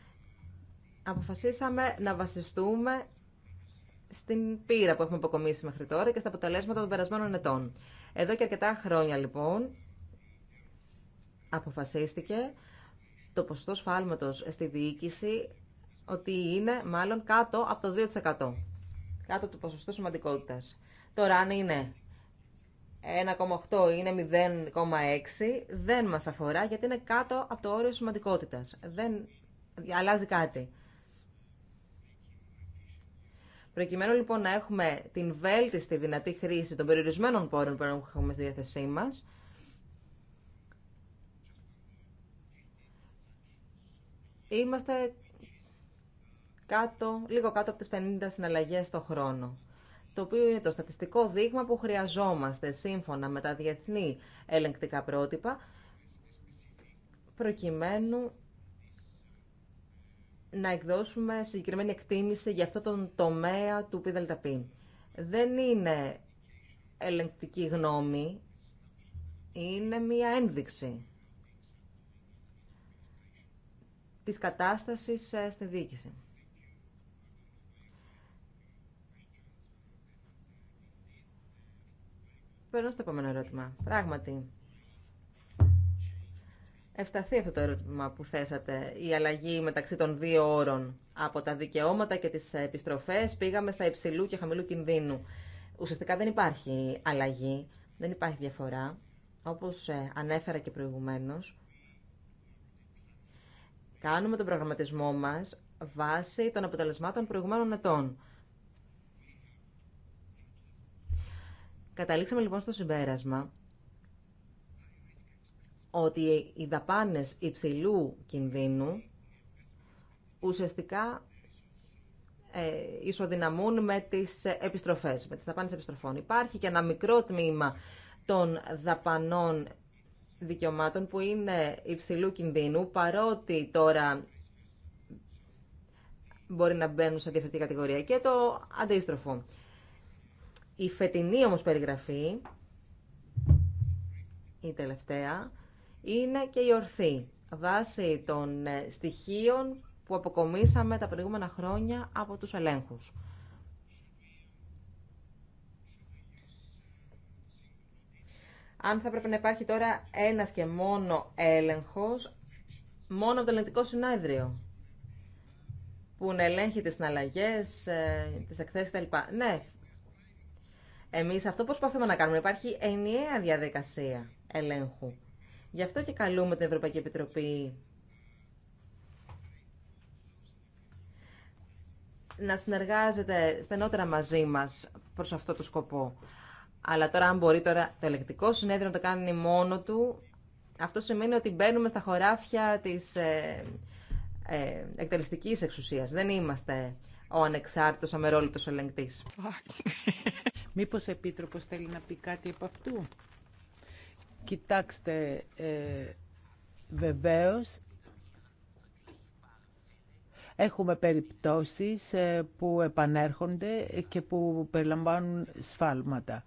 αποφασίσαμε να βασιστούμε στην πείρα που έχουμε αποκομίσει μέχρι τώρα και στα αποτελέσματα των περασμένων ετών. Εδώ και αρκετά χρόνια λοιπόν αποφασίστηκε το ποσοστό σφάλματος στη διοίκηση ότι είναι μάλλον κάτω από το 2%. Κάτω από το ποσοστό σημαντικότητας. Τώρα αν είναι 1,8 είναι 0,6 δεν μας αφορά γιατί είναι κάτω από το όριο σημαντικότητας. Δεν αλλάζει κάτι. Προκειμένου λοιπόν να έχουμε την βέλτιστη δυνατή χρήση των περιορισμένων πόρων που έχουμε στη διάθεσή μας, είμαστε κάτω, λίγο κάτω από τις 50 συναλλαγές το χρόνο το οποίο είναι το στατιστικό δείγμα που χρειαζόμαστε σύμφωνα με τα διεθνή ελεγκτικά πρότυπα, προκειμένου να εκδώσουμε συγκεκριμένη εκτίμηση για αυτό τον τομέα του ΠΔΠ. Δεν είναι ελεγκτική γνώμη, είναι μία ένδειξη της κατάστασης ε, στη διοίκηση. Περνώ στο επόμενο ερώτημα. Πράγματι, ευσταθεί αυτό το ερώτημα που θέσατε. Η αλλαγή μεταξύ των δύο όρων από τα δικαιώματα και τις επιστροφές πήγαμε στα υψηλού και χαμηλού κινδύνου. Ουσιαστικά δεν υπάρχει αλλαγή, δεν υπάρχει διαφορά. Όπως ε, ανέφερα και προηγουμένως, κάνουμε τον προγραμματισμό μας βάσει των αποτελεσμάτων προηγουμένων ετών. Καταλήξαμε λοιπόν στο συμπέρασμα ότι οι δαπάνες υψηλού κινδύνου ουσιαστικά ε, ισοδυναμούν με τις επιστροφές, με τις δαπάνες επιστροφών. Υπάρχει και ένα μικρό τμήμα των δαπανών δικαιωμάτων που είναι υψηλού κινδύνου, παρότι τώρα μπορεί να μπαίνουν σε διαφορετική κατηγορία και το αντίστροφο. Η φετινή όμως περιγραφή, η τελευταία, είναι και η ορθή βάση των ε, στοιχείων που αποκομίσαμε τα προηγούμενα χρόνια από τους ελέγχους. Αν θα πρέπει να υπάρχει τώρα ένας και μόνο έλεγχος, μόνο από το Ελληνικό Συνέδριο, που να ελέγχει τις συναλλαγές, ε, τις εκθέσεις κτλ. Ναι, εμείς αυτό προσπαθούμε να κάνουμε. Υπάρχει ενιαία διαδικασία ελέγχου. Γι' αυτό και καλούμε την Ευρωπαϊκή Επιτροπή να συνεργάζεται στενότερα μαζί μας προς αυτό το σκοπό. Αλλά τώρα αν μπορεί τώρα το ελεκτικό συνέδριο να το κάνει μόνο του, αυτό σημαίνει ότι μπαίνουμε στα χωράφια της ε, ε, εκτελεστικής εξουσίας. Δεν είμαστε ο ανεξάρτητος αμερόλητος ελεγκτής. Μήπως ο Επίτροπος θέλει να πει κάτι από αυτού. Κοιτάξτε, ε,
βεβαίως έχουμε περιπτώσεις ε, που επανέρχονται και που περιλαμβάνουν σφάλματα.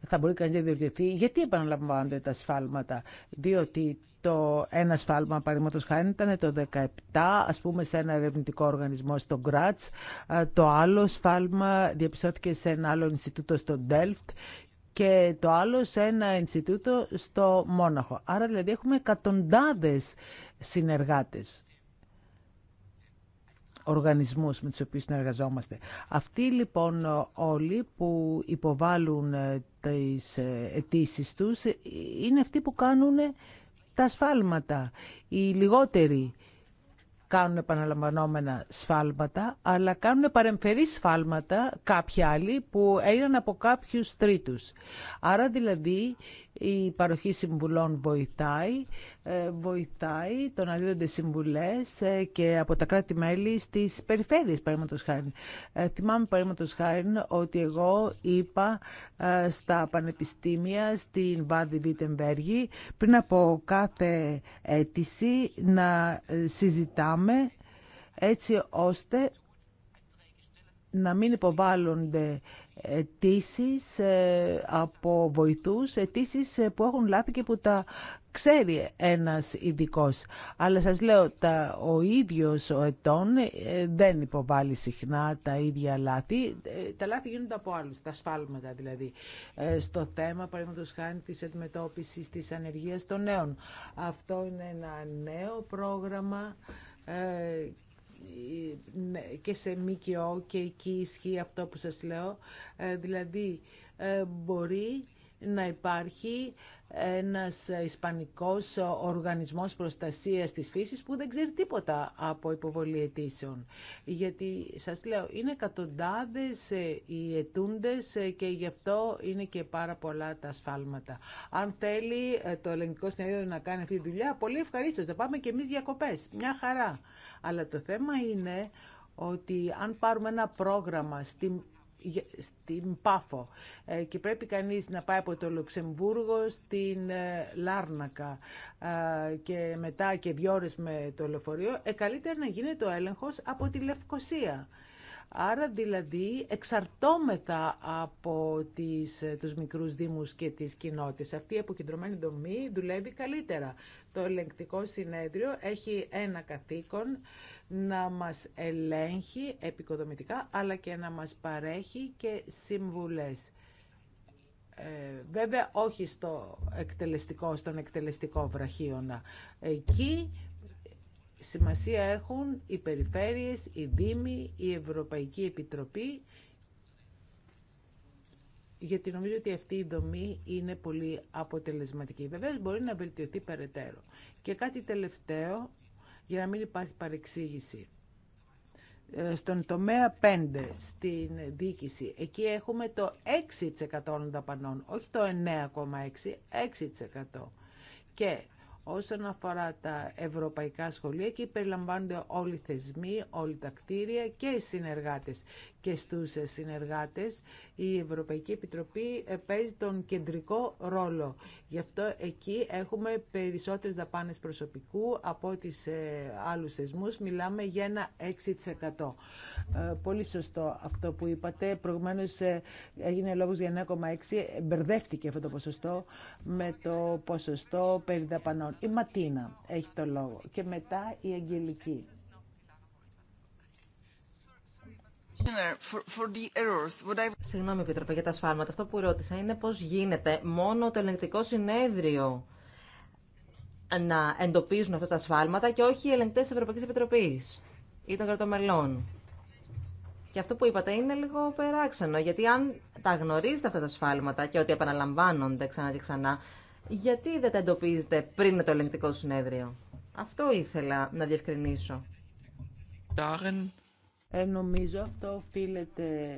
Θα μπορεί κανείς να διευθυνθεί Γιατί επαναλαμβάνονται τα σφάλματα. Διότι το ένα σφάλμα, παραδείγματο χάρη, ήταν το 17, ας πούμε, σε ένα ερευνητικό οργανισμό στο Γκράτς. Ε, το άλλο σφάλμα διαπιστώθηκε σε ένα άλλο Ινστιτούτο στο Ντέλφτ και το άλλο σε ένα Ινστιτούτο στο Μόναχο. Άρα δηλαδή έχουμε εκατοντάδες συνεργάτες οργανισμούς με τους οποίους συνεργαζόμαστε. Αυτοί λοιπόν όλοι που υποβάλλουν ε, τις ε, αιτήσει τους ε, είναι αυτοί που κάνουν τα σφάλματα. Οι λιγότεροι κάνουν επαναλαμβανόμενα σφάλματα, αλλά κάνουν παρεμφερή σφάλματα κάποιοι άλλοι που έγιναν από κάποιους τρίτους. Άρα δηλαδή η παροχή συμβουλών βοηθάει. Ε, βοηθάει το να δίνονται συμβουλές ε, και από τα κράτη-μέλη στις περιφέρειες, παραδείγματος χάρη. Ε, θυμάμαι, παραδείγματος χάρη, ότι εγώ είπα στα πανεπιστήμια στην Βάδη Βίτεμβέργη πριν από κάθε αίτηση να συζητάμε έτσι ώστε να μην υποβάλλονται αιτήσει ε, από βοηθούς, αιτήσει ε, που έχουν λάθει και που τα ξέρει ένας ειδικό. Αλλά σας λέω, τα, ο ίδιος ο ετών ε, δεν υποβάλλει συχνά τα ίδια λάθη. Τα λάθη γίνονται από άλλους, τα σφάλματα δηλαδή. στο θέμα, παραδείγματος χάνει της αντιμετώπισης της ανεργίας των νέων. Αυτό είναι ένα νέο πρόγραμμα ναι, και σε ΜΚΟ και εκεί ισχύει αυτό που σας λέω, ε, δηλαδή ε, μπορεί να υπάρχει ένας ισπανικός οργανισμός προστασίας της φύσης που δεν ξέρει τίποτα από υποβολή αιτήσεων. Γιατί σας λέω, είναι εκατοντάδες ε, οι αιτούντες ε, και γι' αυτό είναι και πάρα πολλά τα ασφάλματα. Αν θέλει ε, το ελληνικό συνέδριο να κάνει αυτή τη δουλειά, πολύ ευχαρίστως. Θα πάμε και εμείς διακοπές. Μια χαρά. Αλλά το θέμα είναι ότι αν πάρουμε ένα πρόγραμμα στην στην Πάφο ε, και πρέπει κανείς να πάει από το Λουξεμβούργο στην ε, Λάρνακα ε, και μετά και δύο με το λεωφορείο, ε, καλύτερα να γίνεται ο έλεγχος από τη Λευκοσία. Άρα δηλαδή εξαρτώμεθα από τις, τους μικρούς δήμους και τις κοινότητες. Αυτή η αποκεντρωμένη δομή δουλεύει καλύτερα. Το ελεγκτικό συνέδριο έχει ένα καθήκον να μας ελέγχει επικοδομητικά, αλλά και να μας παρέχει και συμβουλές. Ε, βέβαια, όχι στο εκτελεστικό, στον εκτελεστικό βραχίωνα. Εκεί σημασία έχουν οι περιφέρειες, οι Δήμοι, η Ευρωπαϊκή Επιτροπή, γιατί νομίζω ότι αυτή η δομή είναι πολύ αποτελεσματική. Βεβαίως μπορεί να βελτιωθεί περαιτέρω. Και κάτι τελευταίο για να μην υπάρχει παρεξήγηση. Ε, στον τομέα 5, στην διοίκηση, εκεί έχουμε το 6% των δαπανών, όχι το 9,6, 6%. Και όσον αφορά τα ευρωπαϊκά σχολεία και περιλαμβάνονται όλοι οι θεσμοί, όλοι τα κτίρια και οι συνεργάτες. Και στους συνεργάτες η Ευρωπαϊκή Επιτροπή ε, παίζει τον κεντρικό ρόλο. Γι' αυτό εκεί έχουμε περισσότερες δαπάνες προσωπικού από τις ε, άλλους θεσμούς. Μιλάμε για ένα 6%. Ε, πολύ σωστό αυτό που είπατε. Προηγουμένως έγινε λόγος για 1,6. Μπερδεύτηκε αυτό το ποσοστό με το ποσοστό περί δαπανών. Λοιπόν, η Ματίνα έχει το λόγο και μετά η Αγγελική.
Συγγνώμη, Επίτροπε, για τα σφάλματα. Αυτό που ρώτησα είναι πώς γίνεται μόνο το ελεγκτικό συνέδριο να εντοπίζουν αυτά τα σφάλματα και όχι οι ελεγκτές της Ευρωπαϊκής Επιτροπής ή των κρατομελών. Και αυτό που είπατε είναι λίγο περάξενο, γιατί αν τα γνωρίζετε αυτά τα σφάλματα και ότι επαναλαμβάνονται ξανά και ξανά, γιατί δεν τα εντοπίζετε πριν το ελεγκτικό συνέδριο. Αυτό ήθελα να διευκρινίσω. Ε, νομίζω αυτό οφείλεται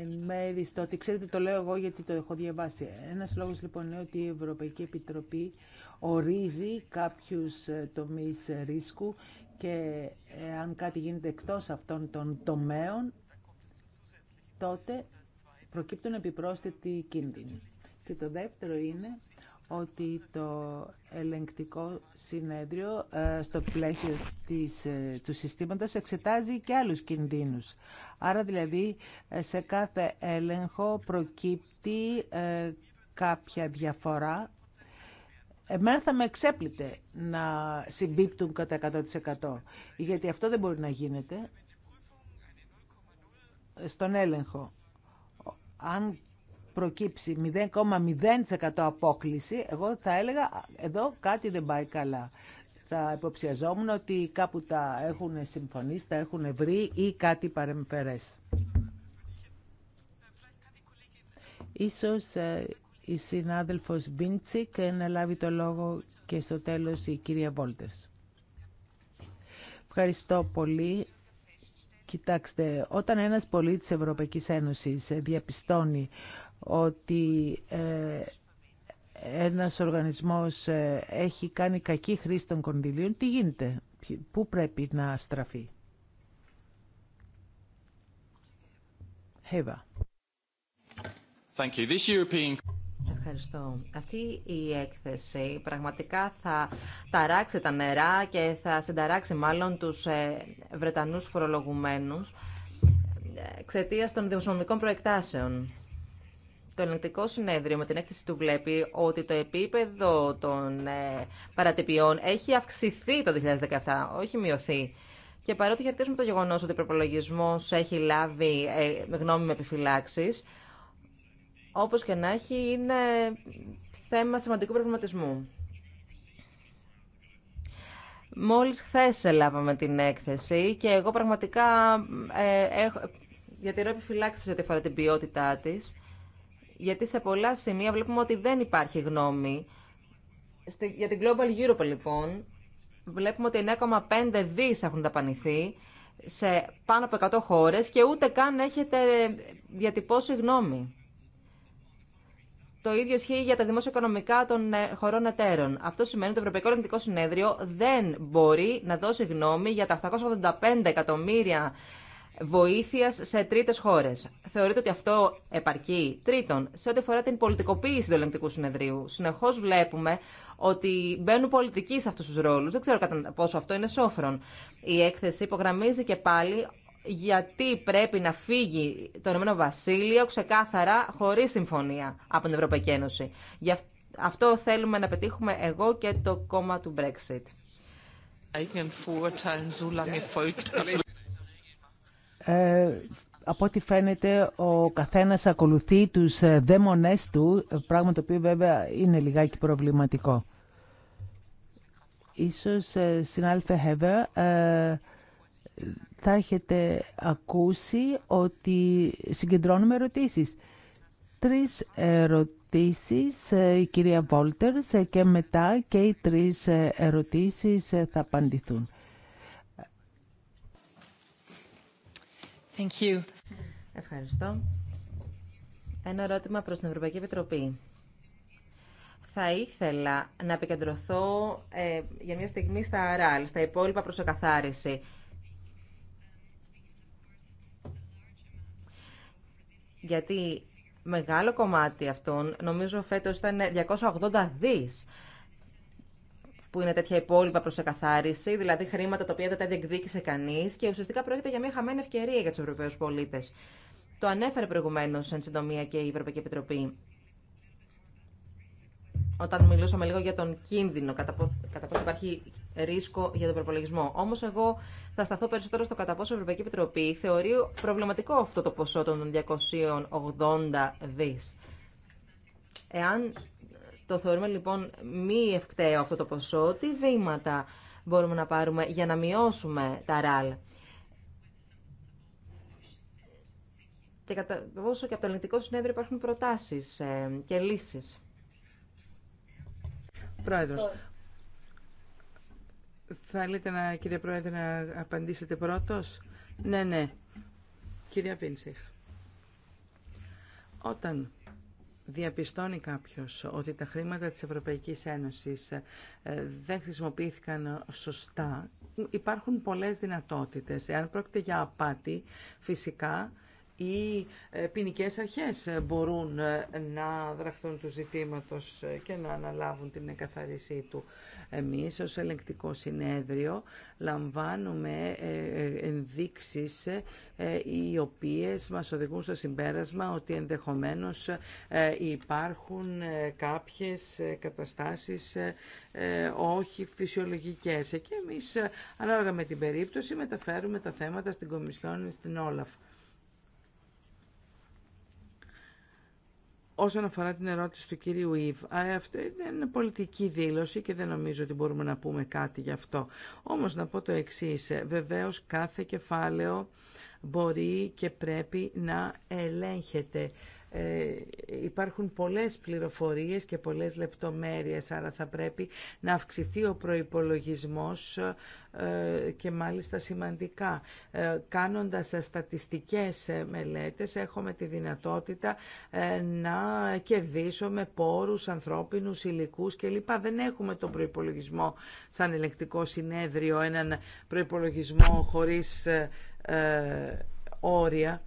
εν
μέρη στο ότι ξέρετε το λέω εγώ γιατί το έχω διαβάσει. Ένας λόγος λοιπόν είναι ότι η Ευρωπαϊκή Επιτροπή ορίζει κάποιους ε, τομείς ε, ρίσκου και ε, αν κάτι γίνεται εκτός αυτών των τομέων τότε προκύπτουν επιπρόσθετοι κίνδυνοι. Και το δεύτερο είναι ότι το ελεγκτικό συνέδριο ε, στο πλαίσιο της, ε, του συστήματος εξετάζει και άλλους κινδύνους. Άρα δηλαδή ε, σε κάθε έλεγχο προκύπτει κάποια διαφορά. Εμένα θα με εξέπλητε να συμπίπτουν κατά 100% γιατί αυτό δεν μπορεί να γίνεται στον έλεγχο. Αν προκύψει 0,0% απόκληση, εγώ θα έλεγα εδώ κάτι δεν πάει καλά. Θα υποψιαζόμουν ότι κάπου τα έχουν συμφωνήσει, τα έχουν βρει ή κάτι παρεμφερές. Ίσως ε, η συνάδελφος Μπίντσικ να λάβει το λόγο και στο τέλος η κυρία Βόλτερς. Ευχαριστώ πολύ. Κοιτάξτε, όταν ένας πολίτης Ευρωπαϊκής Ένωσης ε, διαπιστώνει ότι ε, ένας οργανισμός ε, έχει κάνει κακή χρήση των κονδυλίων, τι γίνεται, πού πρέπει να
στραφεί. Ευχαριστώ. Αυτή η έκθεση πραγματικά θα ταράξει τα νερά και θα συνταράξει μάλλον τους ε, Βρετανούς φορολογουμένους εξαιτία των δημοσιονομικών προεκτάσεων. Το ελεγκτικό συνέδριο με την έκθεση του βλέπει ότι το επίπεδο των ε, παρατυπιών έχει αυξηθεί το 2017, όχι μειωθεί. Και παρότι χαιρετίζουμε το γεγονός ότι ο προπολογισμό έχει λάβει ε, γνώμη με επιφυλάξεις, όπως και να έχει, είναι θέμα σημαντικού προβληματισμού. Μόλις χθε έλαβαμε την έκθεση και εγώ πραγματικά ε, έχω, διατηρώ επιφυλάξεις ότι αφορά την ποιότητά της γιατί σε πολλά σημεία βλέπουμε ότι δεν υπάρχει γνώμη. Για την Global Europe, λοιπόν, βλέπουμε ότι 9,5 δις έχουν ταπανηθεί σε πάνω από 100 χώρες και ούτε καν έχετε διατυπώσει γνώμη. Το ίδιο ισχύει για τα δημόσια οικονομικά των ε, χωρών εταίρων. Αυτό σημαίνει ότι το Ευρωπαϊκό Ελληνικό Συνέδριο δεν μπορεί να δώσει γνώμη για τα 885 εκατομμύρια βοήθειας σε τρίτες χώρε. Θεωρείτε ότι αυτό επαρκεί. Τρίτον, σε ό,τι αφορά την πολιτικοποίηση του ελεγκτικού συνεδρίου, συνεχώς βλέπουμε ότι μπαίνουν πολιτικοί σε αυτούς τους ρόλους. Δεν ξέρω κατά πόσο αυτό είναι σόφρον. Η έκθεση υπογραμμίζει και πάλι γιατί πρέπει να φύγει το Ηνωμένο Βασίλειο ξεκάθαρα χωρί συμφωνία από την Ευρωπαϊκή Ένωση. Γι' αυτό θέλουμε να πετύχουμε εγώ και το κόμμα του Brexit.
Ε, από ό,τι φαίνεται ο καθένας ακολουθεί τους ε, δαίμονές του, πράγμα το οποίο βέβαια είναι λιγάκι προβληματικό. Ίσως, ε, συνάλφε Χεβερ, θα έχετε ακούσει ότι συγκεντρώνουμε ερωτήσεις. Τρεις ερωτήσεις η κυρία Βόλτερς και μετά και οι τρεις ερωτήσεις θα απαντηθούν.
Ευχαριστώ. Ένα ερώτημα προς την Ευρωπαϊκή Επιτροπή. Θα ήθελα να επικεντρωθώ ε, για μια στιγμή στα ΡΑΛ, στα υπόλοιπα προς εκαθάριση. Γιατί μεγάλο κομμάτι αυτών, νομίζω φέτος ήταν 280 δις που είναι τέτοια υπόλοιπα προ εκαθάριση, δηλαδή χρήματα τα οποία δεν τα διεκδίκησε κανεί και ουσιαστικά πρόκειται για μια χαμένη ευκαιρία για του Ευρωπαίου πολίτε. Το ανέφερε προηγουμένω εν συντομία και η Ευρωπαϊκή Επιτροπή. Όταν μιλούσαμε λίγο για τον κίνδυνο, κατά, πόσο υπάρχει ρίσκο για τον προπολογισμό. Όμω, εγώ θα σταθώ περισσότερο στο κατά πόσο η Ευρωπαϊκή Επιτροπή θεωρεί προβληματικό αυτό το ποσό των 280 δι. Εάν το θεωρούμε λοιπόν μη ευκταίο αυτό το ποσό. Τι βήματα μπορούμε να πάρουμε για να μειώσουμε τα ραλ. Και κατά πόσο και από το ελληνικό συνέδριο υπάρχουν προτάσεις ε, και λύσεις. Πρόεδρος, Θέλετε να, κύριε Πρόεδρε, να
απαντήσετε πρώτος. Ναι, ναι. Κυρία Πίνσεφ. Όταν διαπιστώνει κάποιος ότι τα χρήματα της Ευρωπαϊκής Ένωσης ε, δεν χρησιμοποιήθηκαν σωστά, υπάρχουν πολλές δυνατότητες. Εάν πρόκειται για απάτη, φυσικά η ε, ποινικέ αρχές ε, μπορούν ε, να δραχθούν του ζητήματος και να αναλάβουν την εκαθαρίσή του. Εμείς ως ελεγκτικό συνέδριο λαμβάνουμε ενδείξεις οι οποίες μας οδηγούν στο συμπέρασμα ότι ενδεχομένως υπάρχουν κάποιες καταστάσεις όχι φυσιολογικές. Και εμείς ανάλογα με την περίπτωση μεταφέρουμε τα θέματα στην Κομισιόν στην Όλαφ. Όσον αφορά την ερώτηση του κυρίου Ιβ, αυτό είναι πολιτική δήλωση και δεν νομίζω ότι μπορούμε να πούμε κάτι γι' αυτό. Όμως να πω το εξής, ε, βεβαίως κάθε κεφάλαιο μπορεί και πρέπει να ελέγχεται ε, υπάρχουν πολλές πληροφορίες και πολλές λεπτομέρειες, άρα θα πρέπει να αυξηθεί ο προϋπολογισμός ε, και μάλιστα σημαντικά. Ε, κάνοντας στατιστικές μελέτες έχουμε τη δυνατότητα να κερδίσουμε πόρους, ανθρώπινους, υλικούς κλπ. Δεν έχουμε τον προϋπολογισμό σαν ελεκτικό συνέδριο, έναν προϋπολογισμό χωρίς όρια.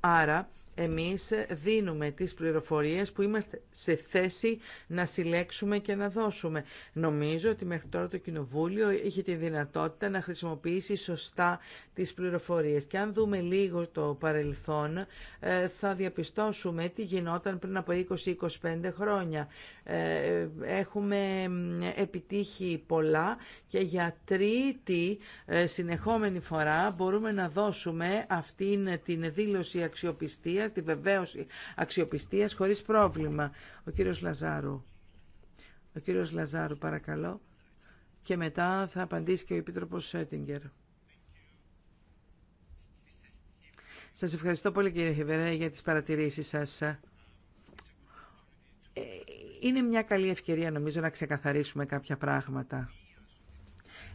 Άρα εμείς δίνουμε τις πληροφορίες που είμαστε σε θέση να συλλέξουμε και να δώσουμε. Νομίζω ότι μέχρι τώρα το Κοινοβούλιο είχε τη δυνατότητα να χρησιμοποιήσει σωστά τις πληροφορίες. Και αν δούμε λίγο το παρελθόν, ε, θα διαπιστώσουμε τι γινόταν πριν από 20-25 χρόνια. Ε, έχουμε επιτύχει πολλά και για τρίτη ε, συνεχόμενη φορά μπορούμε να δώσουμε αυτήν την δήλωση αξιοπιστίας, τη βεβαίωση αξιοπιστίας χωρίς πρόβλημα. Ο κύριος Λαζάρου. Ο κύριος Λαζάρου παρακαλώ. Και μετά θα απαντήσει και ο Επίτροπος Σέτιγκερ. Σας ευχαριστώ πολύ κύριε Χιβερέ για τις παρατηρήσεις σας. Ε, είναι μια καλή ευκαιρία νομίζω να ξεκαθαρίσουμε κάποια πράγματα.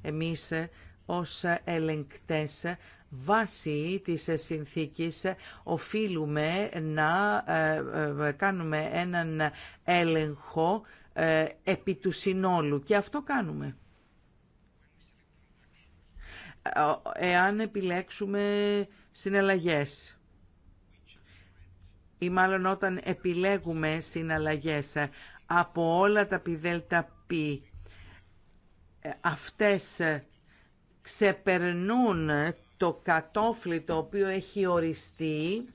Εμείς ε, ως ελεγκτές βάσει της συνθήκης οφείλουμε να ε, ε, κάνουμε έναν έλεγχο επί του συνόλου και αυτό κάνουμε. Εάν επιλέξουμε συναλλαγές ή μάλλον όταν επιλέγουμε συναλλαγές από όλα τα πιδέλτα πι, αυτές ξεπερνούν το κατόφλι το οποίο έχει οριστεί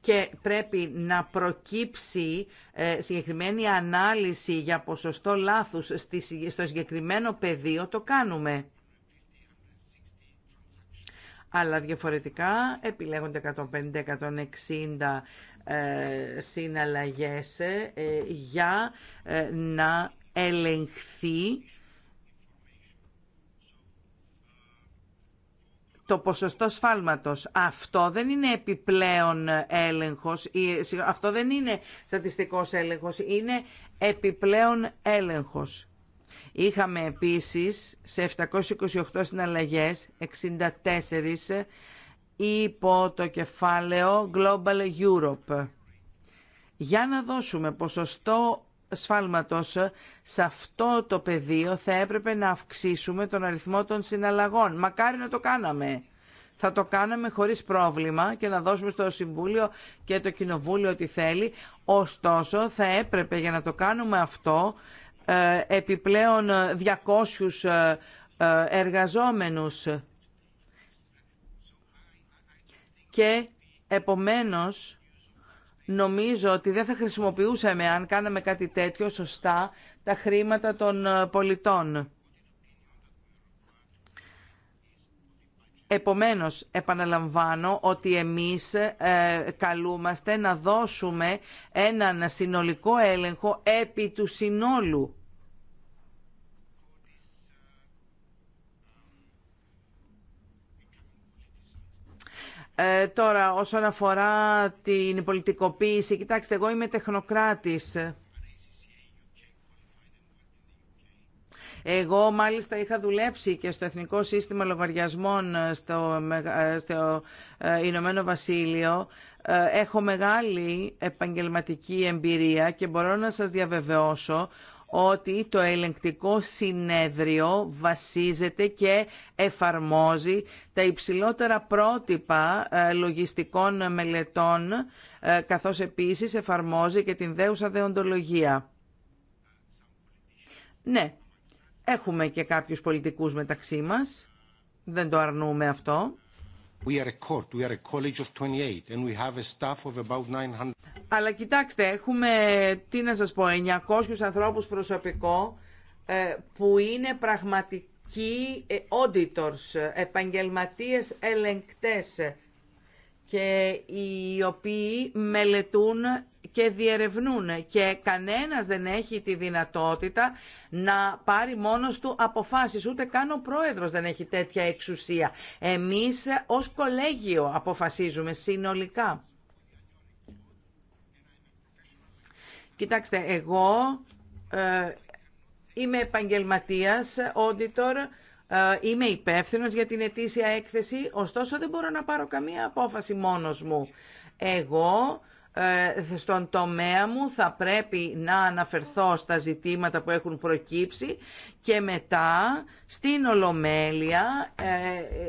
και πρέπει να προκύψει ε, συγκεκριμένη ανάλυση για ποσοστό λάθους στο συγκεκριμένο πεδίο, το κάνουμε αλλά διαφορετικά επιλέγονται 150-160 ε, συναλλαγές ε, για ε, να ελεγχθεί το ποσοστό σφάλματος. Αυτό δεν είναι επιπλέον έλεγχος, αυτό δεν είναι στατιστικός έλεγχος, είναι επιπλέον έλεγχος. Είχαμε επίσης σε 728 συναλλαγές 64 υπό το κεφάλαιο Global Europe. Για να δώσουμε ποσοστό σφάλματος σε αυτό το πεδίο θα έπρεπε να αυξήσουμε τον αριθμό των συναλλαγών. Μακάρι να το κάναμε. Θα το κάναμε χωρίς πρόβλημα και να δώσουμε στο Συμβούλιο και το Κοινοβούλιο ό,τι θέλει. Ωστόσο θα έπρεπε για να το κάνουμε αυτό ε, επιπλέον 200 ε, ε, εργαζόμενους και επομένως νομίζω ότι δεν θα χρησιμοποιούσαμε αν κάναμε κάτι τέτοιο σωστά τα χρήματα των πολιτών. Επομένως, επαναλαμβάνω ότι εμείς καλούμαστε να δώσουμε έναν συνολικό έλεγχο επί του συνόλου Ε, τώρα, όσον αφορά την πολιτικοποίηση, κοιτάξτε, εγώ είμαι τεχνοκράτης. Εγώ μάλιστα είχα δουλέψει και στο Εθνικό Σύστημα Λογαριασμών στο, ε, στο ε, Ηνωμένο Βασίλειο. Ε, έχω μεγάλη επαγγελματική εμπειρία και μπορώ να σας διαβεβαιώσω ότι το ελεγκτικό συνέδριο βασίζεται και εφαρμόζει τα υψηλότερα πρότυπα ε, λογιστικών μελετών, ε, καθώς επίσης εφαρμόζει και την δέουσα δεοντολογία. Ναι, έχουμε και κάποιους πολιτικούς μεταξύ μας, δεν το αρνούμε αυτό. We are a court, we are a college of 28 and we have a staff of about 900. Αλλά κοιτάξτε, έχουμε, τι να σας πω, 900 ανθρώπους προσωπικό ε, που είναι πραγματικοί ε, auditors, επαγγελματίες ελεγκτές και οι οποίοι μελετούν και διερευνούν και κανένας δεν έχει τη δυνατότητα να πάρει μόνος του αποφάσεις, ούτε καν ο πρόεδρος δεν έχει τέτοια εξουσία. Εμείς ως κολέγιο αποφασίζουμε συνολικά. Κοιτάξτε, εγώ ε, είμαι επαγγελματίας, auditor, ε, Είμαι υπεύθυνος για την ετήσια έκθεση, ωστόσο δεν μπορώ να πάρω καμία απόφαση μόνος μου. Εγώ ε, στον τομέα μου θα πρέπει να αναφερθώ στα ζητήματα που έχουν προκύψει και μετά στην Ολομέλεια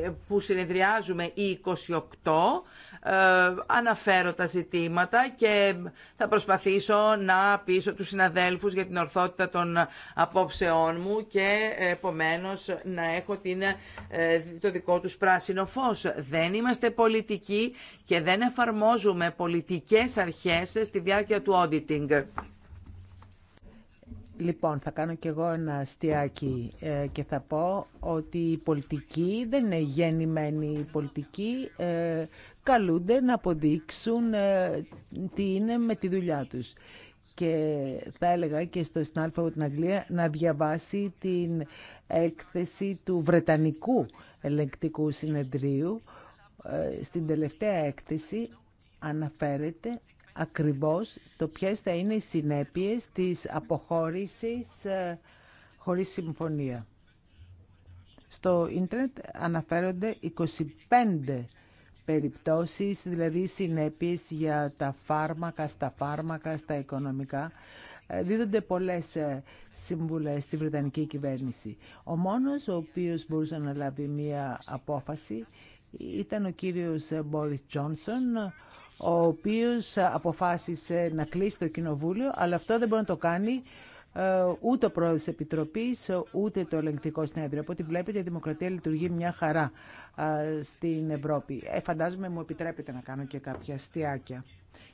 ε, που συνεδριάζουμε οι 28 ε, αναφέρω τα ζητήματα και θα προσπαθήσω να πείσω τους συναδέλφους για την ορθότητα των απόψεών μου και επομένως να έχω την, ε, το δικό τους πράσινο φως. Δεν είμαστε πολιτικοί και δεν εφαρμόζουμε πολιτικές αρχές στη διάρκεια του auditing.
Λοιπόν, θα κάνω και εγώ ένα αστιακή ε, και θα πω ότι η πολιτική δεν είναι γεννημένη. Η πολιτική καλούνται να αποδείξουν ε, τι είναι με τη δουλειά τους. Και θα έλεγα και στο συνάλφα από την Αγγλία να διαβάσει την έκθεση του Βρετανικού Ελεκτικού Συνεδρίου. Ε, στην τελευταία έκθεση αναφέρεται ακριβώς το ποιες θα είναι οι συνέπειες της αποχώρησης ε, χωρίς συμφωνία. Στο ίντερνετ αναφέρονται 25 περιπτώσεις, δηλαδή συνέπειες για τα φάρμακα, στα φάρμακα, στα οικονομικά. Ε, δίδονται πολλές ε, συμβουλές στη Βρετανική κυβέρνηση. Ο μόνος ο οποίος μπορούσε να λάβει μία απόφαση ήταν ο κύριος Μπόρις Τζόνσον, ο οποίος αποφάσισε να κλείσει το κοινοβούλιο, αλλά αυτό δεν μπορεί να το κάνει ε, ούτε ο πρόεδρος Επιτροπής, ούτε το ελεγκτικό συνέδριο. Από ό,τι βλέπετε, η δημοκρατία λειτουργεί μια χαρά ε, στην Ευρώπη. Ε, φαντάζομαι μου επιτρέπετε να κάνω και κάποια αστιάκια.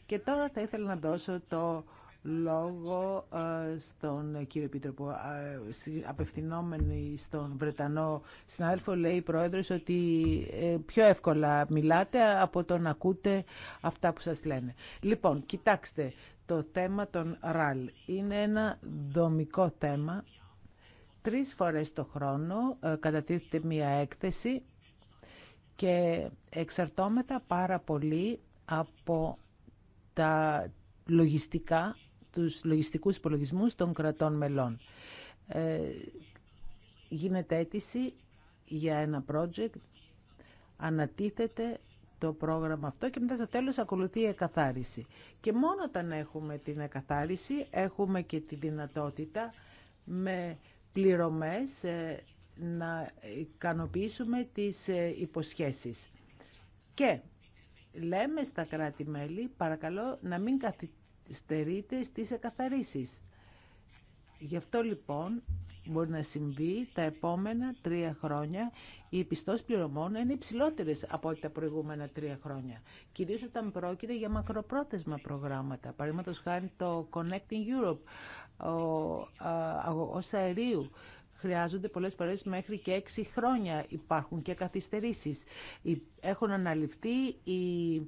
Και τώρα θα ήθελα να δώσω το λόγο ε, στον κύριο Επίτροπο. Απευθυνόμενοι στον Βρετανό συνάδελφο, λέει η Πρόεδρος ότι πιο εύκολα μιλάτε από το να ακούτε αυτά που σας λένε. Λοιπόν, κοιτάξτε, το θέμα των ραλ. Είναι ένα δομικό θέμα. Τρεις φορές το χρόνο ε, κατατίθεται μία έκθεση και εξαρτώμεθα πάρα πολύ από τα λογιστικά, τους λογιστικούς υπολογισμούς των κρατών μελών. Ε, γίνεται αίτηση για ένα project, ανατίθεται το πρόγραμμα αυτό και μετά στο τέλος ακολουθεί η εκαθάριση. Και μόνο όταν έχουμε την εκαθάριση έχουμε και τη δυνατότητα με πληρωμές ε, να ικανοποιήσουμε τις ε, υποσχέσεις. Και λέμε στα κράτη-μέλη, παρακαλώ, να μην καθυστερείτε στις εκαθαρίσεις. Γι' αυτό λοιπόν μπορεί να συμβεί τα επόμενα τρία χρόνια οι πιστώσει πληρωμών είναι υψηλότερε από ό,τι τα προηγούμενα τρία χρόνια. Κυρίως όταν πρόκειται για μακροπρόθεσμα προγράμματα. Παραδείγματο χάρη το Connecting Europe, ο, αερίου, χρειάζονται πολλές φορές μέχρι και έξι χρόνια. Υπάρχουν και καθυστερήσεις. Έχουν αναλυφθεί οι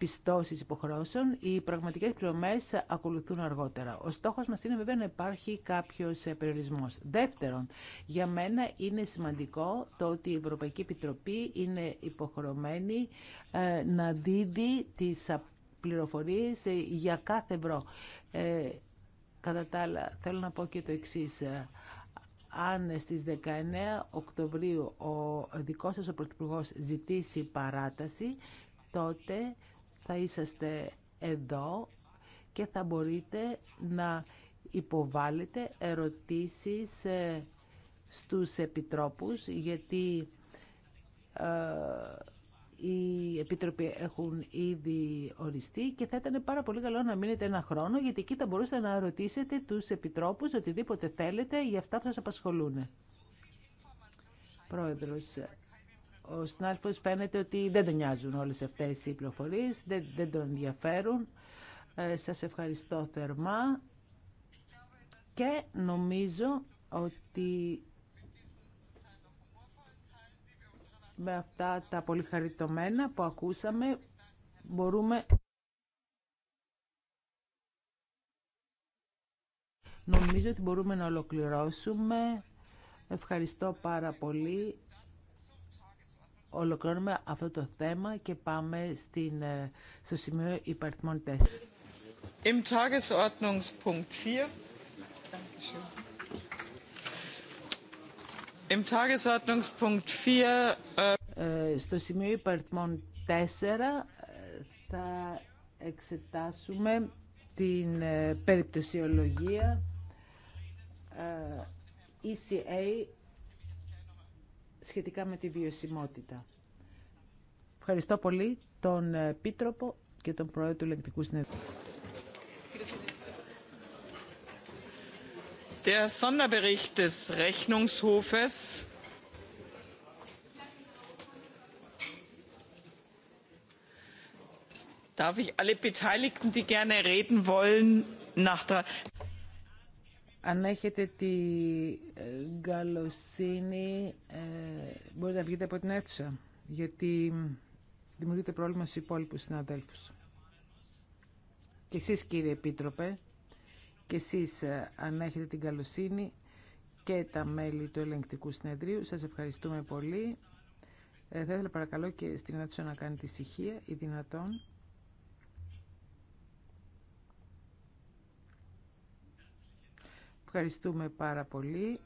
πιστώσεις υποχρώσεων, οι πραγματικέ πληρωμέ ακολουθούν αργότερα. Ο στόχο μα είναι βέβαια να υπάρχει κάποιο περιορισμό. Δεύτερον, για μένα είναι σημαντικό το ότι η Ευρωπαϊκή Επιτροπή είναι υποχρεωμένη ε, να δίδει τις πληροφορίε για κάθε ευρώ. Ε, κατά τα άλλα, θέλω να πω και το εξή. αν στις 19 Οκτωβρίου ο δικός σας ο ζητήσει παράταση, τότε θα είσαστε εδώ και θα μπορείτε να υποβάλλετε ερωτήσεις ε, στους επιτρόπους γιατί ε, οι επιτροποί έχουν ήδη οριστεί και θα ήταν πάρα πολύ καλό να μείνετε ένα χρόνο γιατί εκεί θα μπορούσατε να ρωτήσετε τους επιτρόπους οτιδήποτε θέλετε για αυτά που σας απασχολούν. Πρόεδρος, ο συνάδελφος φαίνεται ότι δεν τον νοιάζουν όλες αυτές οι πληροφορίες, δεν, δεν τον ενδιαφέρουν. Ε, σας ευχαριστώ θερμά και νομίζω ότι με αυτά τα πολύ χαριτωμένα που ακούσαμε μπορούμε νομίζω ότι μπορούμε να ολοκληρώσουμε. Ευχαριστώ πάρα πολύ ολοκληρώνουμε αυτό το θέμα και πάμε στην, ε, στο σημείο υπαριθμών 4. Im Tagesordnungspunkt 4. Im Tagesordnungspunkt 4 äh, ε, στο σημείο υπαριθμών 4 ε, θα εξετάσουμε την περιπτωσιολογία ECA σχετικά με τη βιωσιμότητα. Ευχαριστώ πολύ τον ε, Πίτροπο και τον Πρόεδρο του ηλεκτρικού Συνεδρίου. Der Sonderbericht des Rechnungshofes
darf ich alle Beteiligten, die gerne reden wollen, nach
αν έχετε τη ε, καλοσύνη, ε, μπορείτε να βγείτε από την αίθουσα, γιατί δημιουργείται πρόβλημα στους υπόλοιπους συναδέλφους. Και εσείς κύριε Επίτροπε, και εσείς ε, αν έχετε την καλοσύνη και τα μέλη του ελεγκτικού συνεδρίου, σας ευχαριστούμε πολύ. θα ήθελα παρακαλώ και στην αίθουσα να κάνετε ησυχία ή δυνατόν. Ευχαριστούμε πάρα πολύ.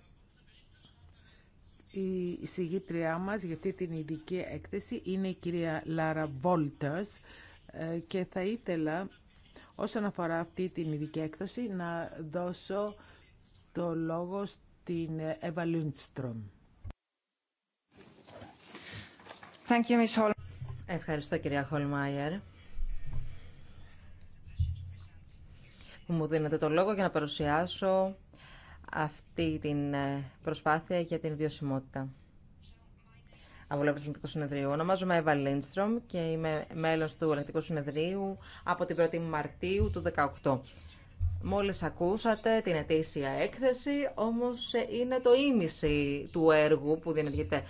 Η συγγήτριά μας για αυτή την ειδική έκθεση είναι η κυρία Λάρα Βόλτας ε, και θα ήθελα όσον αφορά αυτή την ειδική έκθεση να δώσω το λόγο στην Εύα Λούντστρομ.
Ευχαριστώ κυρία Χολμάιερ που μου δίνετε το λόγο για να παρουσιάσω αυτή την ε, προσπάθεια για την βιωσιμότητα. Από το Συνεδρίου. Ονομάζομαι Εύα Λίνστρομ και είμαι μέλος του Ελεκτικού Συνεδρίου από την 1η Μαρτίου του 2018. Μόλις ακούσατε την ετήσια έκθεση, όμως ε, είναι το ίμιση του έργου που διενεργείται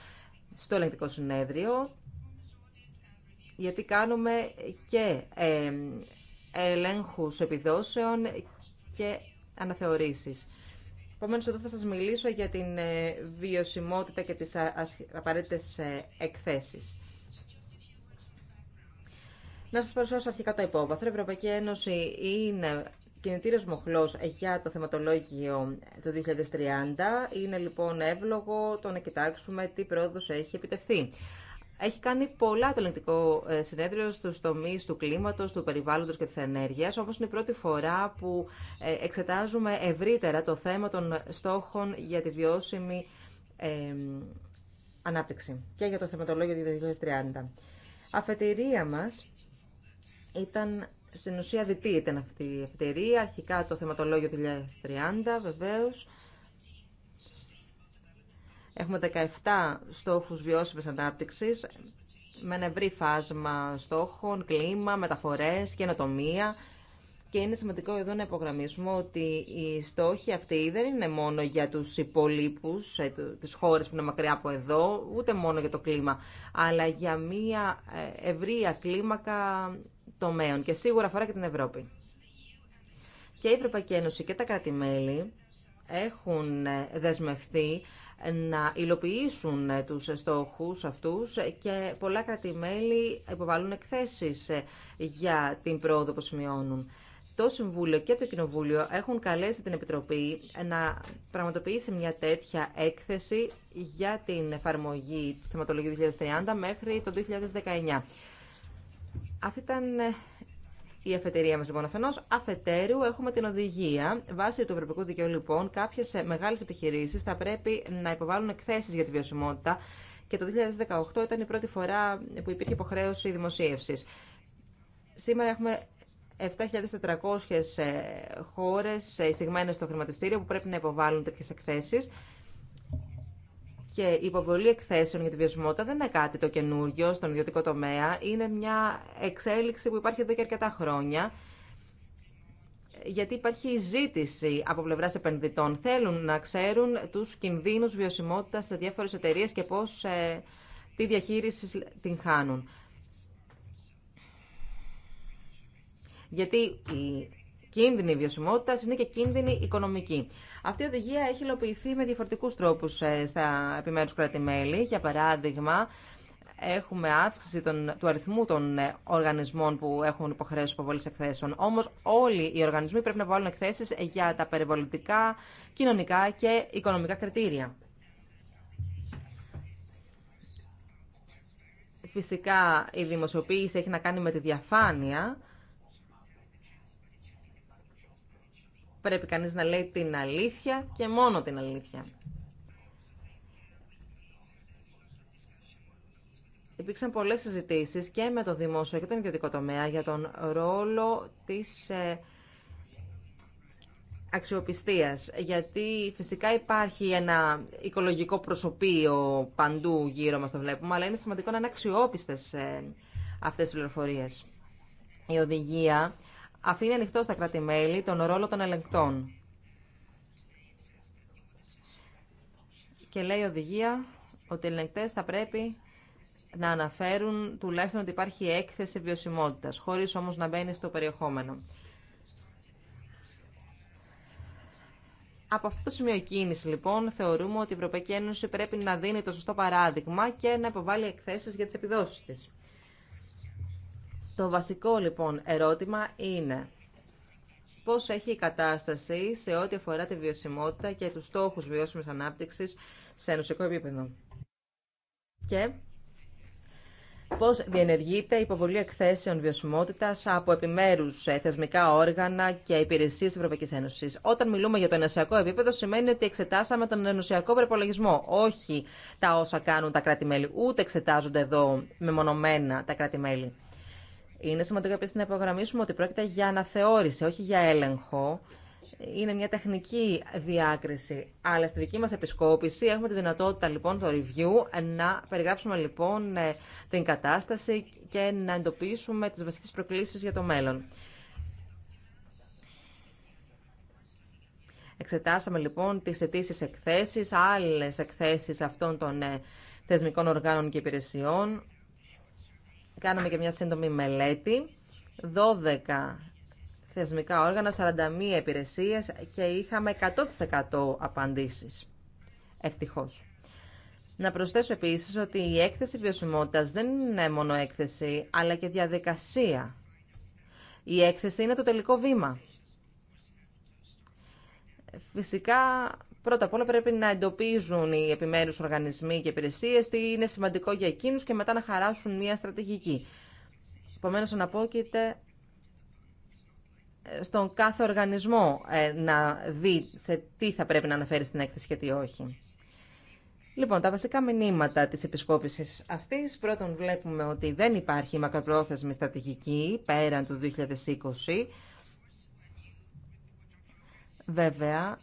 στο Ελεκτικό Συνέδριο, γιατί κάνουμε και ε, ελέγχους επιδόσεων και αναθεωρήσεις. Επομένως, εδώ θα σας μιλήσω για την ε, βιωσιμότητα και τις απαραίτητε ε, εκθέσεις. Να σας παρουσιάσω αρχικά το υπόβαθρο. Η Ευρωπαϊκή Ένωση είναι κινητήριος μοχλός για το θεματολόγιο του 2030. Είναι λοιπόν εύλογο το να κοιτάξουμε τι πρόοδος έχει επιτευχθεί. Έχει κάνει πολλά το ελεγκτικό ε, συνέδριο στους τομείς του κλίματος, του περιβάλλοντος και της ενέργειας, όμω είναι η πρώτη φορά που ε, εξετάζουμε ευρύτερα το θέμα των στόχων για τη βιώσιμη ανάπτυξη και για το θεματολόγιο του 2030. Αφετηρία μας ήταν στην ουσία διτή ήταν αυτή η αφετηρία, αρχικά το θεματολόγιο 2030 βεβαίω. Έχουμε 17 στόχους βιώσιμης ανάπτυξης με ένα ευρύ φάσμα στόχων, κλίμα, μεταφορές, καινοτομία και είναι σημαντικό εδώ να υπογραμμίσουμε ότι οι στόχοι αυτοί δεν είναι μόνο για τους υπολείπους, ε, τις χώρες που είναι μακριά από εδώ, ούτε μόνο για το κλίμα, αλλά για μια ε, ευρεία κλίμακα τομέων και σίγουρα αφορά και την Ευρώπη. Και η Ευρωπαϊκή Ένωση και τα κράτη-μέλη έχουν ε, δεσμευτεί να υλοποιήσουν ε, τους στόχους αυτούς και πολλά κρατημέλη υποβάλλουν εκθέσεις ε, για την πρόοδο που σημειώνουν. Το Συμβούλιο και το Κοινοβούλιο έχουν καλέσει την Επιτροπή ε, να πραγματοποιήσει μια τέτοια έκθεση για την εφαρμογή του θεματολογίου 2030 μέχρι το 2019. Αυτή ήταν η αφετηρία μα λοιπόν αφενό. Αφετέρου, έχουμε την οδηγία. Βάσει του Ευρωπαϊκού Δικαίου, λοιπόν, κάποιε μεγάλε επιχειρήσει θα πρέπει να υποβάλουν εκθέσει για τη βιωσιμότητα και το 2018 ήταν η πρώτη φορά που υπήρχε υποχρέωση δημοσίευση. Σήμερα έχουμε 7.400 χώρε εισηγμένε στο χρηματιστήριο που πρέπει να υποβάλουν τέτοιε εκθέσει και η υποβολή εκθέσεων για τη βιωσιμότητα δεν είναι κάτι το καινούριο στον ιδιωτικό τομέα. Είναι μια εξέλιξη που υπάρχει εδώ και αρκετά χρόνια. Γιατί υπάρχει ζήτηση από πλευρά επενδυτών. Θέλουν να ξέρουν του κινδύνου βιωσιμότητα σε διάφορε εταιρείε και πώ ε, τη διαχείριση την χάνουν. Γιατί η κίνδυνη βιωσιμότητα είναι και κίνδυνη οικονομική. Αυτή η οδηγία έχει υλοποιηθεί με διαφορετικού τρόπου ε, στα επιμέρου κράτη-μέλη. Για παράδειγμα, έχουμε αύξηση των, του αριθμού των ε, οργανισμών που έχουν υποχρέωση υποβολή εκθέσεων. Όμω, όλοι οι οργανισμοί πρέπει να βάλουν εκθέσει για τα περιβαλλοντικά, κοινωνικά και οικονομικά κριτήρια. Φυσικά η δημοσιοποίηση έχει να κάνει με τη διαφάνεια Πρέπει κανείς να λέει την αλήθεια και μόνο την αλήθεια. Υπήρξαν πολλές συζητήσεις και με το δημόσιο και τον ιδιωτικό τομέα για τον ρόλο της ε, αξιοπιστίας. Γιατί φυσικά υπάρχει ένα οικολογικό προσωπείο παντού γύρω μας το βλέπουμε, αλλά είναι σημαντικό να είναι αξιόπιστες ε, αυτές τις πληροφορίες. Η οδηγία αφήνει ανοιχτό στα κράτη-μέλη τον ρόλο των ελεγκτών. Και λέει η οδηγία ότι οι ελεγκτές θα πρέπει να αναφέρουν τουλάχιστον ότι υπάρχει έκθεση βιωσιμότητα, χωρίς όμως να μπαίνει στο περιεχόμενο. Από αυτό το σημείο κίνηση, λοιπόν, θεωρούμε ότι η Ευρωπαϊκή Ένωση πρέπει να δίνει το σωστό παράδειγμα και να υποβάλει εκθέσεις για τις επιδόσεις της. Το βασικό λοιπόν ερώτημα είναι πώς έχει η κατάσταση σε ό,τι αφορά τη βιωσιμότητα και τους στόχους βιώσιμης ανάπτυξης σε ενωσιακό επίπεδο. Και πώς διενεργείται η υποβολή εκθέσεων βιωσιμότητας από επιμέρους ε, θεσμικά όργανα και υπηρεσίες της Ευρωπαϊκής Ένωσης. Όταν μιλούμε για το ενωσιακό επίπεδο σημαίνει ότι εξετάσαμε τον ενωσιακό προπολογισμό, όχι τα όσα κάνουν τα κράτη-μέλη, ούτε εξετάζονται εδώ μεμονωμένα τα κράτη-μέλη. Είναι σημαντικό επίσης να υπογραμμίσουμε ότι πρόκειται για αναθεώρηση, όχι για έλεγχο. Είναι μια τεχνική διάκριση. Αλλά στη δική μας επισκόπηση έχουμε τη δυνατότητα λοιπόν το review να περιγράψουμε λοιπόν ε, την κατάσταση και να εντοπίσουμε τις βασικές προκλήσεις για το μέλλον. Εξετάσαμε λοιπόν τις αιτήσει εκθέσεις, άλλες εκθέσεις αυτών των ε, θεσμικών οργάνων και υπηρεσιών κάναμε και μια σύντομη μελέτη. 12 θεσμικά όργανα, 41 υπηρεσίες και είχαμε 100% απαντήσεις. Ευτυχώς. Να προσθέσω επίσης ότι η έκθεση βιωσιμότητας δεν είναι μόνο έκθεση, αλλά και διαδικασία. Η έκθεση είναι το τελικό βήμα. Φυσικά Πρώτα απ' όλα πρέπει να εντοπίζουν οι επιμέρους οργανισμοί και υπηρεσίε, τι είναι σημαντικό για εκείνους και μετά να χαράσουν μια στρατηγική. Επομένως, αναπόκειται ε, στον κάθε οργανισμό ε, να δει σε τι θα πρέπει να αναφέρει στην έκθεση και τι όχι. Λοιπόν, τα βασικά μηνύματα της επισκόπησης αυτής. Πρώτον, βλέπουμε ότι δεν υπάρχει μακροπρόθεσμη στρατηγική πέραν του 2020. Βέβαια,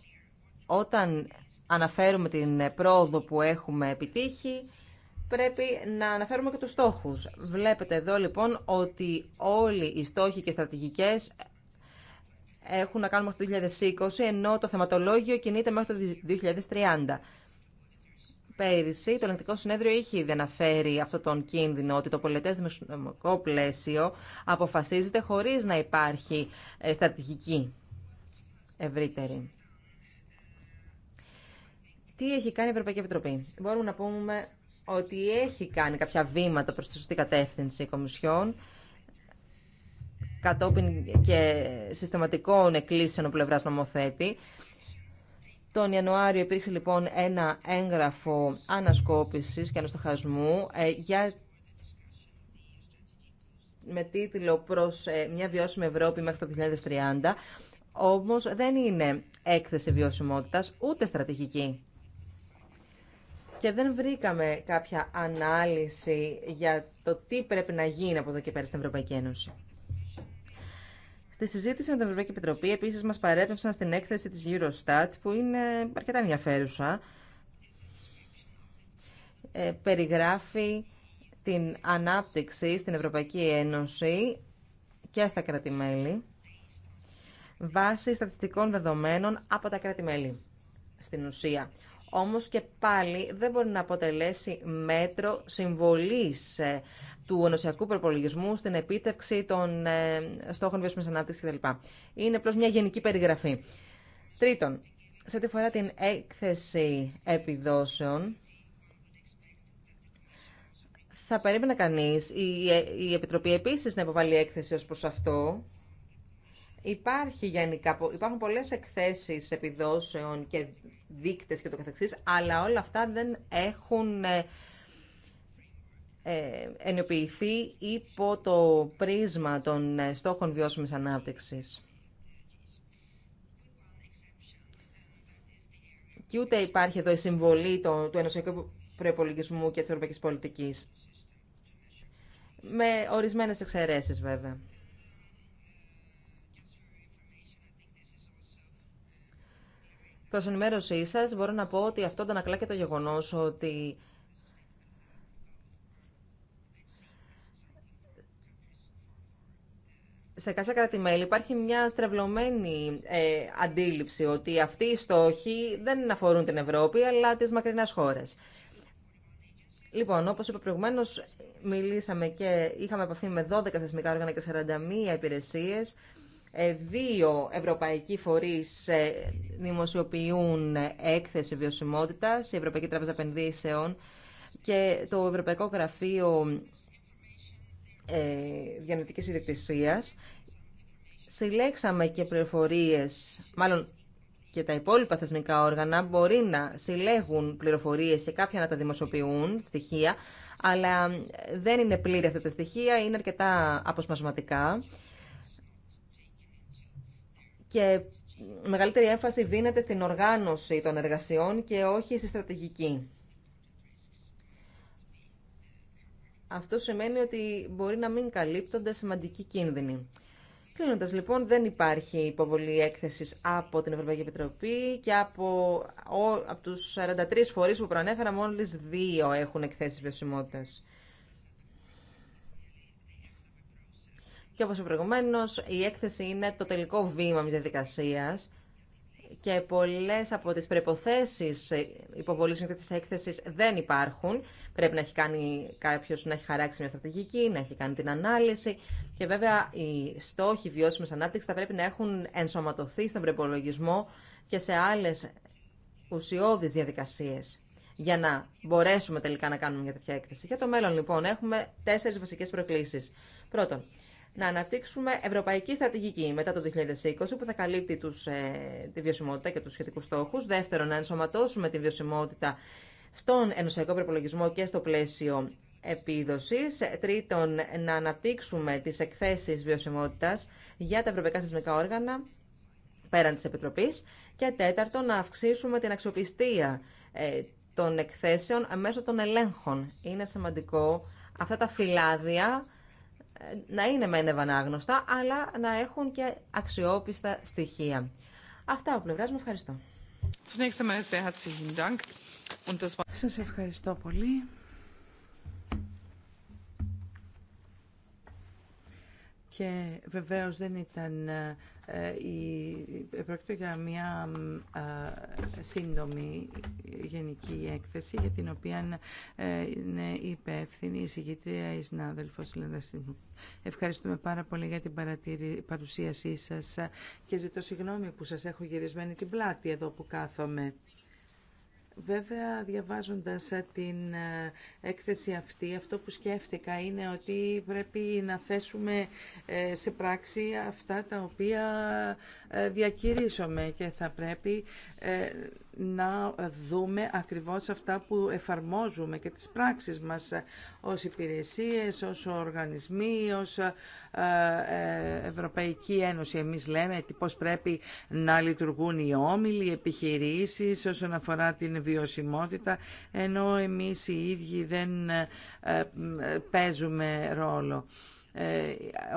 όταν αναφέρουμε την πρόοδο που έχουμε επιτύχει, πρέπει να αναφέρουμε και τους στόχους. Βλέπετε εδώ λοιπόν ότι όλοι οι στόχοι και οι στρατηγικές έχουν να κάνουν μέχρι το 2020, ενώ το θεματολόγιο κινείται μέχρι το 2030. Πέρυσι, το Ελληνικό Συνέδριο είχε ήδη αναφέρει αυτό τον κίνδυνο ότι το πολιτές δημοσιονομικό πλαίσιο αποφασίζεται χωρίς να υπάρχει ε, στρατηγική ευρύτερη τι έχει κάνει η Ευρωπαϊκή Επιτροπή. Μπορούμε να πούμε ότι έχει κάνει κάποια βήματα προς τη σωστή κατεύθυνση Κομισιών κατόπιν και συστηματικών εκκλήσεων ο πλευρά νομοθέτη. Τον Ιανουάριο υπήρξε λοιπόν ένα έγγραφο ανασκόπησης και αναστοχασμού ε, για με τίτλο «Προς ε, μια βιώσιμη Ευρώπη μέχρι το 2030». Όμως δεν είναι έκθεση βιωσιμότητας ούτε στρατηγική και δεν βρήκαμε κάποια ανάλυση για το τι πρέπει να γίνει από εδώ και πέρα στην Ευρωπαϊκή Ένωση. Στη συζήτηση με την Ευρωπαϊκή Επιτροπή επίση μα παρέπεψαν στην έκθεση τη Eurostat που είναι αρκετά ενδιαφέρουσα. Ε, περιγράφει την ανάπτυξη στην Ευρωπαϊκή Ένωση και στα κράτη-μέλη βάσει στατιστικών δεδομένων από τα κρατη στην ουσία. Όμως και πάλι δεν μπορεί να αποτελέσει μέτρο συμβολής ε, του ενωσιακού προπολογισμού στην επίτευξη των ε, στόχων βιώσιμης ανάπτυξης κλπ. Είναι απλώ μια γενική περιγραφή. Τρίτον, σε ό,τι φορά την έκθεση επιδόσεων, θα περίμενε κανείς η Επιτροπή επίσης να υποβάλει έκθεση ως προς αυτό. Υπάρχει γενικά, υπάρχουν πολλές εκθέσεις επιδόσεων και δείκτες και το καθεξής, αλλά όλα αυτά δεν έχουν ε, ε, ενοποιηθεί υπό το πρίσμα των ε, στόχων βιώσιμης ανάπτυξης. Και ούτε υπάρχει εδώ η συμβολή του ενωσιακού προπολογισμού και της ευρωπαϊκής πολιτικής. Με ορισμένες εξαιρέσεις βέβαια. Προς ενημέρωσή σας μπορώ να πω ότι αυτό αντανακλά και το γεγονός ότι σε κάποια κράτη-μέλη υπάρχει μια στρεβλωμένη ε, αντίληψη ότι αυτοί οι στόχοι δεν αφορούν την Ευρώπη, αλλά τις μακρινές χώρες. Λοιπόν, όπως είπα προηγουμένως, μιλήσαμε και είχαμε επαφή με 12 θεσμικά όργανα και 41 υπηρεσίες. Ε, δύο ευρωπαϊκοί φορείς ε, δημοσιοποιούν έκθεση βιωσιμότητας, η Ευρωπαϊκή Τράπεζα Επενδύσεων και το Ευρωπαϊκό Γραφείο ε, Διανοητικής Ιδιοκτησίας. Συλλέξαμε και πληροφορίες, μάλλον και τα υπόλοιπα θεσμικά όργανα μπορεί να συλλέγουν πληροφορίες και κάποια να τα δημοσιοποιούν, στοιχεία, αλλά δεν είναι πλήρη αυτά τα στοιχεία, είναι αρκετά αποσπασματικά και μεγαλύτερη έμφαση δίνεται στην οργάνωση των εργασιών και όχι στη στρατηγική. Αυτό σημαίνει ότι μπορεί να μην καλύπτονται σημαντικοί κίνδυνοι. Κλείνοντα λοιπόν, δεν υπάρχει υποβολή έκθεση από την Ευρωπαϊκή Επιτροπή και από, από του 43 φορεί που προανέφερα, μόλι δύο έχουν εκθέσει βιωσιμότητα. Και όπως προηγουμένως, η έκθεση είναι το τελικό βήμα μιας διαδικασίας και πολλές από τις προϋποθέσεις υποβολής τη έκθεσης δεν υπάρχουν. Πρέπει να έχει κάνει κάποιος να έχει χαράξει μια στρατηγική, να έχει κάνει την ανάλυση και βέβαια οι στόχοι βιώσιμης ανάπτυξης θα πρέπει να έχουν ενσωματωθεί στον προπολογισμό και σε άλλες ουσιώδεις διαδικασίες για να μπορέσουμε τελικά να κάνουμε μια τέτοια έκθεση. Για το μέλλον λοιπόν έχουμε τέσσερις βασικές προκλήσεις. Πρώτον, να αναπτύξουμε ευρωπαϊκή στρατηγική μετά το 2020 που θα καλύπτει τους, ε, τη βιωσιμότητα και τους σχετικούς στόχους. Δεύτερον, να ενσωματώσουμε τη βιωσιμότητα στον ενωσιακό προπολογισμό και στο πλαίσιο επίδοσης. Τρίτον, να αναπτύξουμε τις εκθέσεις βιωσιμότητας για τα ευρωπαϊκά θεσμικά όργανα πέραν της Επιτροπής. Και τέταρτον, να αυξήσουμε την αξιοπιστία ε, των εκθέσεων μέσω των ελέγχων. Είναι σημαντικό αυτά τα φυλάδια να είναι μεν ευανάγνωστα, αλλά να έχουν και αξιόπιστα στοιχεία. Αυτά από πλευρά μου. Ευχαριστώ. Σα ευχαριστώ πολύ.
Και βεβαίως δεν ήταν ε, ε, ε, πρόκειται για μια ε, σύντομη γενική έκθεση για την οποία είναι υπεύθυνη η συγκήτρια η συνάδελφος Ευχαριστούμε πάρα πολύ για την παρουσίασή σας και ζητώ συγγνώμη που σας έχω γυρισμένη την πλάτη εδώ που κάθομαι. Βέβαια, διαβάζοντας ε, την ε, έκθεση αυτή, αυτό που σκέφτηκα είναι ότι πρέπει να θέσουμε ε, σε πράξη αυτά τα οποία διακηρύσσομαι και θα πρέπει να δούμε ακριβώς αυτά που εφαρμόζουμε και τις πράξεις μας ως υπηρεσίες, ως οργανισμοί, ως ε, ε, Ευρωπαϊκή Ένωση. Εμείς λέμε πώς πρέπει να λειτουργούν οι όμιλοι, οι επιχειρήσεις όσον αφορά την βιωσιμότητα, ενώ εμείς οι ίδιοι δεν ε, παίζουμε ρόλο. Ε,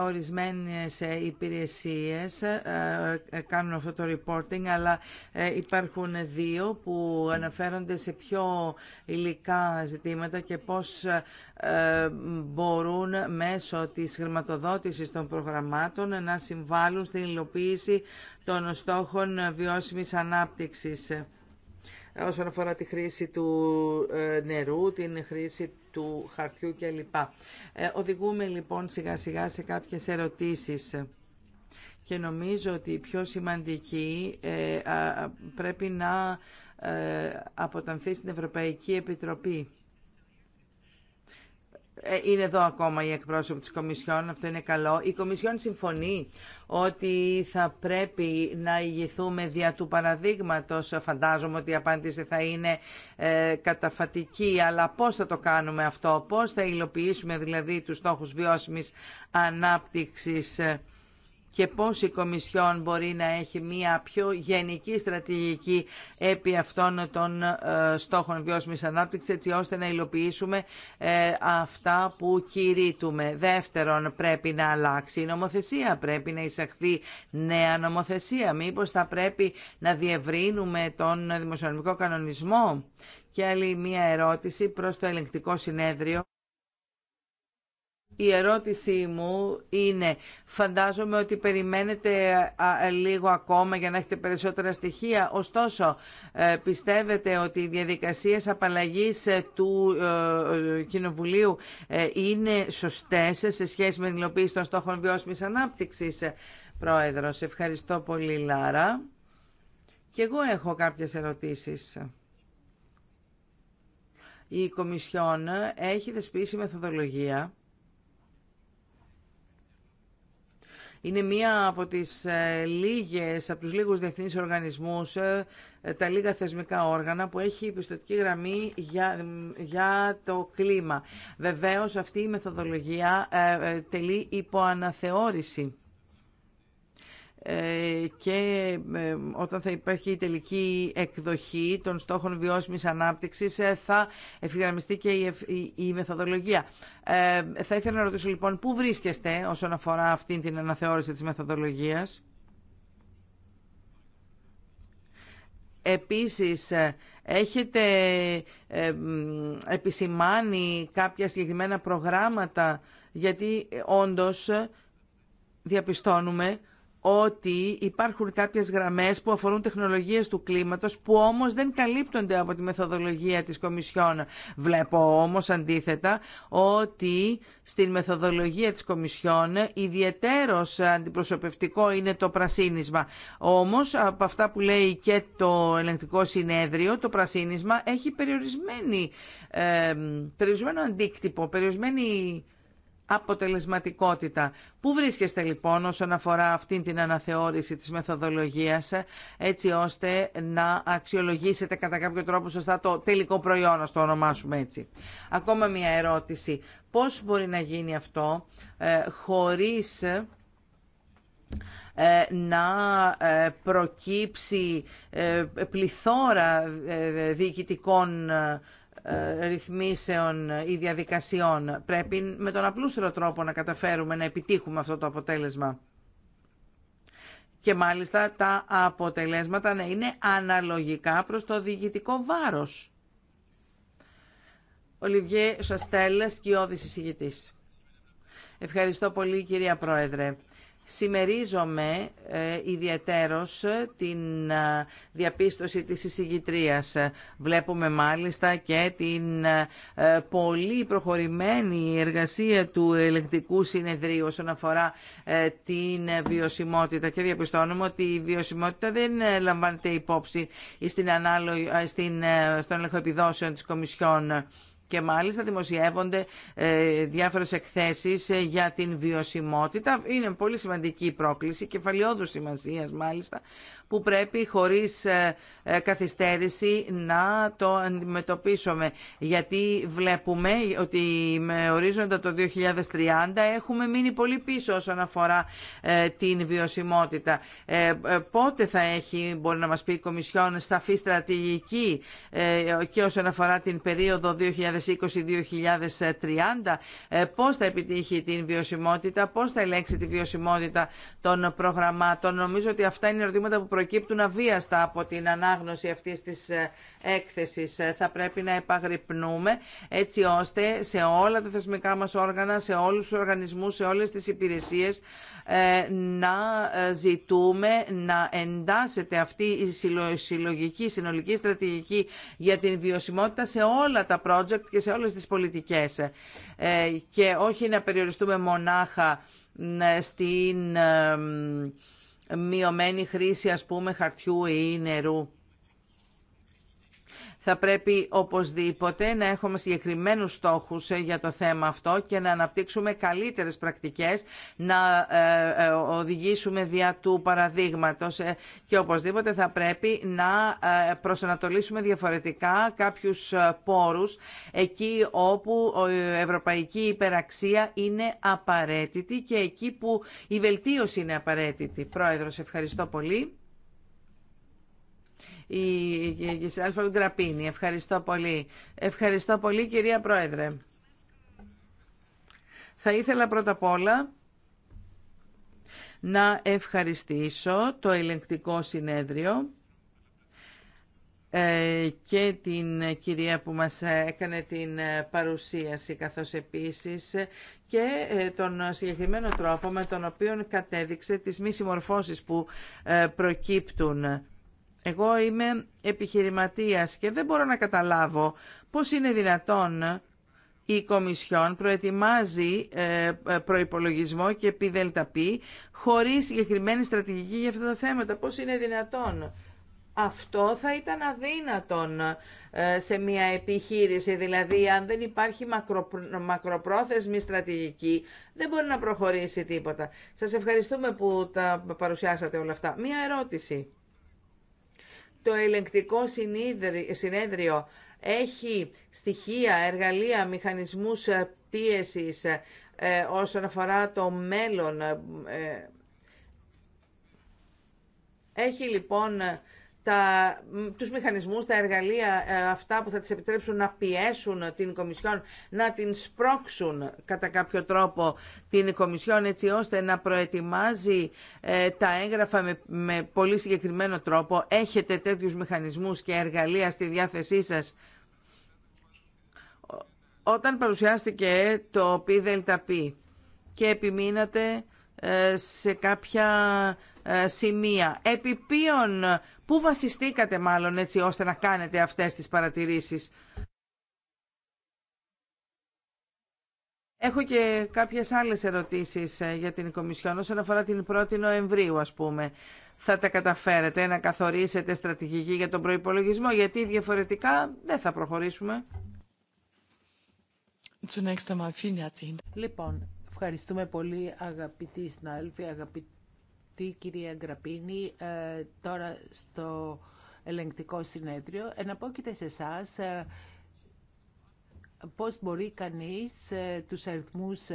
ορισμένες ε, υπηρεσίες ε, κάνουν αυτό το reporting, αλλά υπάρχουν δύο που αναφέρονται σε πιο υλικά ζητήματα και πώς μπορούν μέσω της χρηματοδότησης των προγραμμάτων να συμβάλλουν στην υλοποίηση των στόχων βιώσιμης ανάπτυξης όσον αφορά τη χρήση του ε, νερού, την χρήση του χαρτιού κλπ. Ε, οδηγούμε λοιπόν σιγά σιγά σε κάποιες ερωτήσεις και νομίζω ότι η πιο σημαντική ε, πρέπει να αποτανθεί στην Ευρωπαϊκή Επιτροπή. Ε, είναι εδώ ακόμα η εκπρόσωπη της Κομισιόν, αυτό είναι καλό. Η Κομισιόν συμφωνεί ότι θα πρέπει να ηγηθούμε δια του παραδείγματος. Φαντάζομαι ότι η απάντηση θα είναι ε, καταφατική, αλλά πώς θα το κάνουμε αυτό, πώς θα υλοποιήσουμε δηλαδή τους στόχους βιώσιμης ανάπτυξης ε, και πώς η Κομισιόν μπορεί να έχει μία πιο γενική στρατηγική επί αυτών των ε, στόχων βιώσιμης ανάπτυξης, έτσι ώστε να υλοποιήσουμε ε, αυτά που κηρύττουμε. Δεύτερον, πρέπει να αλλάξει η νομοθεσία, πρέπει να εισαχθεί νέα νομοθεσία. Μήπως θα πρέπει να διευρύνουμε τον δημοσιονομικό κανονισμό. Και άλλη μία ερώτηση προς το ελεγκτικό συνέδριο η ερώτησή μου είναι, φαντάζομαι ότι περιμένετε λίγο ακόμα για να έχετε περισσότερα στοιχεία. Ωστόσο, ε, πιστεύετε ότι οι διαδικασίες απαλλαγής ε, του ε, Κοινοβουλίου είναι σωστές σε σχέση με την υλοποίηση των στόχων βιώσιμης ανάπτυξης, Πρόεδρος. Ευχαριστώ πολύ, Λάρα. Και εγώ έχω κάποιες ερωτήσεις. Η Κομισιόν έχει δεσπίσει μεθοδολογία Είναι μία από τις ε, λίγες, από τους λίγους διεθνείς οργανισμούς, ε, ε, τα λίγα θεσμικά όργανα που έχει πιστοτική γραμμή για, για το κλίμα. Βεβαίως αυτή η μεθοδολογία τελεί υπό αναθεώρηση. Ε, και ε, όταν θα υπάρχει η τελική εκδοχή των στόχων βιώσιμης ανάπτυξης ε, θα ευθυγραμμιστεί και η μεθοδολογία. Θα ήθελα να ρωτήσω λοιπόν πού βρίσκεστε όσον αφορά αυτή την αναθεώρηση της μεθοδολογίας. Επίσης, έχετε επισημάνει κάποια συγκεκριμένα προγράμματα, γιατί όντως διαπιστώνουμε ότι υπάρχουν κάποιες γραμμές που αφορούν τεχνολογίες του κλίματος που όμως δεν καλύπτονται από τη μεθοδολογία της Κομισιόν. Βλέπω όμως αντίθετα ότι στην μεθοδολογία της Κομισιόν ιδιαιτέρως αντιπροσωπευτικό είναι το πρασίνισμα. Όμως από αυτά που λέει και το ελεγκτικό συνέδριο το πρασίνισμα έχει περιορισμένη, ε, περιορισμένο αντίκτυπο, περιορισμένη αποτελεσματικότητα. Πού βρίσκεστε λοιπόν όσον αφορά αυτήν την αναθεώρηση της μεθοδολογίας έτσι ώστε να αξιολογήσετε κατά κάποιο τρόπο σωστά το τελικό προϊόν, να το ονομάσουμε έτσι. Ακόμα μια ερώτηση. Πώς μπορεί να γίνει αυτό ε, χωρίς ε, να ε, προκύψει ε, πληθώρα διοικητικών ε, ρυθμίσεων ή διαδικασιών. Πρέπει με τον απλούστερο τρόπο να καταφέρουμε να επιτύχουμε αυτό το αποτέλεσμα. Και μάλιστα τα αποτελέσματα να είναι αναλογικά προς το διοικητικό βάρος. Ολιβιέ Σαστέλ, σκιώδης εισηγητής. Ευχαριστώ πολύ κυρία Πρόεδρε. Σημερίζομαι ε, ιδιαιτέρως ε, την ε, διαπίστωση της εισηγητρίας. Βλέπουμε μάλιστα και την ε, πολύ προχωρημένη εργασία του ελεγκτικού συνεδρίου όσον αφορά την βιωσιμότητα και διαπιστώνουμε ότι η βιωσιμότητα δεν λαμβάνεται υπόψη στην, ανάλογη, στην, στον ελεγχοεπιδόσεων της Κομισιόν και μάλιστα δημοσιεύονται ε, διάφορες εκθέσεις ε, για την βιωσιμότητα. Είναι πολύ σημαντική η πρόκληση, κεφαλαιόδου σημασίας μάλιστα, που πρέπει χωρίς ε, ε, καθυστέρηση να το αντιμετωπίσουμε. Γιατί βλέπουμε ότι με ορίζοντα το 2030 έχουμε μείνει πολύ πίσω όσον αφορά ε, την βιωσιμότητα. Πότε θα έχει, μπορεί να μας πει η Κομισιόν, σταφή στρατηγική και όσον αφορά την περίοδο 2020-2030, πώς θα επιτύχει την βιωσιμότητα, πώς θα ελέγξει τη βιωσιμότητα των προγραμμάτων. Νομίζω ότι αυτά είναι ερωτήματα που προκύπτουν αβίαστα από την ανάγνωση αυτής της ε, έκθεσης. Ε, θα πρέπει να επαγρυπνούμε έτσι ώστε σε όλα τα θεσμικά μας όργανα, σε όλους τους οργανισμούς, σε όλες τις υπηρεσίες ε, να ζητούμε να εντάσσεται αυτή η συλλογική, συνολική στρατηγική για την βιωσιμότητα σε όλα τα project και σε όλες τις πολιτικές. Και όχι να περιοριστούμε μονάχα στην μειωμένη χρήση ας πούμε χαρτιού ή νερού. Θα πρέπει οπωσδήποτε να έχουμε συγκεκριμένους στόχους ε, για το θέμα αυτό και να αναπτύξουμε καλύτερες πρακτικές, να ε, ε, οδηγήσουμε δια του παραδείγματος και οπωσδήποτε θα πρέπει να προσανατολίσουμε διαφορετικά κάποιους πόρους εκεί όπου η ευρωπαϊκή υπεραξία είναι απαραίτητη και εκεί που η βελτίωση είναι απαραίτητη. Πρόεδρος, ευχαριστώ πολύ η Γκραπίνη. Ευχαριστώ πολύ. Ευχαριστώ πολύ κυρία Πρόεδρε. Θα ήθελα πρώτα απ' όλα να ευχαριστήσω το ελεγκτικό συνέδριο ε, και την κυρία που μας έκανε την παρουσίαση καθώς επίσης και ε, τον συγκεκριμένο τρόπο με τον οποίο κατέδειξε τις μη συμμορφώσεις που ε, προκύπτουν εγώ είμαι επιχειρηματίας και δεν μπορώ να καταλάβω πώς είναι δυνατόν η Κομισιόν προετοιμάζει ε, προϋπολογισμό και πι δελτα πι χωρίς συγκεκριμένη στρατηγική για αυτά τα θέματα. Πώς είναι δυνατόν. Αυτό θα ήταν αδύνατον ε, σε μια επιχείρηση, δηλαδή αν δεν υπάρχει μακροπρόθεσμη στρατηγική δεν μπορεί να προχωρήσει τίποτα. Σας ευχαριστούμε που τα παρουσιάσατε όλα αυτά. Μία ερώτηση το ελεγκτικό συνέδριο έχει στοιχεία, εργαλεία, μηχανισμούς ε, πίεσης ε, ε, όσον αφορά το μέλλον. Έχει λοιπόν τα, τους μηχανισμούς, τα εργαλεία ε, αυτά που θα τις επιτρέψουν να πιέσουν την Κομισιόν, να την σπρώξουν κατά κάποιο τρόπο την Κομισιόν έτσι ώστε να προετοιμάζει ε, τα έγγραφα με, με πολύ συγκεκριμένο τρόπο. Έχετε τέτοιους μηχανισμούς και εργαλεία στη διάθεσή σας. Όταν παρουσιάστηκε το πι και επιμείνατε ε, σε κάποια σημεία. Επί Πού βασιστήκατε μάλλον έτσι ώστε να κάνετε αυτές τις παρατηρήσεις. Έχω και κάποιες άλλες ερωτήσεις ε, για την Κομισιόν όσον αφορά την 1η Νοεμβρίου ας πούμε. Θα τα καταφέρετε να καθορίσετε στρατηγική για τον προϋπολογισμό γιατί διαφορετικά δεν θα προχωρήσουμε.
Λοιπόν, ευχαριστούμε πολύ αγαπητοί συνάδελφοι, αγαπητοί τη κυρία Γκραπίνη ε, τώρα στο ελεγκτικό συνέδριο. Εναπόκειται σε εσά ε, πώς μπορεί κανείς ε, τους αριθμούς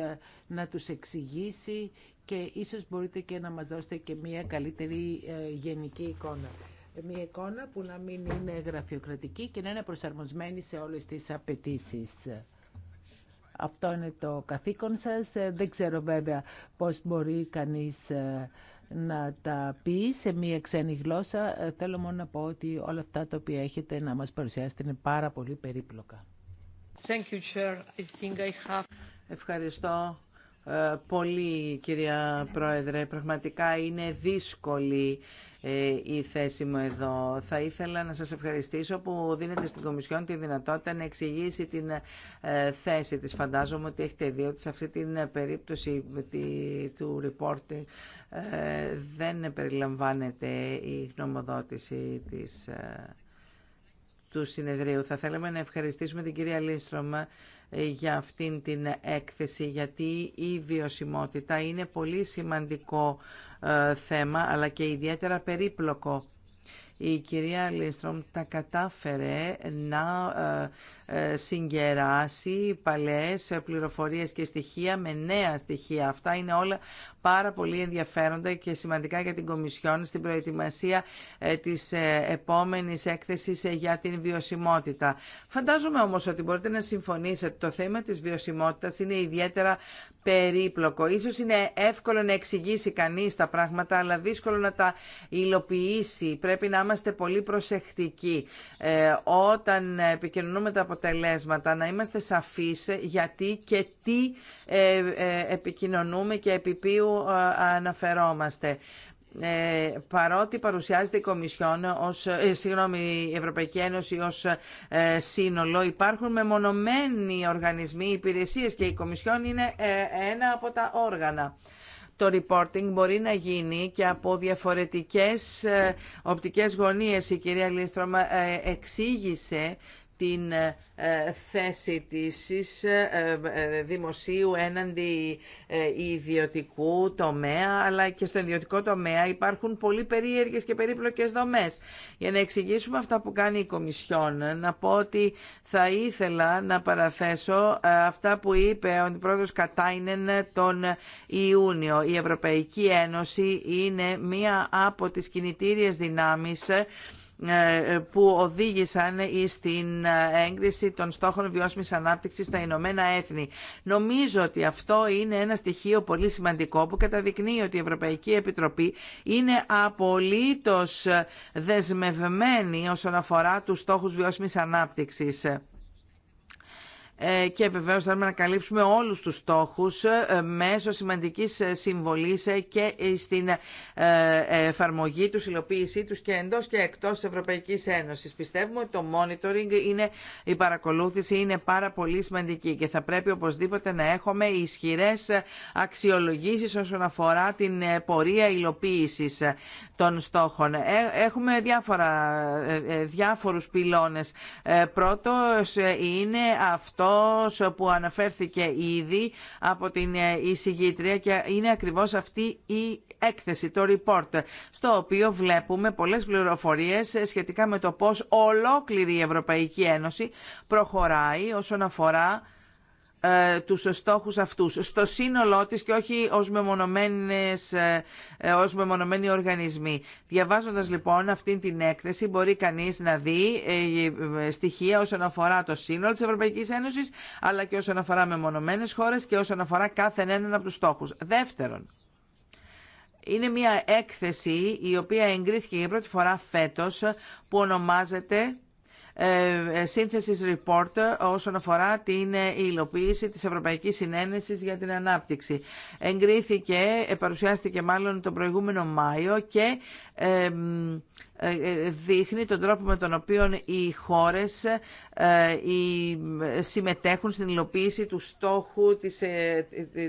να τους εξηγήσει και ίσως μπορείτε και να μας δώσετε και μια καλύτερη γενική εικόνα. Μια εικόνα που να μην είναι γραφειοκρατική και να είναι προσαρμοσμένη σε όλες τις απαιτήσει. Αυτό είναι το καθήκον σας. Δεν ξέρω βέβαια πώς μπορεί κανείς να τα πει σε μία ξένη γλώσσα. Ε, θέλω μόνο να πω ότι όλα αυτά τα οποία έχετε να μας παρουσιάσετε είναι πάρα πολύ περίπλοκα.
Thank you, Ευχαριστώ ε, πολύ κυρία Πρόεδρε. Πραγματικά είναι δύσκολη ε, η θέση μου εδώ. Θα ήθελα να σας ευχαριστήσω που δίνετε στην Κομισιόν τη δυνατότητα να εξηγήσει την ε, θέση της. Φαντάζομαι ότι έχετε δει ότι σε αυτή την ε, περίπτωση του report δεν περιλαμβάνεται η γνωμοδότηση της του συνεδρίου. Θα θέλαμε να ευχαριστήσουμε την κυρία Λίνστρομ για αυτήν την έκθεση, γιατί η βιωσιμότητα είναι πολύ σημαντικό ε, θέμα αλλά και ιδιαίτερα περίπλοκο. Η κυρία Λίνστρομ τα κατάφερε να ε, ε, συγκεράσει παλαιές πληροφορίες και στοιχεία με νέα στοιχεία. Αυτά είναι όλα πάρα πολύ ενδιαφέροντα και σημαντικά για την Κομισιόν στην προετοιμασία ε, της ε, επόμενης έκθεσης για την βιωσιμότητα. Φαντάζομαι όμως ότι μπορείτε να συμφωνήσετε. Το θέμα της βιωσιμότητας είναι ιδιαίτερα περίπλοκο. Ίσως είναι εύκολο να εξηγήσει κανείς τα πράγματα, αλλά δύσκολο να τα υλοποιήσει. Πρέπει να είμαστε πολύ προσεκτικοί. Ε, όταν επικοινωνούμε τα αποτελέσματα, να είμαστε σαφείς γιατί και τι ε, ε, επικοινωνούμε και επί ποιου ε, αναφερόμαστε. Ε, παρότι παρουσιάζεται η Κομισιόν ως, ε, Ευρωπαϊκή Ένωση ως σύνολο, υπάρχουν μεμονωμένοι οργανισμοί, υπηρεσίες και η Κομισιόν είναι ένα από τα όργανα. Το reporting μπορεί να γίνει και από διαφορετικές οπτικές γωνίες. Η κυρία Λίστρομα εξήγησε την ε, θέση της ε, ε, δημοσίου έναντι ιδιωτικού τομέα, αλλά και στο ιδιωτικό τομέα υπάρχουν πολύ περίεργες και περίπλοκες δομές. Για να εξηγήσουμε αυτά που κάνει η Κομισιόν, να πω ότι θα ήθελα να παραθέσω αυτά που είπε ο Αντιπρόεδρος Κατάινεν τον Ιούνιο. Η Ευρωπαϊκή Ένωση είναι μία από τις κινητήριες δυνάμεις ε, ε, που οδήγησαν στην ε, έγκριση των στόχων βιώσιμης ανάπτυξης στα Ηνωμένα Έθνη. Νομίζω ότι αυτό είναι ένα στοιχείο πολύ σημαντικό που καταδεικνύει ότι η Ευρωπαϊκή Επιτροπή είναι απολύτως δεσμευμένη όσον αφορά τους στόχους βιώσιμης ανάπτυξης. Ε, και βεβαίως θέλουμε να καλύψουμε όλους τους στόχους ε, μέσω σημαντικής ε, συμβολής και στην εφαρμογή του υλοποίησή τους και εντός και εκτός της Ευρωπαϊκής Ένωσης. Πιστεύουμε ότι το monitoring, είναι, η παρακολούθηση είναι πάρα πολύ σημαντική και θα πρέπει οπωσδήποτε να έχουμε ισχυρές αξιολογήσεις όσον αφορά την πορεία υλοποίησης των στόχων. Ε, έχουμε διάφορα, ε, ε, διάφορους πυλώνες. Πρώτος είναι αυτός που αναφέρθηκε ήδη από την εισηγήτρια και είναι ακριβώς αυτή η έκθεση, το report, στο οποίο βλέπουμε πολλές πληροφορίες σχετικά με το πώς ολόκληρη η Ευρωπαϊκή Ένωση προχωράει όσον αφορά ε, τους στόχους αυτούς στο σύνολό της και όχι ως, μεμονωμένες, ε, ε, ως μεμονωμένοι οργανισμοί. Διαβάζοντας λοιπόν αυτή την έκθεση μπορεί κανείς να δει στοιχεία όσον αφορά το σύνολο της Ευρωπαϊκής Ένωσης αλλά και όσον αφορά μεμονωμένες χώρες και όσον αφορά κάθε έναν από τους στόχους. Δεύτερον, είναι μια έκθεση η οποία εγκρίθηκε για πρώτη φορά φέτος που ονομάζεται ε, ε, Σύνθεση report όσον αφορά την ε, υλοποίηση της Ευρωπαϊκής Συνένεσης για την Ανάπτυξη. Εγκρίθηκε, παρουσιάστηκε μάλλον τον προηγούμενο Μάιο και δείχνει τον τρόπο με τον οποίο οι χώρες συμμετέχουν στην υλοποίηση του στόχου της,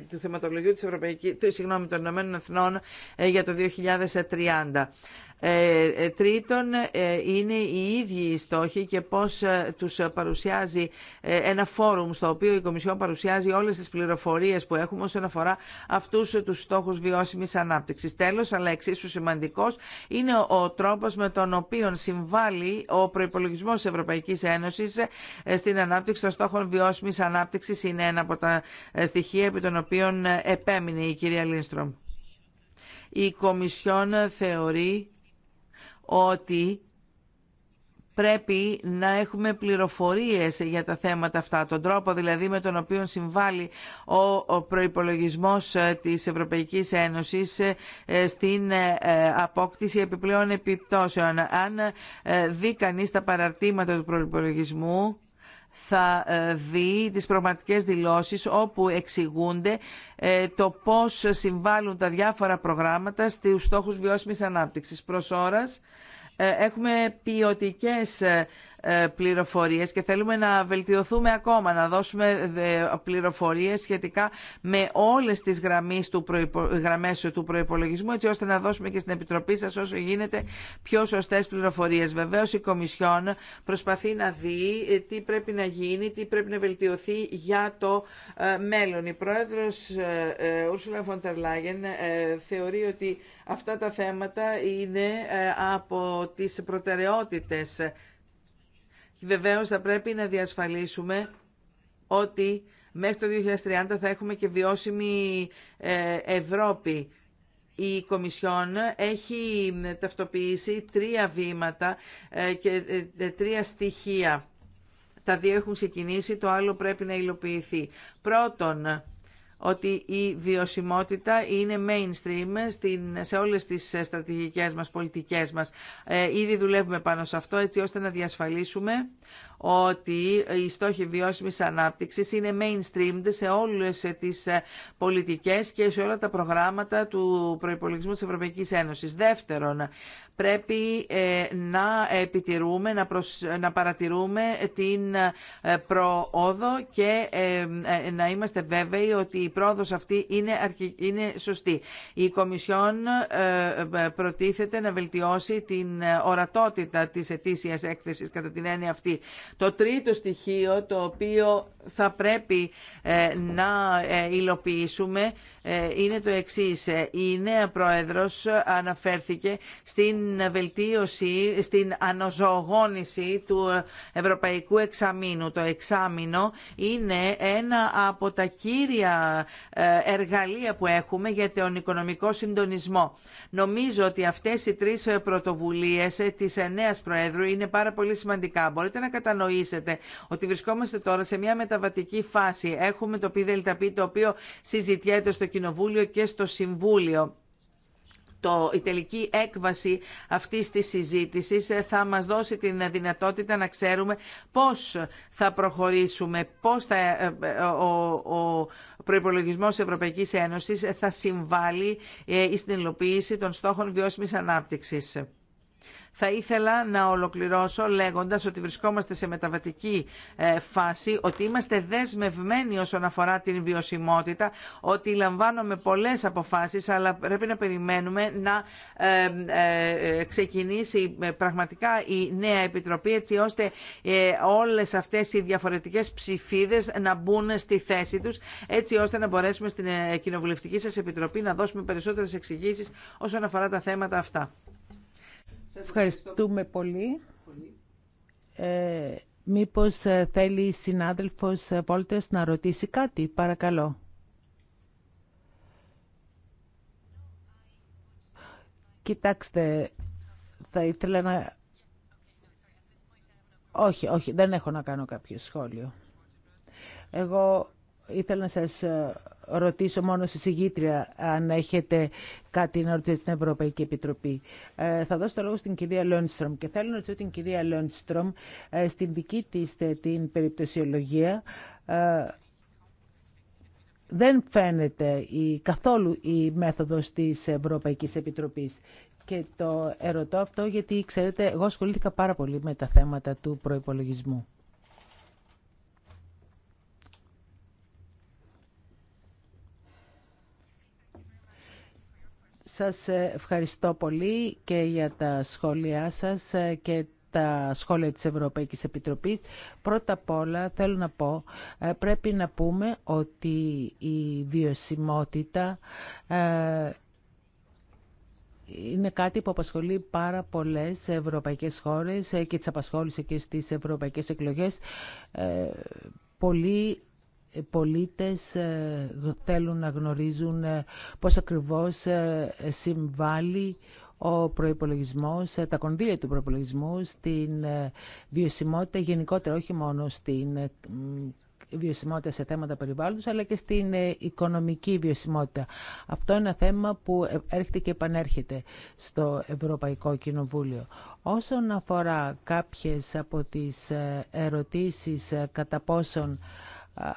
του θεματολογίου της Ευρωπαϊκής, του, των Ηνωμένων Εθνών για το 2030. Ε, ε, τρίτον, ε, είναι οι ίδιοι οι στόχοι και πώς τους παρουσιάζει ένα φόρουμ στο οποίο η Κομισιόν παρουσιάζει όλες τις πληροφορίες που έχουμε όσον αφορά αυτούς τους στόχους βιώσιμης ανάπτυξης. Τέλος, αλλά εξίσου σημαντικός, είναι ο τρόπος με τον οποίο συμβάλλει ο προϋπολογισμός της Ευρωπαϊκής Ένωσης στην ανάπτυξη των στόχων βιώσιμης ανάπτυξης. Είναι ένα από τα στοιχεία επί των οποίων επέμεινε η κυρία Λίνστρομ. Η Κομισιόν θεωρεί ότι πρέπει να έχουμε πληροφορίες για τα θέματα αυτά, τον τρόπο δηλαδή με τον οποίο συμβάλλει ο προϋπολογισμός ε, της Ευρωπαϊκής Ένωσης ε, ε, στην απόκτηση επιπλέον επιπτώσεων. Αν δει κανεί τα παραρτήματα του προϋπολογισμού, θα ε, δει τις πραγματικές δηλώσεις όπου εξηγούνται ε, το πώς συμβάλλουν τα διάφορα προγράμματα στους στόχους βιώσιμης ανάπτυξης. Προς ώρας ε, έχουμε ποιοτικές ε, πληροφορίες και θέλουμε να βελτιωθούμε ακόμα, να δώσουμε ε, πληροφορίες σχετικά με όλες τις γραμμές του, προϋπο... του προϋπολογισμού έτσι ώστε να δώσουμε και στην Επιτροπή σας όσο γίνεται πιο σωστές πληροφορίες. Βεβαίως η Κομισιόν προσπαθεί να δει ε, τι πρέπει να γίνει, τι πρέπει να βελτιωθεί για το μέλλον. Η Πρόεδρος Ούρσουλα Φοντερ θεωρεί ότι αυτά τα θέματα είναι από τις προτεραιότητες Βεβαίως θα πρέπει να διασφαλίσουμε ότι μέχρι το 2030 θα έχουμε και βιώσιμη ε, Ευρώπη. Η Κομισιόν έχει ταυτοποιήσει τρία βήματα ε, και ε, τρία στοιχεία. Τα δύο έχουν ξεκινήσει, το άλλο πρέπει να υλοποιηθεί. Πρώτον, ότι η βιωσιμότητα είναι mainstream σε όλες τις στρατηγικές μας, πολιτικές μας. Ε, ήδη δουλεύουμε πάνω σε αυτό έτσι ώστε να διασφαλίσουμε ότι οι στόχοι βιώσιμης ανάπτυξης είναι mainstream σε όλες τις ε, πολιτικές και σε όλα τα προγράμματα του προϋπολογισμού της Ευρωπαϊκής Ένωσης. Δεύτερον, πρέπει ε, να επιτηρούμε, να, παρατηρούμε την ε, προόδο και να είμαστε βέβαιοι ότι η πρόοδος αυτή είναι, είναι σωστή. Η Κομισιόν προτίθεται να βελτιώσει την ορατότητα της ετήσιας έκθεσης κατά την έννοια αυτή το τρίτο στοιχείο το οποίο θα πρέπει ε, να ε, υλοποιήσουμε ε, είναι το εξή. Ε, η νέα πρόεδρος αναφέρθηκε στην βελτίωση, στην αναζωογόνηση του Ευρωπαϊκού Εξαμήνου. Το εξάμεινο είναι ένα από τα κύρια ε, εργαλεία που έχουμε για τον οικονομικό συντονισμό. Νομίζω ότι αυτές οι τρεις πρωτοβουλίε της νέας Προέδρου είναι πάρα πολύ σημαντικά. Μπορείτε να κατανοήσετε ότι βρισκόμαστε τώρα σε μια μεταβατική φάση. Έχουμε το ΠΔΠ το οποίο συζητιέται στο Κοινοβούλιο και στο Συμβούλιο. Το, η τελική έκβαση αυτής της συζήτησης ε, θα μας δώσει την δυνατότητα να ξέρουμε πώς θα προχωρήσουμε, πώς θα, ε, ε, ο, ο προϋπολογισμός Ευρωπαϊκής Ένωσης θα συμβάλλει στην υλοποίηση των στόχων βιώσιμης ανάπτυξης. Θα ήθελα να ολοκληρώσω λέγοντας ότι βρισκόμαστε σε μεταβατική ε, φάση, ότι είμαστε δεσμευμένοι όσον αφορά την βιωσιμότητα, ότι λαμβάνουμε πολλές αποφάσεις, αλλά πρέπει να περιμένουμε να ε, ε, ξεκινήσει πραγματικά η νέα Επιτροπή, έτσι ώστε όλες αυτές οι διαφορετικές ψηφίδες να μπουν στη θέση τους, έτσι ώστε να μπορέσουμε στην Κοινοβουλευτική σας Επιτροπή να δώσουμε περισσότερες εξηγήσεις όσον αφορά τα θέματα αυτά.
Ευχαριστούμε πολύ. Ε, μήπως ε, θέλει η συνάδελφος ε, Βόλτες να ρωτήσει κάτι, παρακαλώ. Κοιτάξτε, θα ήθελα να... Όχι, όχι, δεν έχω να κάνω κάποιο σχόλιο. Εγώ ήθελα να σας ε, ρωτήσω μόνο στη συγγήτρια αν έχετε κάτι να ρωτήσετε στην Ευρωπαϊκή Επιτροπή. Ε, θα δώσω το λόγο στην κυρία Λόντστρομ και θέλω να ρωτήσω την κυρία Λόντστρομ ε, στην δική της ε, την περιπτωσιολογία δεν φαίνεται η, καθόλου η μέθοδος της Ευρωπαϊκής Επιτροπής. Και το ερωτώ αυτό γιατί, ξέρετε, εγώ ασχολήθηκα πάρα πολύ με τα θέματα του προϋπολογισμού. Σας ε, ευχαριστώ πολύ και για τα σχόλιά σας ε, και τα σχόλια της Ευρωπαϊκής Επιτροπής. Πρώτα απ' όλα θέλω να πω, ε, πρέπει να πούμε ότι η βιωσιμότητα είναι κάτι που απασχολεί πάρα πολλές ευρωπαϊκές χώρες και τις απασχόλησε και στις ευρωπαϊκές εκλογές. Πολλοί πολίτες ε, θέλουν να γνωρίζουν ε, πώς ακριβώς ε, συμβάλλει ο προϋπολογισμός, τα κονδύλια του προϋπολογισμού στην βιωσιμότητα γενικότερα, όχι μόνο στην βιωσιμότητα σε θέματα περιβάλλοντος, αλλά και στην οικονομική βιωσιμότητα. Αυτό είναι ένα θέμα που έρχεται και επανέρχεται στο Ευρωπαϊκό Κοινοβούλιο. Όσον αφορά κάποιες από τις ερωτήσεις κατά πόσον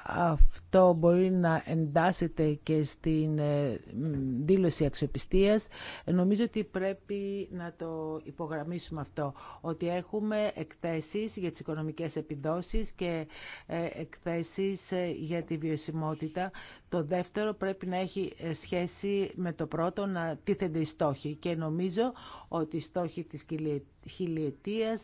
αυτό μπορεί να εντάσσεται και στην ε, δήλωση αξιοπιστίας. Νομίζω ότι πρέπει να το υπογραμμίσουμε αυτό, ότι έχουμε εκθέσεις για τις οικονομικές επιδόσεις και ε, εκθέσεις ε, για τη βιωσιμότητα. Το δεύτερο πρέπει να έχει σχέση με το πρώτο να τίθενται οι στόχοι και νομίζω ότι οι στόχοι της χιλιετίας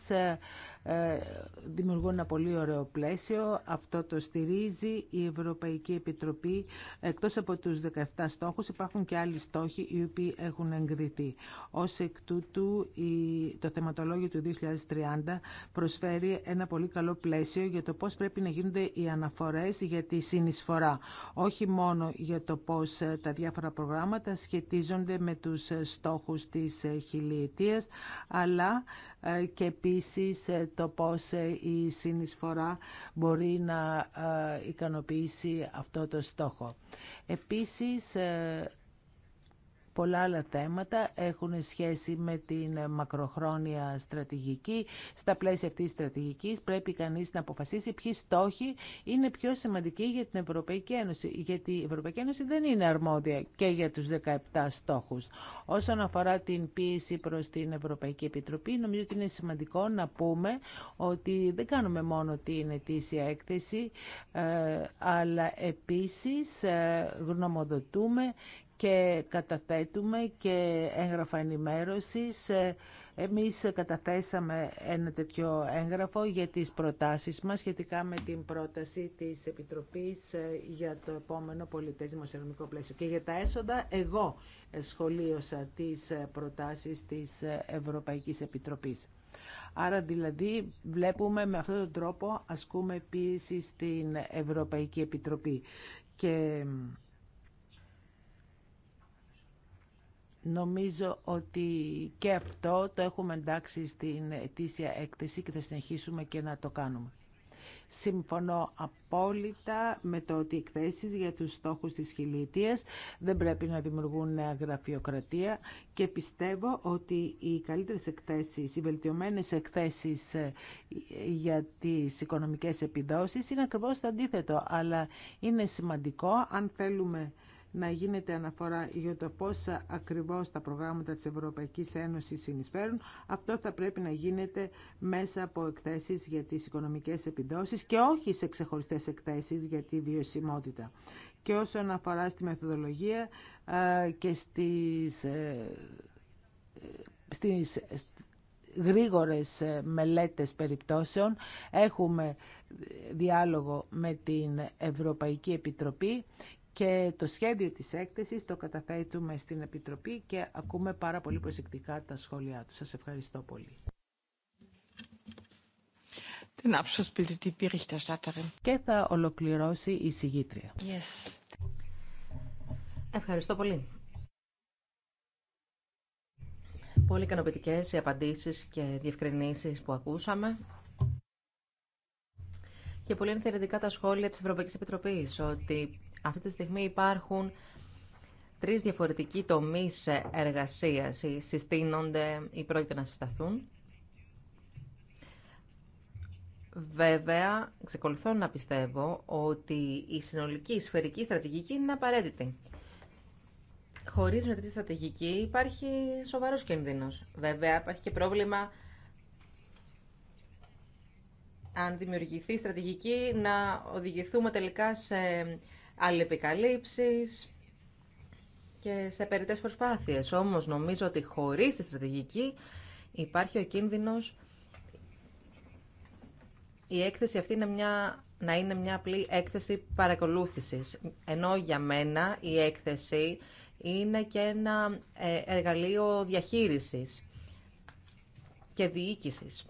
ε, δημιουργούν ένα πολύ ωραίο πλαίσιο. Αυτό το στηρίζει η Ευρωπαϊκή Επιτροπή. Εκτός από τους 17 στόχους υπάρχουν και άλλοι στόχοι οι οποίοι έχουν εγκριθεί. Ως εκ τούτου το θεματολόγιο του 2030 προσφέρει ένα πολύ καλό πλαίσιο για το πώς πρέπει να γίνονται οι αναφορές για τη συνεισφορά. Όχι μόνο για το πώς ε, τα διάφορα προγράμματα σχετίζονται με τους ε, στόχους της χιλιετίας, αλλά ε, και επίσης ε, το πώς ε, η συνεισφορά μπορεί να ικανοποιήσει αυτό το στόχο. Επίσης Πολλά άλλα θέματα έχουν σχέση με την μακροχρόνια στρατηγική. Στα πλαίσια αυτής της στρατηγικής πρέπει κανείς να αποφασίσει ποιοι στόχοι είναι πιο σημαντικοί για την Ευρωπαϊκή Ένωση. Γιατί η Ευρωπαϊκή Ένωση δεν είναι αρμόδια και για τους 17 στόχους. Όσον αφορά την πίεση προς την Ευρωπαϊκή Επιτροπή, νομίζω ότι είναι σημαντικό να πούμε ότι δεν κάνουμε μόνο την ετήσια έκθεση, ε, αλλά επίσης ε, γνωμοδοτούμε και καταθέτουμε και έγγραφα ενημέρωσης. Ε, εμείς καταθέσαμε ένα τέτοιο έγγραφο για τις προτάσεις μας σχετικά με την πρόταση της Επιτροπής ε, για το επόμενο πολιτές δημοσιονομικό πλαίσιο. Και για τα έσοδα εγώ σχολίωσα τις ε, προτάσεις της Ευρωπαϊκής Επιτροπής. Άρα δηλαδή βλέπουμε με αυτόν τον τρόπο ασκούμε πίεση στην Ευρωπαϊκή Επιτροπή. Νομίζω ότι και αυτό το έχουμε εντάξει στην ετήσια έκθεση και θα συνεχίσουμε και να το κάνουμε. Συμφωνώ απόλυτα με το ότι οι εκθέσεις για τους στόχους της χιλιετίας δεν πρέπει να δημιουργούν νέα γραφειοκρατία και πιστεύω ότι οι καλύτερες εκθέσεις, οι βελτιωμένες εκθέσεις ε, για τις οικονομικές επιδόσεις είναι ακριβώς το αντίθετο, αλλά είναι σημαντικό αν θέλουμε να γίνεται αναφορά για το πώς ακριβώς τα προγράμματα της Ευρωπαϊκής Ένωσης συνεισφέρουν. Αυτό θα πρέπει να γίνεται μέσα από εκθέσεις για τις οικονομικές επιδόσεις και όχι σε ξεχωριστές εκθέσεις για τη βιωσιμότητα. Και όσον αφορά στη μεθοδολογία ε, και στις, ε, στις ε, γρήγορες μελέτες περιπτώσεων έχουμε διάλογο με την Ευρωπαϊκή Επιτροπή και το σχέδιο της έκθεσης το καταθέτουμε στην Επιτροπή και ακούμε πάρα πολύ προσεκτικά τα σχόλιά του. Σας ευχαριστώ πολύ. Και θα ολοκληρώσει η συγγήτρια.
Yes. Ευχαριστώ πολύ. Πολύ ικανοποιητικέ οι απαντήσεις και διευκρινήσεις που ακούσαμε. Και πολύ ενθαρρυντικά τα σχόλια της Ευρωπαϊκής Επιτροπής ότι αυτή τη στιγμή υπάρχουν τρεις διαφορετικοί τομείς εργασίας. Συστήνονται ή πρόκειται να συσταθούν. Βέβαια, ξεκολουθώ να πιστεύω ότι η συνολική σφαιρική στρατηγική είναι απαραίτητη. Χωρίς με τη στρατηγική υπάρχει σοβαρός κίνδυνος. Βέβαια, υπάρχει και πρόβλημα αν δημιουργηθεί στρατηγική να οδηγηθούμε τελικά σε αλληλεπικαλύψεις και σε περιττές προσπάθειες. Όμως νομίζω ότι χωρίς τη στρατηγική υπάρχει ο κίνδυνος η έκθεση αυτή να είναι μια απλή έκθεση παρακολούθησης. Ενώ για μένα η έκθεση είναι και ένα ε, εργαλείο διαχείρισης και διοίκησης.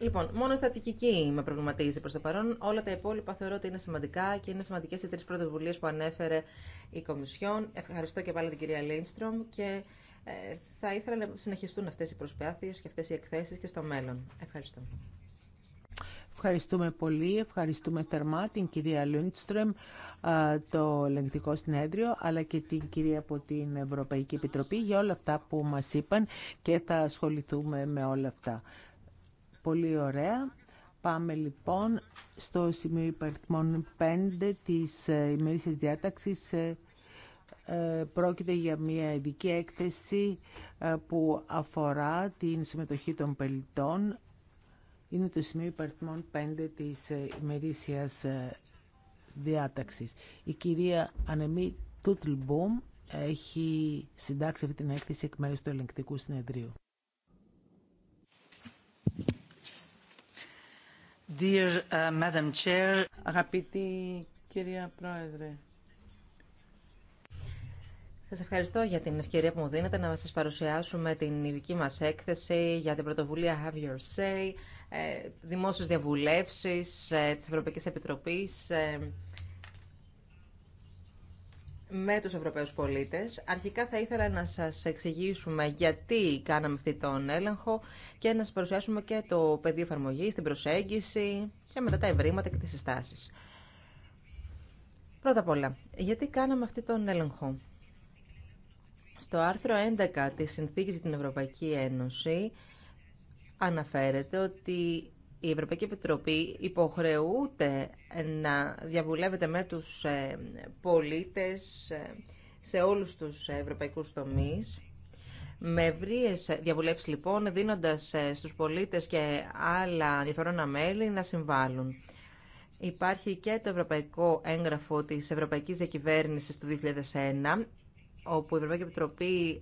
Λοιπόν, μόνο η στατικική με προβληματίζει προ το παρόν. Όλα τα υπόλοιπα θεωρώ ότι είναι σημαντικά και είναι σημαντικέ οι τρει πρωτοβουλίε που ανέφερε η Κομισιόν. Ευχαριστώ και πάλι την κυρία Λίνστρομ και ε, θα ήθελα να συνεχιστούν αυτέ οι προσπάθειε και αυτέ οι εκθέσει και στο μέλλον. Ευχαριστώ.
Ευχαριστούμε πολύ. Ευχαριστούμε θερμά την κυρία Λίνστρομ, το ελεγκτικό συνέδριο, αλλά και την κυρία από την Ευρωπαϊκή Επιτροπή για όλα αυτά που μας είπαν και θα ασχοληθούμε με όλα αυτά. Πολύ ωραία. Πάμε λοιπόν στο σημείο υπαριθμών 5 της ε, ημερήσιας διάταξης. Ε, ε, πρόκειται για μια ειδική έκθεση που αφορά την συμμετοχή των πελιτών. Είναι το σημείο υπαριθμών 5 της ημερήσιας διάταξης. Η κυρία Ανεμή Τούτλμπομ έχει συντάξει αυτή την έκθεση εκ μέρους του ελεγκτικού συνεδρίου.
Uh, Αγαπητή κυρία Πρόεδρε.
Σας ευχαριστώ για την ευκαιρία που μου δίνετε να σας παρουσιάσουμε την ειδική μας έκθεση για την πρωτοβουλία Have Your Say, ε, δημόσιες διαβουλεύσεις ε, τη Ευρωπαϊκή Επιτροπή. Ε, με τους Ευρωπαίους πολίτες. Αρχικά θα ήθελα να σας εξηγήσουμε γιατί κάναμε αυτή τον έλεγχο και να σας παρουσιάσουμε και το πεδίο εφαρμογή, την προσέγγιση και μετά τα ευρήματα και τις συστάσεις. Πρώτα απ' όλα, γιατί κάναμε αυτή τον έλεγχο. Στο άρθρο 11 της Συνθήκης για την Ευρωπαϊκή Ένωση αναφέρεται ότι η Ευρωπαϊκή Επιτροπή υποχρεούται να διαβουλεύεται με τους ε, πολίτες ε, σε όλους τους ευρωπαϊκούς τομείς. Με ευρείε διαβουλεύσεις λοιπόν, δίνοντας ε, στους πολίτες και άλλα διαφορετικά μέλη να συμβάλλουν. Υπάρχει και το Ευρωπαϊκό Έγγραφο της Ευρωπαϊκής Διακυβέρνησης του 2001, όπου η Ευρωπαϊκή Επιτροπή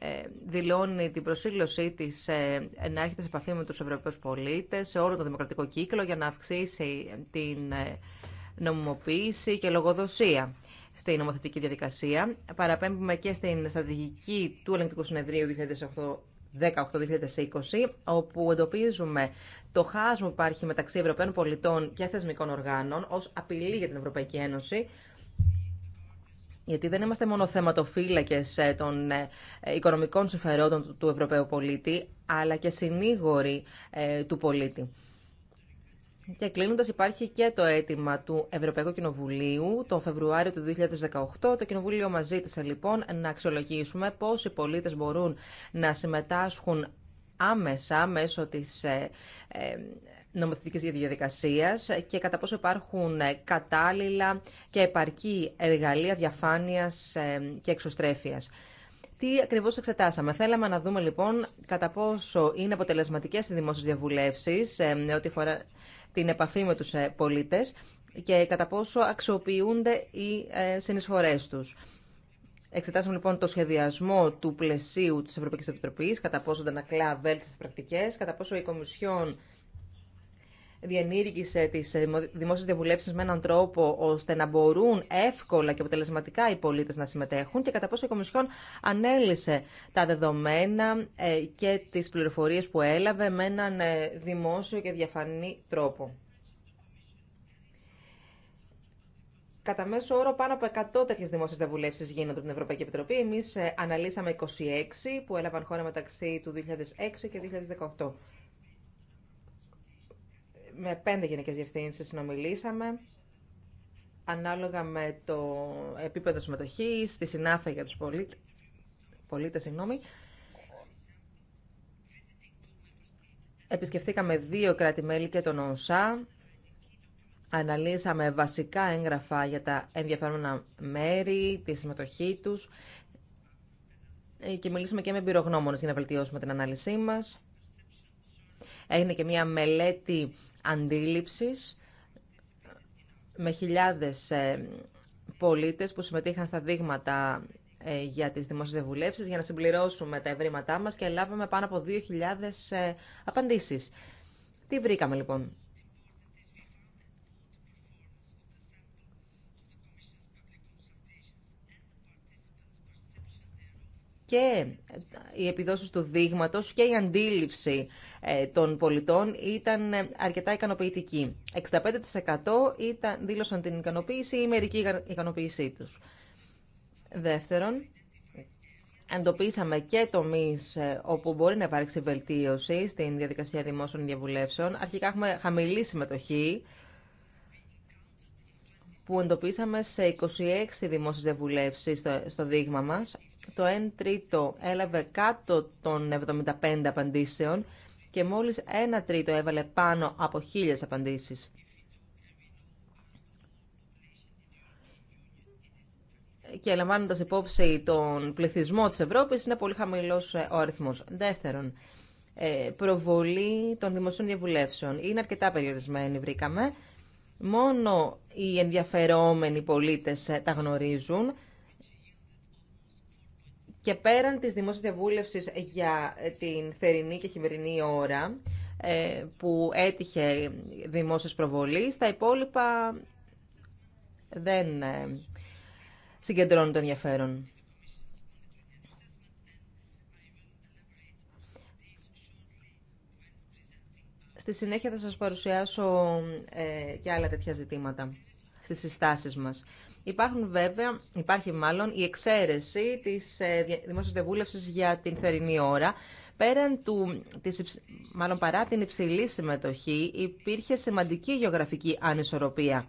ε, δηλώνει την προσήλωσή της ε, να έρχεται σε επαφή με του Ευρωπαίου πολίτε σε όλο το δημοκρατικό κύκλο για να αυξήσει την ε, νομιμοποίηση και λογοδοσία στη νομοθετική διαδικασία. Παραπέμπουμε και στην στρατηγική του Ελεγκτικού Συνεδρίου 2018-2020, όπου εντοπίζουμε το χάσμα που υπάρχει μεταξύ Ευρωπαίων πολιτών και θεσμικών οργάνων ως απειλή για την Ευρωπαϊκή Ένωση, γιατί δεν είμαστε μόνο θεματοφύλακε ε, των ε, οικονομικών συμφερόντων του Ευρωπαίου πολίτη, αλλά και συνήγοροι ε, του πολίτη. Και κλείνοντας υπάρχει και το αίτημα του Ευρωπαϊκού Κοινοβουλίου τον Φεβρουάριο του 2018. Το Κοινοβούλιο μας ζήτησε λοιπόν να αξιολογήσουμε πώς οι πολίτες μπορούν να συμμετάσχουν άμεσα μέσω της νομοθετικής διαδικασίας και κατά πόσο υπάρχουν ε, κατάλληλα και επαρκή εργαλεία διαφάνειας ε, και εξωστρέφειας. Τι ακριβώ εξετάσαμε. Θέλαμε να δούμε λοιπόν κατά πόσο είναι αποτελεσματικέ οι δημόσιε διαβουλεύσει ε, ό,τι αφορά την επαφή με του πολίτε και κατά πόσο αξιοποιούνται οι ε, συνεισφορέ του. Εξετάσαμε λοιπόν το σχεδιασμό του πλαισίου τη Ευρωπαϊκή Επιτροπή, κατά πόσο ανακλά βέλτιστε πρακτικέ, κατά πόσο η Κομισιόν διενήργησε τι ε, δημόσιε διαβουλεύσει με έναν τρόπο ώστε να μπορούν εύκολα και αποτελεσματικά οι πολίτε να συμμετέχουν και κατά πόσο η Κομισιόν ανέλησε τα δεδομένα ε, και τι πληροφορίε που έλαβε με έναν ε, δημόσιο και διαφανή τρόπο. Κατά μέσο όρο, πάνω από 100 τέτοιε δημόσιε διαβουλεύσει γίνονται από την Ευρωπαϊκή Επιτροπή. Εμεί αναλύσαμε 26 που έλαβαν χώρα μεταξύ του 2006 και 2018 με πέντε γενικέ διευθύνσεις συνομιλήσαμε ανάλογα με το επίπεδο συμμετοχής, τη συνάφεια για τους πολιτες πολίτες συγγνώμη. Επισκεφθήκαμε δύο κράτη-μέλη και τον ΟΣΑ. Αναλύσαμε βασικά έγγραφα για τα ενδιαφέρουνα μέρη, τη συμμετοχή τους ε, και μιλήσαμε και με εμπειρογνώμονες για να βελτιώσουμε την ανάλυση μας. Έγινε και μια μελέτη αντίληψης με χιλιάδες ε, πολίτες που συμμετείχαν στα δείγματα ε, για τις δημόσιες για να συμπληρώσουμε τα ευρήματά μας και λάβαμε πάνω από 2.000 ε, απαντήσεις. Τι βρήκαμε λοιπόν. Και οι επιδόσεις του δείγματος και η αντίληψη ε, των πολιτών ήταν ε, αρκετά ικανοποιητική. 65% ήταν, δήλωσαν την ικανοποίηση ή μερική ικανοποίησή τους. Δεύτερον, εντοπίσαμε και τομεί ε, όπου μπορεί να υπάρξει βελτίωση στην διαδικασία δημόσιων διαβουλεύσεων. Αρχικά έχουμε χαμηλή συμμετοχή που εντοπίσαμε σε 26 δημόσιες διαβουλεύσεις στο, στο δείγμα μας. Το 1 τρίτο έλαβε κάτω των 75 απαντήσεων και μόλις ένα τρίτο έβαλε πάνω από χίλιες απαντήσεις. Και λαμβάνοντας υπόψη τον πληθυσμό της Ευρώπης, είναι πολύ χαμηλός ε, ο αριθμός. Δεύτερον, ε, προβολή των δημοσίων διαβουλεύσεων. Είναι αρκετά περιορισμένη, βρήκαμε. Μόνο οι ενδιαφερόμενοι πολίτες ε, τα γνωρίζουν και πέραν της δημόσιας διαβούλευσης για ε, την θερινή και χειμερινή ώρα ε, που έτυχε δημόσιας προβολής, τα υπόλοιπα δεν ε, συγκεντρώνουν το ενδιαφέρον. Στη συνέχεια θα σας παρουσιάσω και άλλα τέτοια ζητήματα στις συστάσεις μας. Υπάρχουν βέβαια, υπάρχει μάλλον η εξαίρεση της ε, δημόσιας διαβούλευσης για την θερινή ώρα. Πέραν του, της, μάλλον παρά την υψηλή συμμετοχή, υπήρχε σημαντική γεωγραφική ανισορροπία.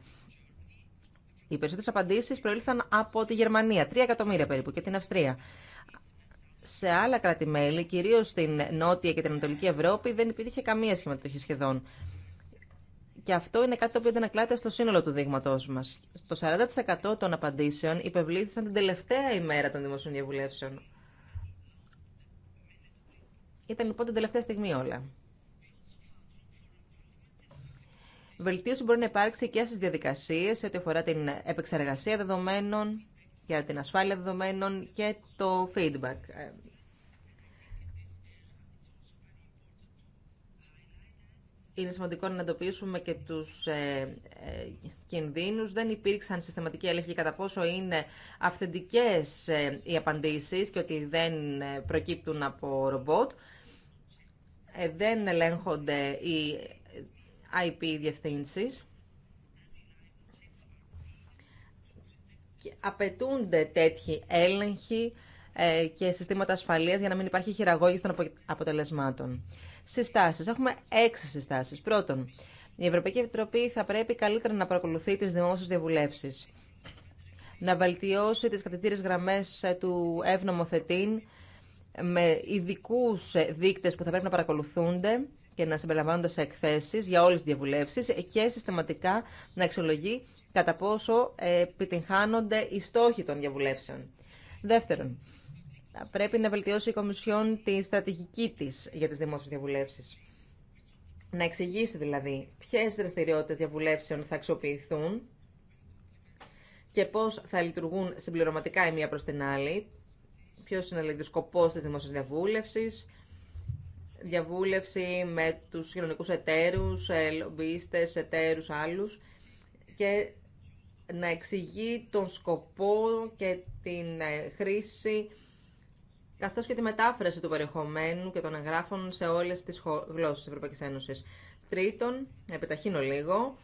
Οι περισσότερες απαντήσεις προήλθαν από τη Γερμανία, 3 εκατομμύρια περίπου, και την Αυστρία. Σε άλλα κράτη-μέλη, κυρίως στην Νότια και την Ανατολική Ευρώπη, δεν υπήρχε καμία συμμετοχή σχεδόν. Και αυτό είναι κάτι το οποίο αντανακλάται στο σύνολο του δείγματό μα. Το 40% των απαντήσεων υπευλήθησαν την τελευταία ημέρα των δημοσίων διαβουλεύσεων. Ήταν λοιπόν την τελευταία στιγμή όλα. Βελτίωση μπορεί να υπάρξει και στι διαδικασίε σε ό,τι αφορά την επεξεργασία δεδομένων, για την ασφάλεια δεδομένων και το feedback ε, είναι σημαντικό να εντοπίσουμε και τους ε, ε, κινδύνους. Δεν υπήρξαν συστηματικοί έλεγχοι κατά πόσο είναι αυθεντικές ε, οι απαντήσεις και ότι δεν ε, προκύπτουν από ρομπότ. Δεν ελέγχονται οι IP διευθύνσεις. Και απαιτούνται τέτοιοι έλεγχοι και συστήματα ασφαλείας για να μην υπάρχει χειραγώγηση των αποτελεσμάτων συστάσεις. Έχουμε έξι συστάσεις. Πρώτον, η Ευρωπαϊκή Επιτροπή θα πρέπει καλύτερα να παρακολουθεί τις δημόσιες διαβουλεύσεις, να βελτιώσει τις κατητήρες γραμμές του ευνομοθετήν με ειδικού δείκτες που θα πρέπει να παρακολουθούνται και να συμπεριλαμβάνονται σε εκθέσεις για όλες τις διαβουλεύσεις και συστηματικά να εξολογεί κατά πόσο επιτυγχάνονται οι στόχοι των διαβουλεύσεων. Δεύτερον, πρέπει να βελτιώσει η Κομισιόν τη στρατηγική της για τις δημόσιες διαβουλεύσεις. Να εξηγήσει δηλαδή ποιες δραστηριότητες διαβουλεύσεων θα αξιοποιηθούν και πώς θα λειτουργούν συμπληρωματικά η μία προς την άλλη, Ποιο είναι δηλαδή, ο σκοπός της δημόσιας διαβούλευση, διαβούλευση με τους κοινωνικού εταίρου, ε, λομπίστε, εταίρου άλλου, και να εξηγεί τον σκοπό και την ε, χρήση Καθώ και τη μετάφραση του περιεχομένου και των εγγράφων σε όλες τις γλώσσε τη Ευρωπαϊκή Ένωση. Τρίτον, επιταχύνω λίγο,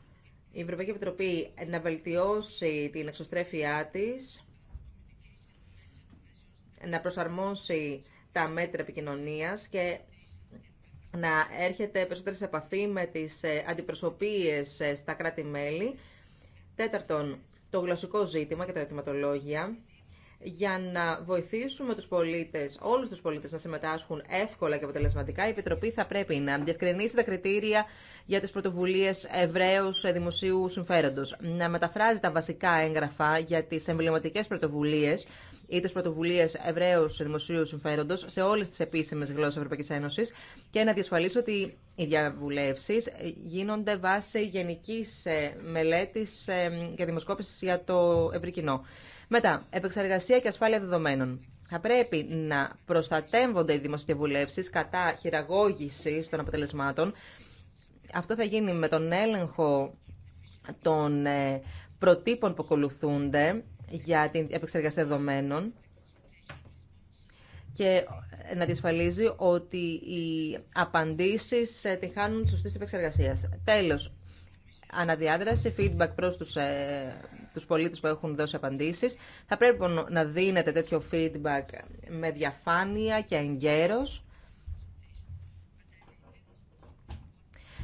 η Ευρωπαϊκή Επιτροπή να βελτιώσει την εξωστρέφειά της, να προσαρμόσει τα μέτρα επικοινωνία και να έρχεται περισσότερη σε επαφή με τι ε, αντιπροσωπείε ε, στα κράτη-μέλη. Τέταρτον, το γλωσσικό ζήτημα και τα ερωτηματολόγια για να βοηθήσουμε τους πολίτες, όλους τους πολίτες να συμμετάσχουν εύκολα και αποτελεσματικά, η Επιτροπή θα πρέπει να διευκρινίσει τα κριτήρια για τις πρωτοβουλίες Εβραίου δημοσίου συμφέροντος, να μεταφράζει τα βασικά έγγραφα για τις εμβληματικές πρωτοβουλίες ή τι πρωτοβουλίε Εβραίου δημοσίου συμφέροντο σε όλε τι επίσημε γλώσσε Ευρωπαϊκή Ένωση και να διασφαλίσει ότι οι διαβουλεύσει γίνονται βάσει γενική μελέτη και δημοσκόπηση για το ευρύ κοινό. Μετά, επεξεργασία και ασφάλεια δεδομένων. Θα πρέπει να προστατεύονται οι δημοσιοβουλεύσεις κατά χειραγώγηση των αποτελεσμάτων. Αυτό θα γίνει με τον έλεγχο των ε, προτύπων που ακολουθούνται για την επεξεργασία δεδομένων και ε, να διασφαλίζει ότι οι απαντήσεις ε, την χάνουν σωστής σωστή Τέλος, αναδιάδραση, feedback προς τους, ε, τους πολίτες που έχουν δώσει απαντήσεις. Θα πρέπει λοιπόν να δίνετε τέτοιο feedback με διαφάνεια και εγκαίρος.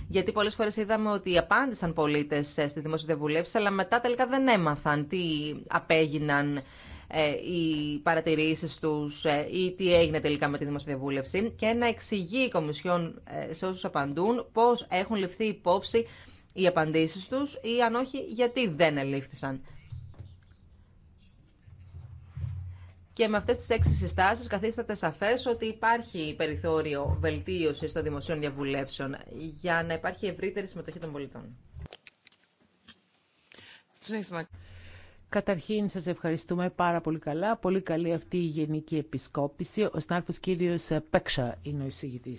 Γιατί πολλές φορές είδαμε ότι απάντησαν πολίτες ε, στη δημοσιοδεβουλεύση, αλλά μετά τελικά δεν έμαθαν τι απέγιναν ε, οι παρατηρήσεις τους ε, ή τι έγινε τελικά με τη δημοσιοδιαβούλευση και να εξηγεί η Κομισιόν σε όσους απαντούν πώς έχουν ληφθεί υπόψη οι απαντήσεις τους ή αν όχι γιατί δεν ελήφθησαν. Και με αυτές τις έξι συστάσεις καθίσταται σαφές ότι υπάρχει περιθώριο βελτίωσης των δημοσίων διαβουλεύσεων για να υπάρχει ευρύτερη συμμετοχή των πολιτών.
Καταρχήν σας ευχαριστούμε πάρα πολύ καλά. Πολύ καλή αυτή η γενική επισκόπηση. Ο συνάδελφο κύριο Πέξα είναι ο εισηγητή.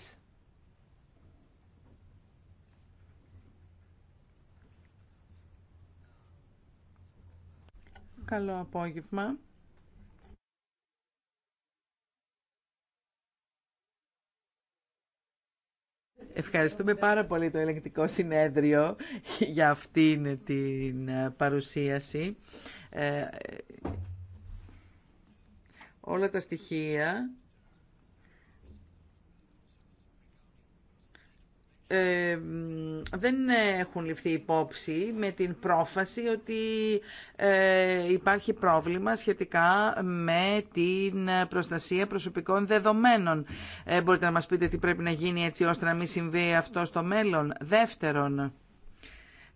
Καλό απόγευμα. Ευχαριστούμε πάρα πολύ το ελεγκτικό συνέδριο για αυτήν την ε, παρουσίαση. Ε, ε, όλα τα στοιχεία δεν έχουν ληφθεί υπόψη με την πρόφαση ότι ε, υπάρχει πρόβλημα σχετικά με την προστασία προσωπικών δεδομένων. Ε, μπορείτε να μας πείτε τι πρέπει να γίνει έτσι ώστε να μην συμβεί αυτό στο μέλλον. Δεύτερον,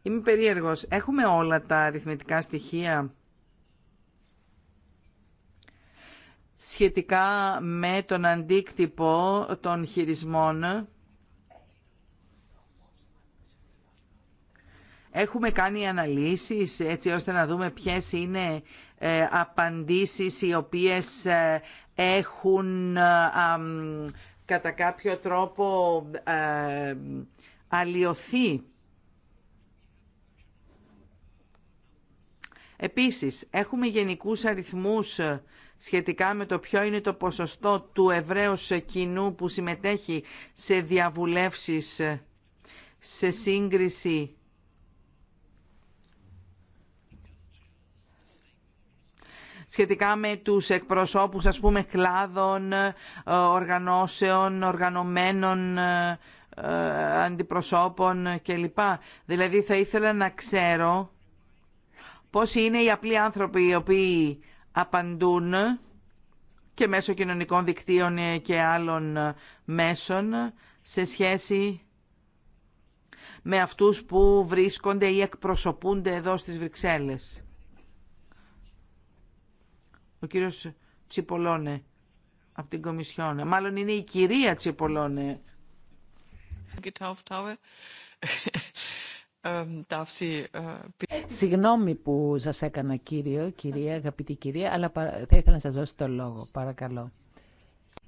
είμαι περίεργος. Έχουμε όλα τα αριθμητικά στοιχεία σχετικά με τον αντίκτυπο των χειρισμών Έχουμε κάνει αναλύσεις έτσι ώστε να δούμε ποιες είναι ε, απαντήσεις οι οποίες ε, έχουν ε, κατά κάποιο τρόπο αλλοιωθεί. Επίσης, έχουμε γενικούς αριθμούς σχετικά με το ποιο είναι το ποσοστό του Εβραίου κοινού που συμμετέχει σε διαβουλεύσεις σε σύγκριση σχετικά με τους εκπροσώπους ας πούμε κλάδων, ε, οργανώσεων, οργανωμένων ε, ε, αντιπροσώπων κλπ. Δηλαδή θα ήθελα να ξέρω πώς είναι οι απλοί άνθρωποι οι οποίοι απαντούν και μέσω κοινωνικών δικτύων και άλλων μέσων σε σχέση με αυτούς που βρίσκονται ή εκπροσωπούνται εδώ στις Βρυξέλλες. Ο κύριος Τσίπολόνε από την Κομισιόν. Μάλλον είναι η κυρία Τσιπολώνε.
Συγγνώμη που σας έκανα κύριο, κυρία, αγαπητή κυρία, αλλά θα ήθελα να σας δώσω το λόγο. Παρακαλώ.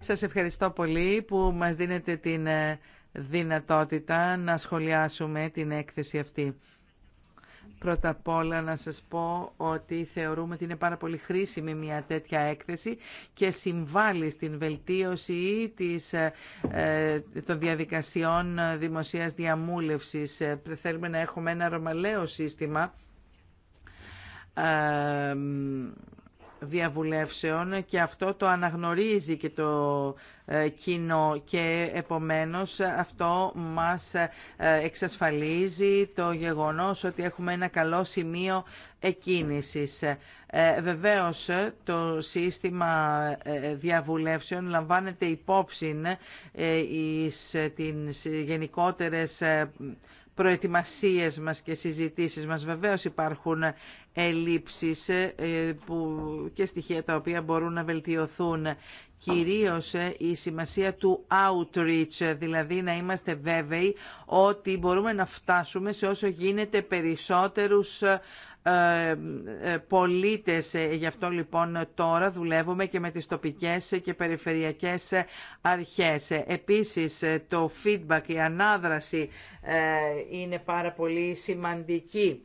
Σας ευχαριστώ πολύ που μας δίνετε την ε, δυνατότητα να σχολιάσουμε την έκθεση αυτή. Πρώτα απ' όλα να σας πω ότι θεωρούμε ότι είναι πάρα πολύ χρήσιμη μια τέτοια έκθεση και συμβάλλει στην βελτίωση της, ε, των διαδικασιών δημοσίας διαμούλευσης. Ε, θέλουμε να έχουμε ένα ρωμαλαίο σύστημα ε, διαβουλεύσεων και αυτό το αναγνωρίζει και το ε, κοινό και επομένως αυτό μας ε, εξασφαλίζει το γεγονός ότι έχουμε ένα καλό σημείο εκκίνησης. Ε, βεβαίως το σύστημα διαβουλεύσεων λαμβάνεται υπόψη εις τις γενικότερες προετοιμασίες μας και συζητήσεις μας. Βεβαίως υπάρχουν ελλείψεις ε, που, και στοιχεία τα οποία μπορούν να βελτιωθούν. Κυρίως ε, η σημασία του outreach, ε, δηλαδή να είμαστε βέβαιοι ότι μπορούμε να φτάσουμε σε όσο γίνεται περισσότερους πολίτες. Γι' αυτό λοιπόν τώρα δουλεύουμε και με τις τοπικές και περιφερειακές αρχές. Επίσης το feedback, η ανάδραση είναι πάρα πολύ σημαντική.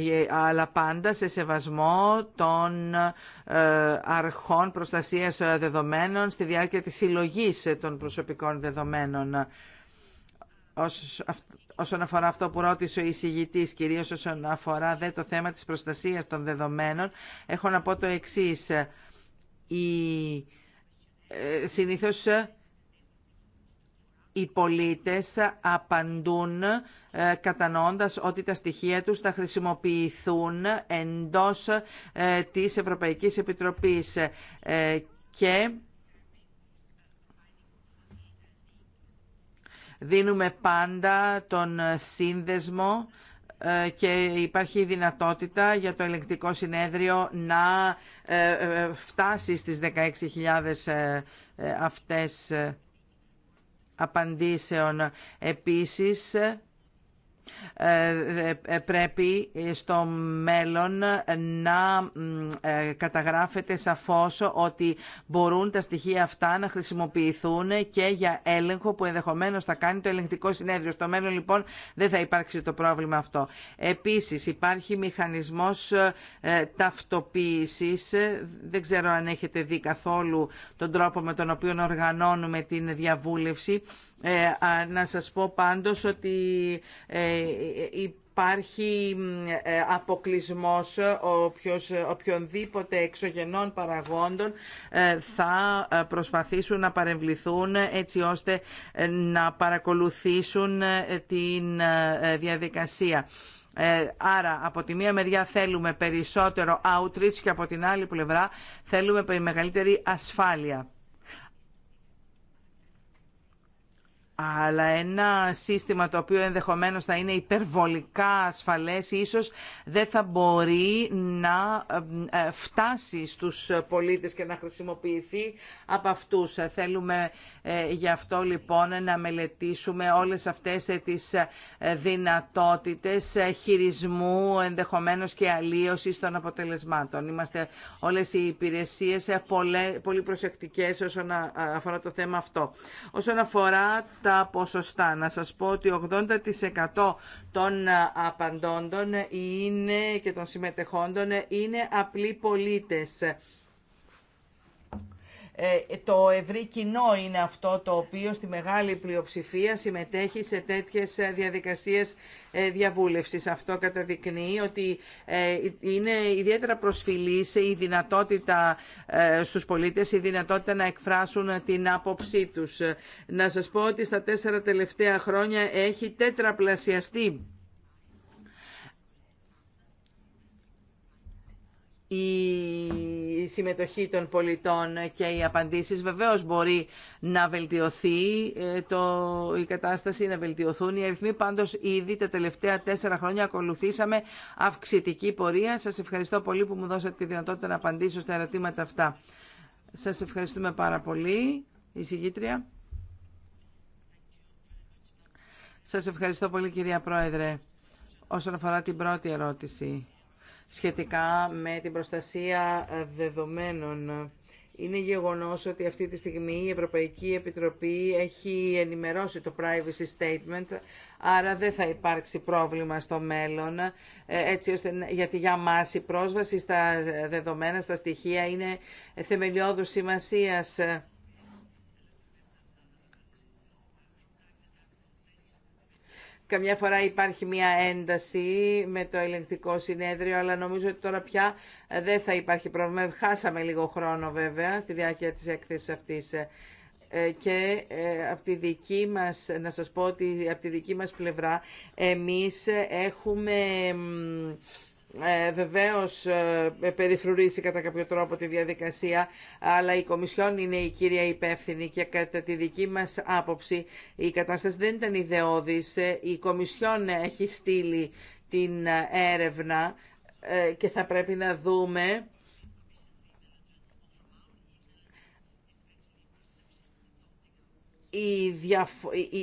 Ε, αλλά πάντα σε σεβασμό των ε, αρχών προστασίας δεδομένων στη διάρκεια της συλλογή των προσωπικών δεδομένων. Όσον αφορά αυτό που ρώτησε ο εισηγητή, κυρίω όσον αφορά δε το θέμα της προστασίας των δεδομένων, έχω να πω το εξής. Η... Ε, συνήθως οι πολίτες απαντούν ε, κατανοώντας ότι τα στοιχεία τους θα χρησιμοποιηθούν εντός ε, της Ευρωπαϊκής Επιτροπής ε, και δίνουμε πάντα τον σύνδεσμο και υπάρχει η δυνατότητα για το ελεγκτικό συνέδριο να φτάσει στις 16.000 αυτές απαντήσεων. Επίσης, ε, ε, πρέπει στο μέλλον να ε, καταγράφεται σαφώς ότι μπορούν τα στοιχεία αυτά να χρησιμοποιηθούν και για έλεγχο που ενδεχομένως θα κάνει το ελεγκτικό συνέδριο. Στο μέλλον λοιπόν δεν θα υπάρξει το πρόβλημα αυτό. Επίσης υπάρχει μηχανισμός ταυτοποίησης. Δεν ξέρω αν έχετε δει καθόλου τον τρόπο με τον οποίο οργανώνουμε την διαβούλευση ε, να σας πω πάντως ότι ε, υπάρχει ε, αποκλισμός οποιος, οποιονδήποτε εξωγενών παραγόντων θα προσπαθήσουν να παρεμβληθούν έτσι ώστε να παρακολουθήσουν την διαδικασία. Άρα, από τη μία μεριά θέλουμε περισσότερο outreach και από την άλλη πλευρά θέλουμε μεγαλύτερη ασφάλεια. αλλά ένα σύστημα το οποίο ενδεχομένως θα είναι υπερβολικά ασφαλές ίσως δεν θα μπορεί να ε, ε, φτάσει στους πολίτες και να χρησιμοποιηθεί από αυτούς. Θέλουμε ε, γι' αυτό λοιπόν να μελετήσουμε όλες αυτές τις δυνατότητες χειρισμού ενδεχομένως και αλλίωσης των αποτελεσμάτων. Είμαστε όλες οι υπηρεσίες πολύ προσεκτικές όσον αφορά το θέμα αυτό. Όσον αφορά να σας πω ότι 80% των ε, απαντώντων είναι, και των συμμετεχόντων είναι απλοί πολίτες ε, το ευρύ κοινό είναι αυτό το οποίο στη μεγάλη πλειοψηφία συμμετέχει σε τέτοιες ε, διαδικασίες ε, διαβούλευσης. Αυτό καταδεικνύει ότι είναι ιδιαίτερα προσφυλής η δυνατότητα στους πολίτες, η δυνατότητα να εκφράσουν την άποψή τους. Να σας πω ότι στα τέσσερα τελευταία χρόνια έχει τέτραπλασιαστεί η συμμετοχή των πολιτών και οι απαντήσεις. Βεβαίως μπορεί να βελτιωθεί ε, το, η κατάσταση, να βελτιωθούν οι αριθμοί. Πάντως ήδη τα τελευταία τέσσερα χρόνια ακολουθήσαμε αυξητική πορεία. Σας ευχαριστώ πολύ που μου δώσατε τη δυνατότητα να απαντήσω στα ερωτήματα αυτά. Σας ευχαριστούμε πάρα πολύ, η συγκήτρια. Σας ευχαριστώ πολύ, κυρία Πρόεδρε, όσον αφορά την πρώτη ερώτηση σχετικά με την προστασία ε, δεδομένων. Είναι γεγονός ότι αυτή τη στιγμή η Ευρωπαϊκή Επιτροπή έχει ενημερώσει το privacy statement, άρα δεν θα υπάρξει πρόβλημα στο μέλλον, ε, έτσι ώστε, γιατί για μας η πρόσβαση στα δεδομένα, στα στοιχεία είναι θεμελιώδους σημασίας. Καμιά φορά υπάρχει μια ένταση με το ελεγκτικό συνέδριο, αλλά νομίζω ότι τώρα πια ε, δεν θα υπάρχει πρόβλημα. Χάσαμε λίγο χρόνο βέβαια στη διάρκεια της έκθεσης αυτής. Ε, και ε, από τη δική μας, να σας πω ότι από τη δική μας πλευρά εμείς έχουμε ε, βεβαίως ε, περιφρουρήσει κατά κάποιο τρόπο τη διαδικασία, αλλά η Κομισιόν είναι η κύρια υπεύθυνη και κατά τη δική μας άποψη η κατάσταση δεν ήταν ιδεώδης. Ε, η Κομισιόν έχει στείλει την ε, έρευνα και θα πρέπει να δούμε η,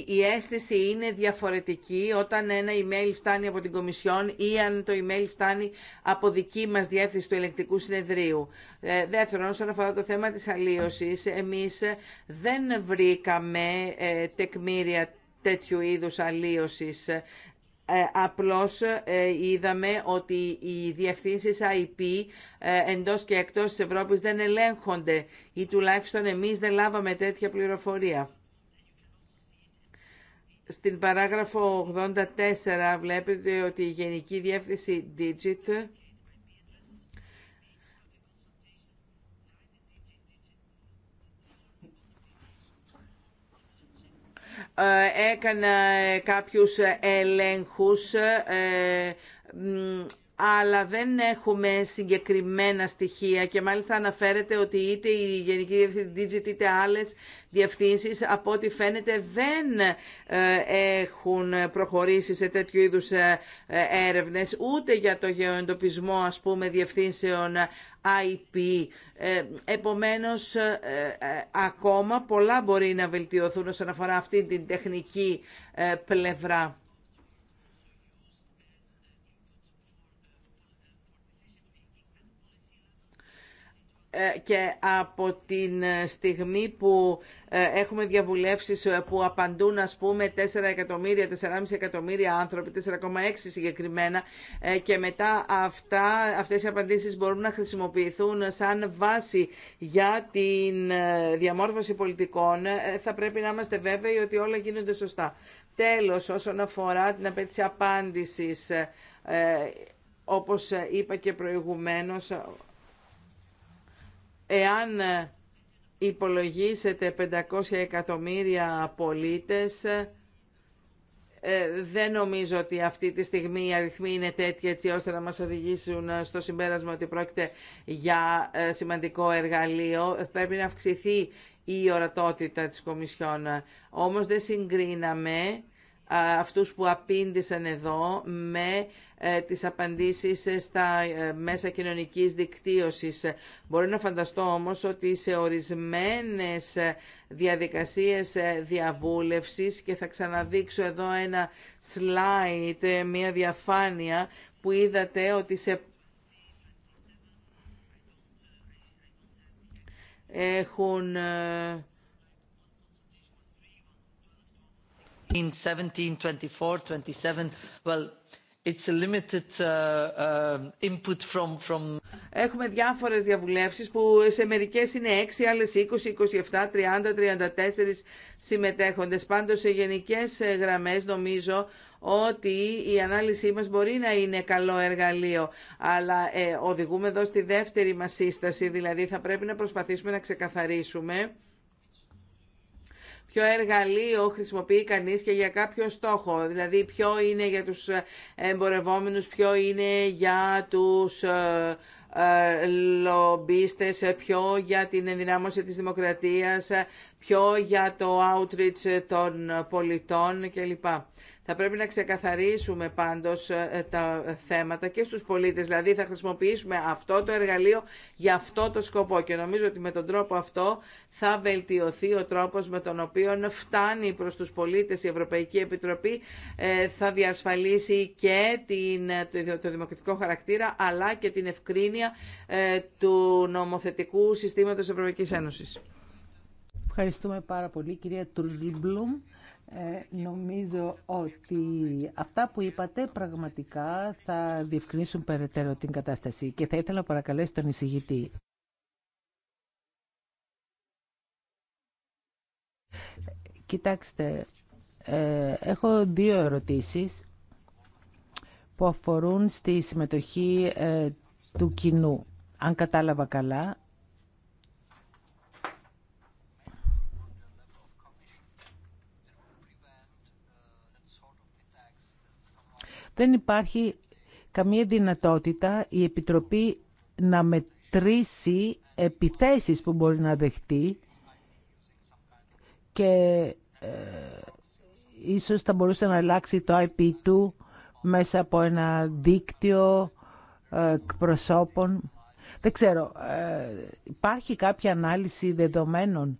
η, αίσθηση είναι διαφορετική όταν ένα email φτάνει από την Κομισιόν ή αν το email φτάνει από δική μας διεύθυνση του ελεκτικού συνεδρίου. Ε, δεύτερον, όσον αφορά το θέμα της αλλίωσης, εμείς δεν βρήκαμε ε, τεκμήρια τέτοιου είδους αλλίωσης. Ε, απλώς ε, είδαμε ότι οι διευθύνσεις IP ε, εντός και εκτός της Ευρώπης δεν ελέγχονται ή τουλάχιστον εμείς δεν λάβαμε τέτοια πληροφορία. Στην παράγραφο 84 βλέπετε ότι η Γενική Διεύθυνση Digit ε, έκανα κάποιους ελέγχους ε, αλλά δεν έχουμε συγκεκριμένα στοιχεία και μάλιστα αναφέρεται ότι είτε η Γενική Διευθυντή είτε άλλες διευθύνσεις από ό,τι φαίνεται δεν ε, έχουν προχωρήσει σε τέτοιου είδους ε, έρευνες ούτε για το γεωεντοπισμό ας πούμε διευθύνσεων IP. Ε, επομένως, ακόμα πολλά μπορεί να βελτιωθούν όσον αφορά αυτή την τεχνική πλευρά. Ε, και από την ε, στιγμή που ε, έχουμε διαβουλεύσεις που απαντούν ας πούμε 4 εκατομμύρια, 4,5 εκατομμύρια άνθρωποι, 4,6 συγκεκριμένα και μετά αυτά, αυτές οι απαντήσεις μπορούν να χρησιμοποιηθούν σαν βάση για την διαμόρφωση πολιτικών θα πρέπει να είμαστε βέβαιοι ότι όλα γίνονται σωστά. Τέλος, όσον αφορά την απέτηση απάντησης, όπως είπα και προηγουμένως, Εάν ε, υπολογίσετε 500 εκατομμύρια πολίτες, ε, δεν νομίζω ότι αυτή τη στιγμή οι αριθμοί είναι τέτοιοι έτσι ώστε να μας οδηγήσουν ε, στο συμπέρασμα ότι πρόκειται για σημαντικό εργαλείο. Πρέπει να αυξηθεί η ορατότητα της Κομισιόν. Όμως δεν συγκρίναμε αυτούς που απήντησαν εδώ με ε, τις απαντήσεις στα ε, μέσα κοινωνικής δικτύωσης. Μπορεί να φανταστώ όμως ότι σε ορισμένες ε, διαδικασίες διαβούλευσης και θα ξαναδείξω εδώ ένα slide, μια διαφάνεια που είδατε ότι σε έχουν in ...εξαιτίας 27, well, Uh, uh, Έχουμε διάφορες διαβουλεύσεις που σε μερικές είναι 6, άλλες 20, 27, 30, 34 συμμετέχοντες. Πάντως σε γενικές ε, γραμμές νομίζω ότι η ανάλυση μας μπορεί να είναι καλό εργαλείο, αλλά ε, οδηγούμε εδώ στη δεύτερη μας σύσταση, δηλαδή θα πρέπει να προσπαθήσουμε να ξεκαθαρίσουμε ποιο εργαλείο χρησιμοποιεί κανείς και για κάποιο στόχο. Δηλαδή ποιο είναι για τους ε, εμπορευόμενους, ποιο είναι για τους ε, ε, λομπίστες, ποιο για την ενδυνάμωση της δημοκρατίας, ποιο για το outreach των πολιτών κλπ. Θα πρέπει να ξεκαθαρίσουμε πάντως ε, τα θέματα και στους πολίτες. Δηλαδή θα χρησιμοποιήσουμε αυτό το εργαλείο για αυτό το σκοπό και νομίζω ότι με τον τρόπο αυτό θα βελτιωθεί ο τρόπος με τον οποίο φτάνει προς τους πολίτες η Ευρωπαϊκή Επιτροπή. Ε, θα διασφαλίσει και το δημοκρατικό χαρακτήρα αλλά και την ευκρίνεια ε, του νομοθετικού συστήματος Ευρωπαϊκής Ένωσης.
Ευχαριστούμε πάρα πολύ κυρία Τουρλιμπλουμ. Ε, νομίζω ότι αυτά που είπατε πραγματικά θα διευκρινίσουν περαιτέρω την κατάσταση και θα ήθελα να παρακαλέσω τον εισηγητή. Κοιτάξτε, ε, έχω δύο ερωτήσεις που αφορούν στη συμμετοχή ε, του κοινού. Αν κατάλαβα καλά, Δεν υπάρχει καμία δυνατότητα η Επιτροπή να μετρήσει επιθέσεις που μπορεί να δεχτεί και ε, ίσως θα μπορούσε να αλλάξει το IP του μέσα από ένα δίκτυο ε, προσώπων. Δεν ξέρω, ε, υπάρχει κάποια ανάλυση δεδομένων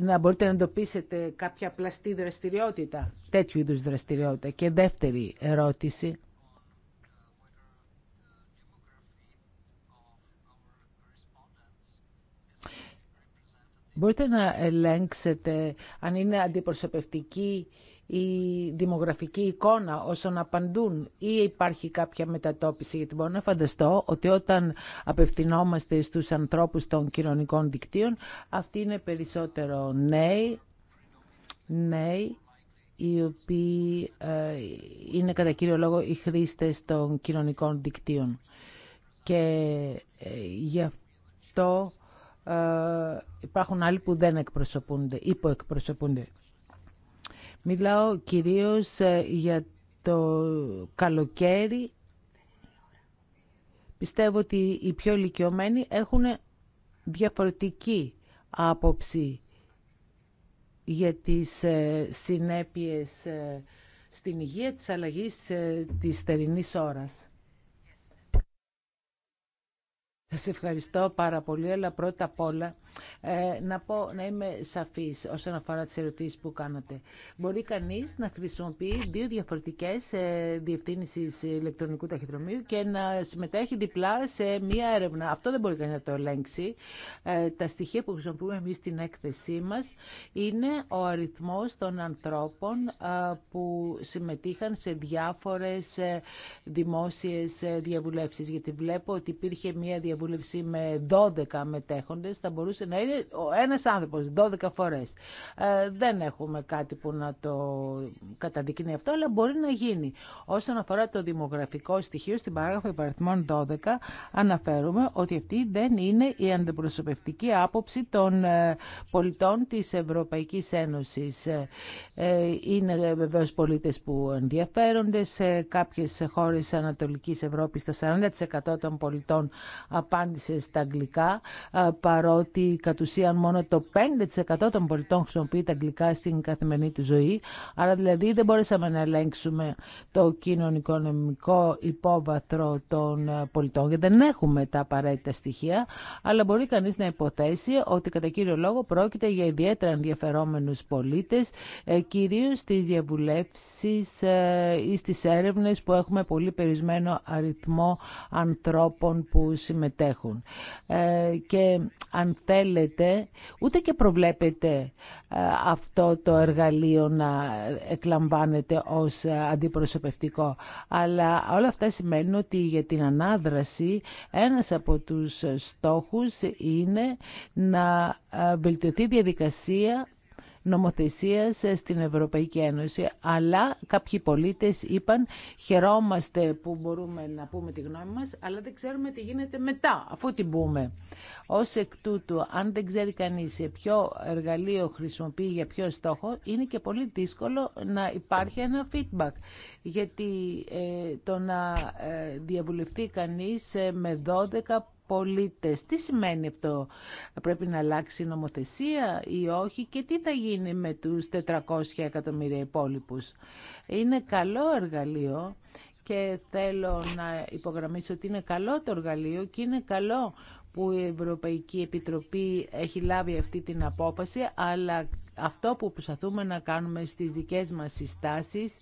να μπορείτε να εντοπίσετε κάποια πλαστή δραστηριότητα, τέτοιου είδους δραστηριότητα. Και δεύτερη ερώτηση. Μπορείτε να ελέγξετε αν είναι αντιπροσωπευτική η δημογραφική εικόνα όσων απαντούν ή υπάρχει κάποια μετατόπιση. Γιατί μπορώ να φανταστώ ότι όταν απευθυνόμαστε στους ανθρώπους των κοινωνικών δικτύων, αυτοί είναι περισσότερο νέοι, οι οποίοι ε, είναι κατά κύριο λόγο οι χρήστες των κοινωνικών δικτύων. Και ε, γι' αυτό ε, υπάρχουν άλλοι που δεν εκπροσωπούνται, υποεκπροσωπούνται. Μιλάω κυρίως ε, για το καλοκαίρι. Πιστεύω ότι οι πιο ηλικιωμένοι έχουν διαφορετική άποψη για τις ε, συνέπειες ε, στην υγεία της αλλαγής της θερινής ώρας. Σας ευχαριστώ πάρα πολύ, αλλά πρώτα απ' όλα ε, να πω, να είμαι σαφής όσον αφορά τις ερωτήσεις που κάνατε. Μπορεί κανείς να χρησιμοποιεί δύο διαφορετικές ε, διευθύνσεις ηλεκτρονικού ταχυδρομείου και να συμμετέχει διπλά σε μία έρευνα. Αυτό δεν μπορεί κανείς να το ελέγξει. Ε, τα στοιχεία που χρησιμοποιούμε εμείς στην έκθεσή μας είναι ο αριθμός των ανθρώπων ε, που συμμετείχαν σε διάφορες δημόσιες διαβουλεύσεις. Γιατί βλέπω ότι υπήρχε μία διαβούλευση με 12 μετέχοντες. Θα μπορούσε μπορούσε να είναι ο ένας άνθρωπος 12 φορές. Ε, δεν έχουμε κάτι που να το καταδεικνύει αυτό, αλλά μπορεί να γίνει. Όσον αφορά το δημογραφικό στοιχείο, στην παράγραφο υπαριθμών 12 αναφέρουμε ότι αυτή δεν είναι η αντιπροσωπευτική άποψη των ε, πολιτών της Ευρωπαϊκής Ένωσης. Ε, ε, είναι βεβαίως πολίτες που ενδιαφέρονται σε κάποιες χώρες της Ανατολικής Ευρώπης. Το 40% των πολιτών απάντησε στα αγγλικά παρότι κατ' ουσίαν μόνο το 5% των πολιτών χρησιμοποιεί τα αγγλικά στην καθημερινή του ζωή. Άρα δηλαδή δεν μπορέσαμε να ελέγξουμε το κοινωνικονομικό υπόβαθρο των πολιτών γιατί δεν έχουμε τα απαραίτητα στοιχεία. Αλλά μπορεί κανείς να υποθέσει ότι κατά κύριο λόγο πρόκειται για ιδιαίτερα ενδιαφερόμενους πολίτες ε, κυρίως στις διαβουλεύσεις ε, ή στις έρευνες που έχουμε πολύ περισμένο αριθμό ανθρώπων που συμμετέχουν. Ε, ούτε και προβλέπετε ε, αυτό το εργαλείο να εκλαμβάνεται ως ε, αντιπροσωπευτικό. Αλλά όλα αυτά σημαίνουν ότι για την ανάδραση ένας από τους στόχους είναι να ε, βελτιωθεί η διαδικασία νομοθεσίας ε, στην Ευρωπαϊκή Ένωση. Αλλά κάποιοι πολίτες είπαν χαιρόμαστε που μπορούμε να πούμε τη γνώμη μας, αλλά δεν ξέρουμε τι γίνεται μετά, αφού την πούμε. Ως εκ τούτου, αν δεν ξέρει κανείς σε ποιο εργαλείο χρησιμοποιεί για ποιο στόχο, είναι και πολύ δύσκολο να υπάρχει ένα feedback. Γιατί ε, το να ε, διαβουλευτεί κανείς με 12 πολίτες. Τι σημαίνει αυτό, πρέπει να αλλάξει η νομοθεσία ή όχι και τι θα γίνει με τους 400 εκατομμύρια υπόλοιπους. Είναι καλό εργαλείο και θέλω να υπογραμμίσω ότι είναι καλό το εργαλείο και είναι καλό που η Ευρωπαϊκή Επιτροπή έχει λάβει αυτή την απόφαση, αλλά αυτό που προσπαθούμε να κάνουμε στις δικές μας συστάσεις,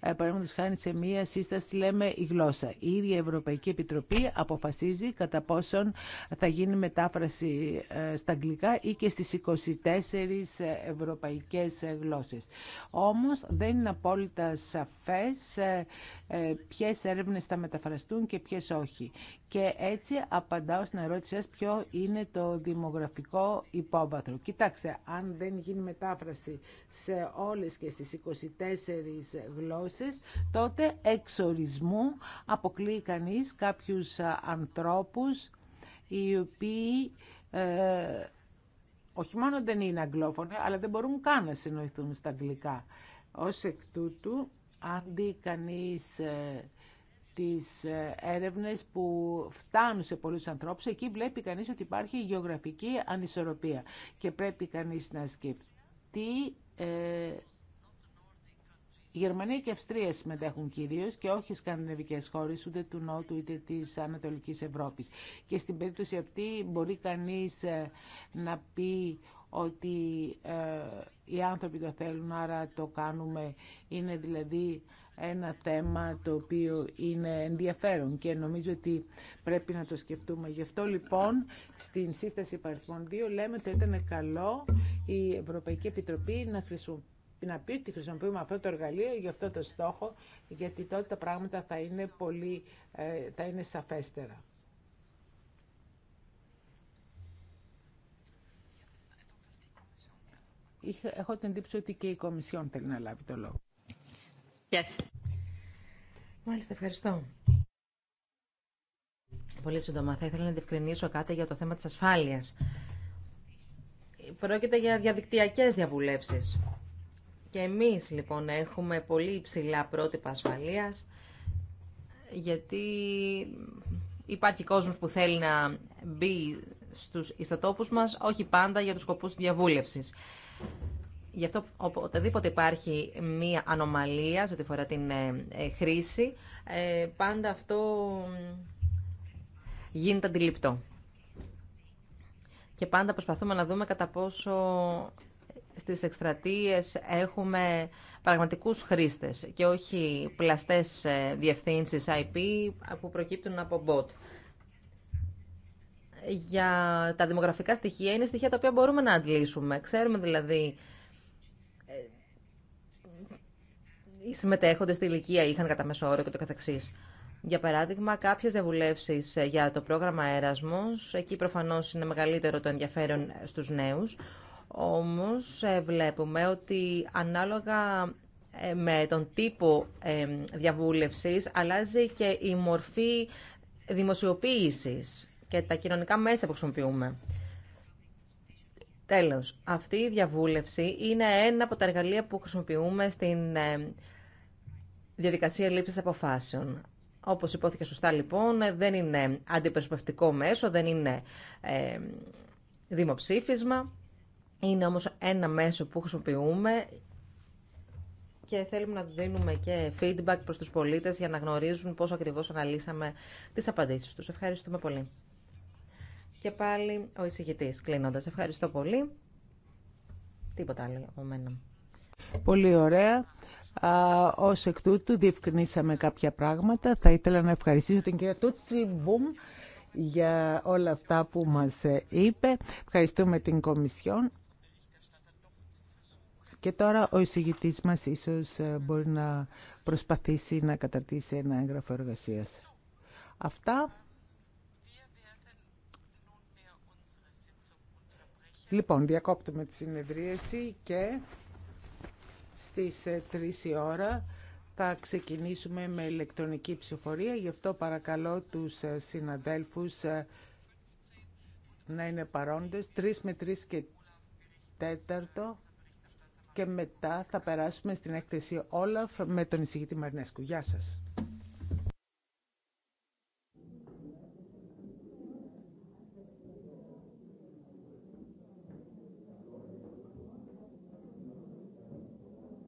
ε, παραδείγματος χάρη σε μία σύσταση λέμε η γλώσσα. Η ίδια Ευρωπαϊκή Επιτροπή αποφασίζει κατά πόσον θα γίνει μετάφραση ε, στα αγγλικά ή και στις 24 ε, ευρωπαϊκές γλώσσες. Όμως δεν είναι απόλυτα σαφές ποιες έρευνες θα μεταφραστούν και ποιες όχι. Και έτσι απαντάω στην ερώτησή σας ποιο είναι το δημογραφικό υπόβαθρο. Κοιτάξτε, αν δεν γίνει μετάφραση σε όλες και στις 24 γλώσσες, τότε ορισμού αποκλείει κανείς κάποιους ανθρώπους οι οποίοι ε, όχι μόνο δεν είναι αγγλόφωνοι, αλλά δεν μπορούν καν να συνοηθούν στα αγγλικά. Ως εκ τούτου, αν δει κανείς ε, τις ε, έρευνες που φτάνουν σε πολλούς ανθρώπους, εκεί βλέπει κανείς ότι υπάρχει γεωγραφική ανισορροπία και πρέπει κανείς να σκεφτεί γιατί η ε, Γερμανία και η Αυστρία συμμετέχουν κυρίω και όχι οι χώρες χώρε ούτε του Νότου είτε της Ανατολικής Ευρώπης. Και στην περίπτωση αυτή μπορεί κανεί ε, να πει ότι ε, οι άνθρωποι το θέλουν, άρα το κάνουμε. Είναι δηλαδή ένα θέμα το οποίο είναι ενδιαφέρον και νομίζω ότι πρέπει να το σκεφτούμε. Γι' αυτό λοιπόν στην σύσταση παρελθόν 2 λέμε ότι ήταν καλό η Ευρωπαϊκή Επιτροπή να χρησιμοποιήσει πει ότι χρησιμοποιούμε αυτό το εργαλείο για αυτό το στόχο, γιατί τότε τα πράγματα θα είναι, πολύ, ε, θα είναι σαφέστερα. Έχω την εντύπωση ότι και η Κομισιόν θέλει να λάβει το λόγο.
Yes. Μάλιστα, ευχαριστώ. Πολύ σύντομα. Θα ήθελα να διευκρινίσω κάτι για το θέμα της ασφάλειας. Πρόκειται για διαδικτυακές διαβουλεύσεις. Και εμείς λοιπόν έχουμε πολύ υψηλά πρότυπα ασφαλείας, γιατί υπάρχει κόσμος που θέλει να μπει στους ιστοτόπους μας, όχι πάντα για τους σκοπούς διαβούλευσης. Γι' αυτό οποτεδήποτε υπάρχει μία ανομαλία σε ό,τι φορά την ε, ε, χρήση, ε, πάντα αυτό γίνεται αντιληπτό και πάντα προσπαθούμε να δούμε κατά πόσο στις εκστρατείες έχουμε πραγματικούς χρήστες και όχι πλαστές ε, διευθύνσεις IP που προκύπτουν από bot. Για τα δημογραφικά στοιχεία είναι στοιχεία τα οποία μπορούμε να αντλήσουμε. Ξέρουμε δηλαδή ε, οι συμμετέχοντες στη ηλικία είχαν κατά μέσο όρο και το καθεξής. Για παράδειγμα, κάποιες διαβουλεύσει ε, για το πρόγραμμα έρασμο. εκεί προφανώς είναι μεγαλύτερο το ενδιαφέρον στους νέους, όμως ε, βλέπουμε ότι ανάλογα ε, με τον τύπο διαβούλευση, αλλάζει και η μορφή δημοσιοποίηση και τα κοινωνικά μέσα που χρησιμοποιούμε. Τέλος, αυτή η διαβούλευση είναι ένα από τα εργαλεία που χρησιμοποιούμε στην διαδικασία λήψης αποφάσεων. Όπως υπόθηκε σωστά λοιπόν, δεν είναι αντιπροσωπευτικό μέσο, δεν είναι ε, δημοψήφισμα. Είναι όμως ένα μέσο που χρησιμοποιούμε και θέλουμε να δίνουμε και feedback προς τους πολίτες για να γνωρίζουν πώς ακριβώς αναλύσαμε τις απαντήσεις τους. Ευχαριστούμε πολύ. Και πάλι ο εισηγητής κλείνοντα. Ευχαριστώ πολύ. Τίποτα άλλο από μένα.
Πολύ ωραία. Ως εκ τούτου διευκρινίσαμε κάποια πράγματα. Θα ήθελα να ευχαριστήσω την κυρία Τούτσι για όλα αυτά που μας είπε. Ευχαριστούμε την Κομισιόν. Και τώρα ο εισηγητής μας ίσως ε, μπορεί να προσπαθήσει να καταρτήσει ένα έγγραφο εργασίας. Αυτά. Λοιπόν, διακόπτουμε τη συνεδρίαση και στις 3 ε, η ώρα θα ξεκινήσουμε με ηλεκτρονική ψηφοφορία. Γι' αυτό παρακαλώ τους ε, συναδέλφους ε, να είναι παρόντες. 3 με 3 και 4 και μετά θα περάσουμε στην έκθεση Όλαφ με τον εισηγητή Μαρινέσκου. Γεια σας.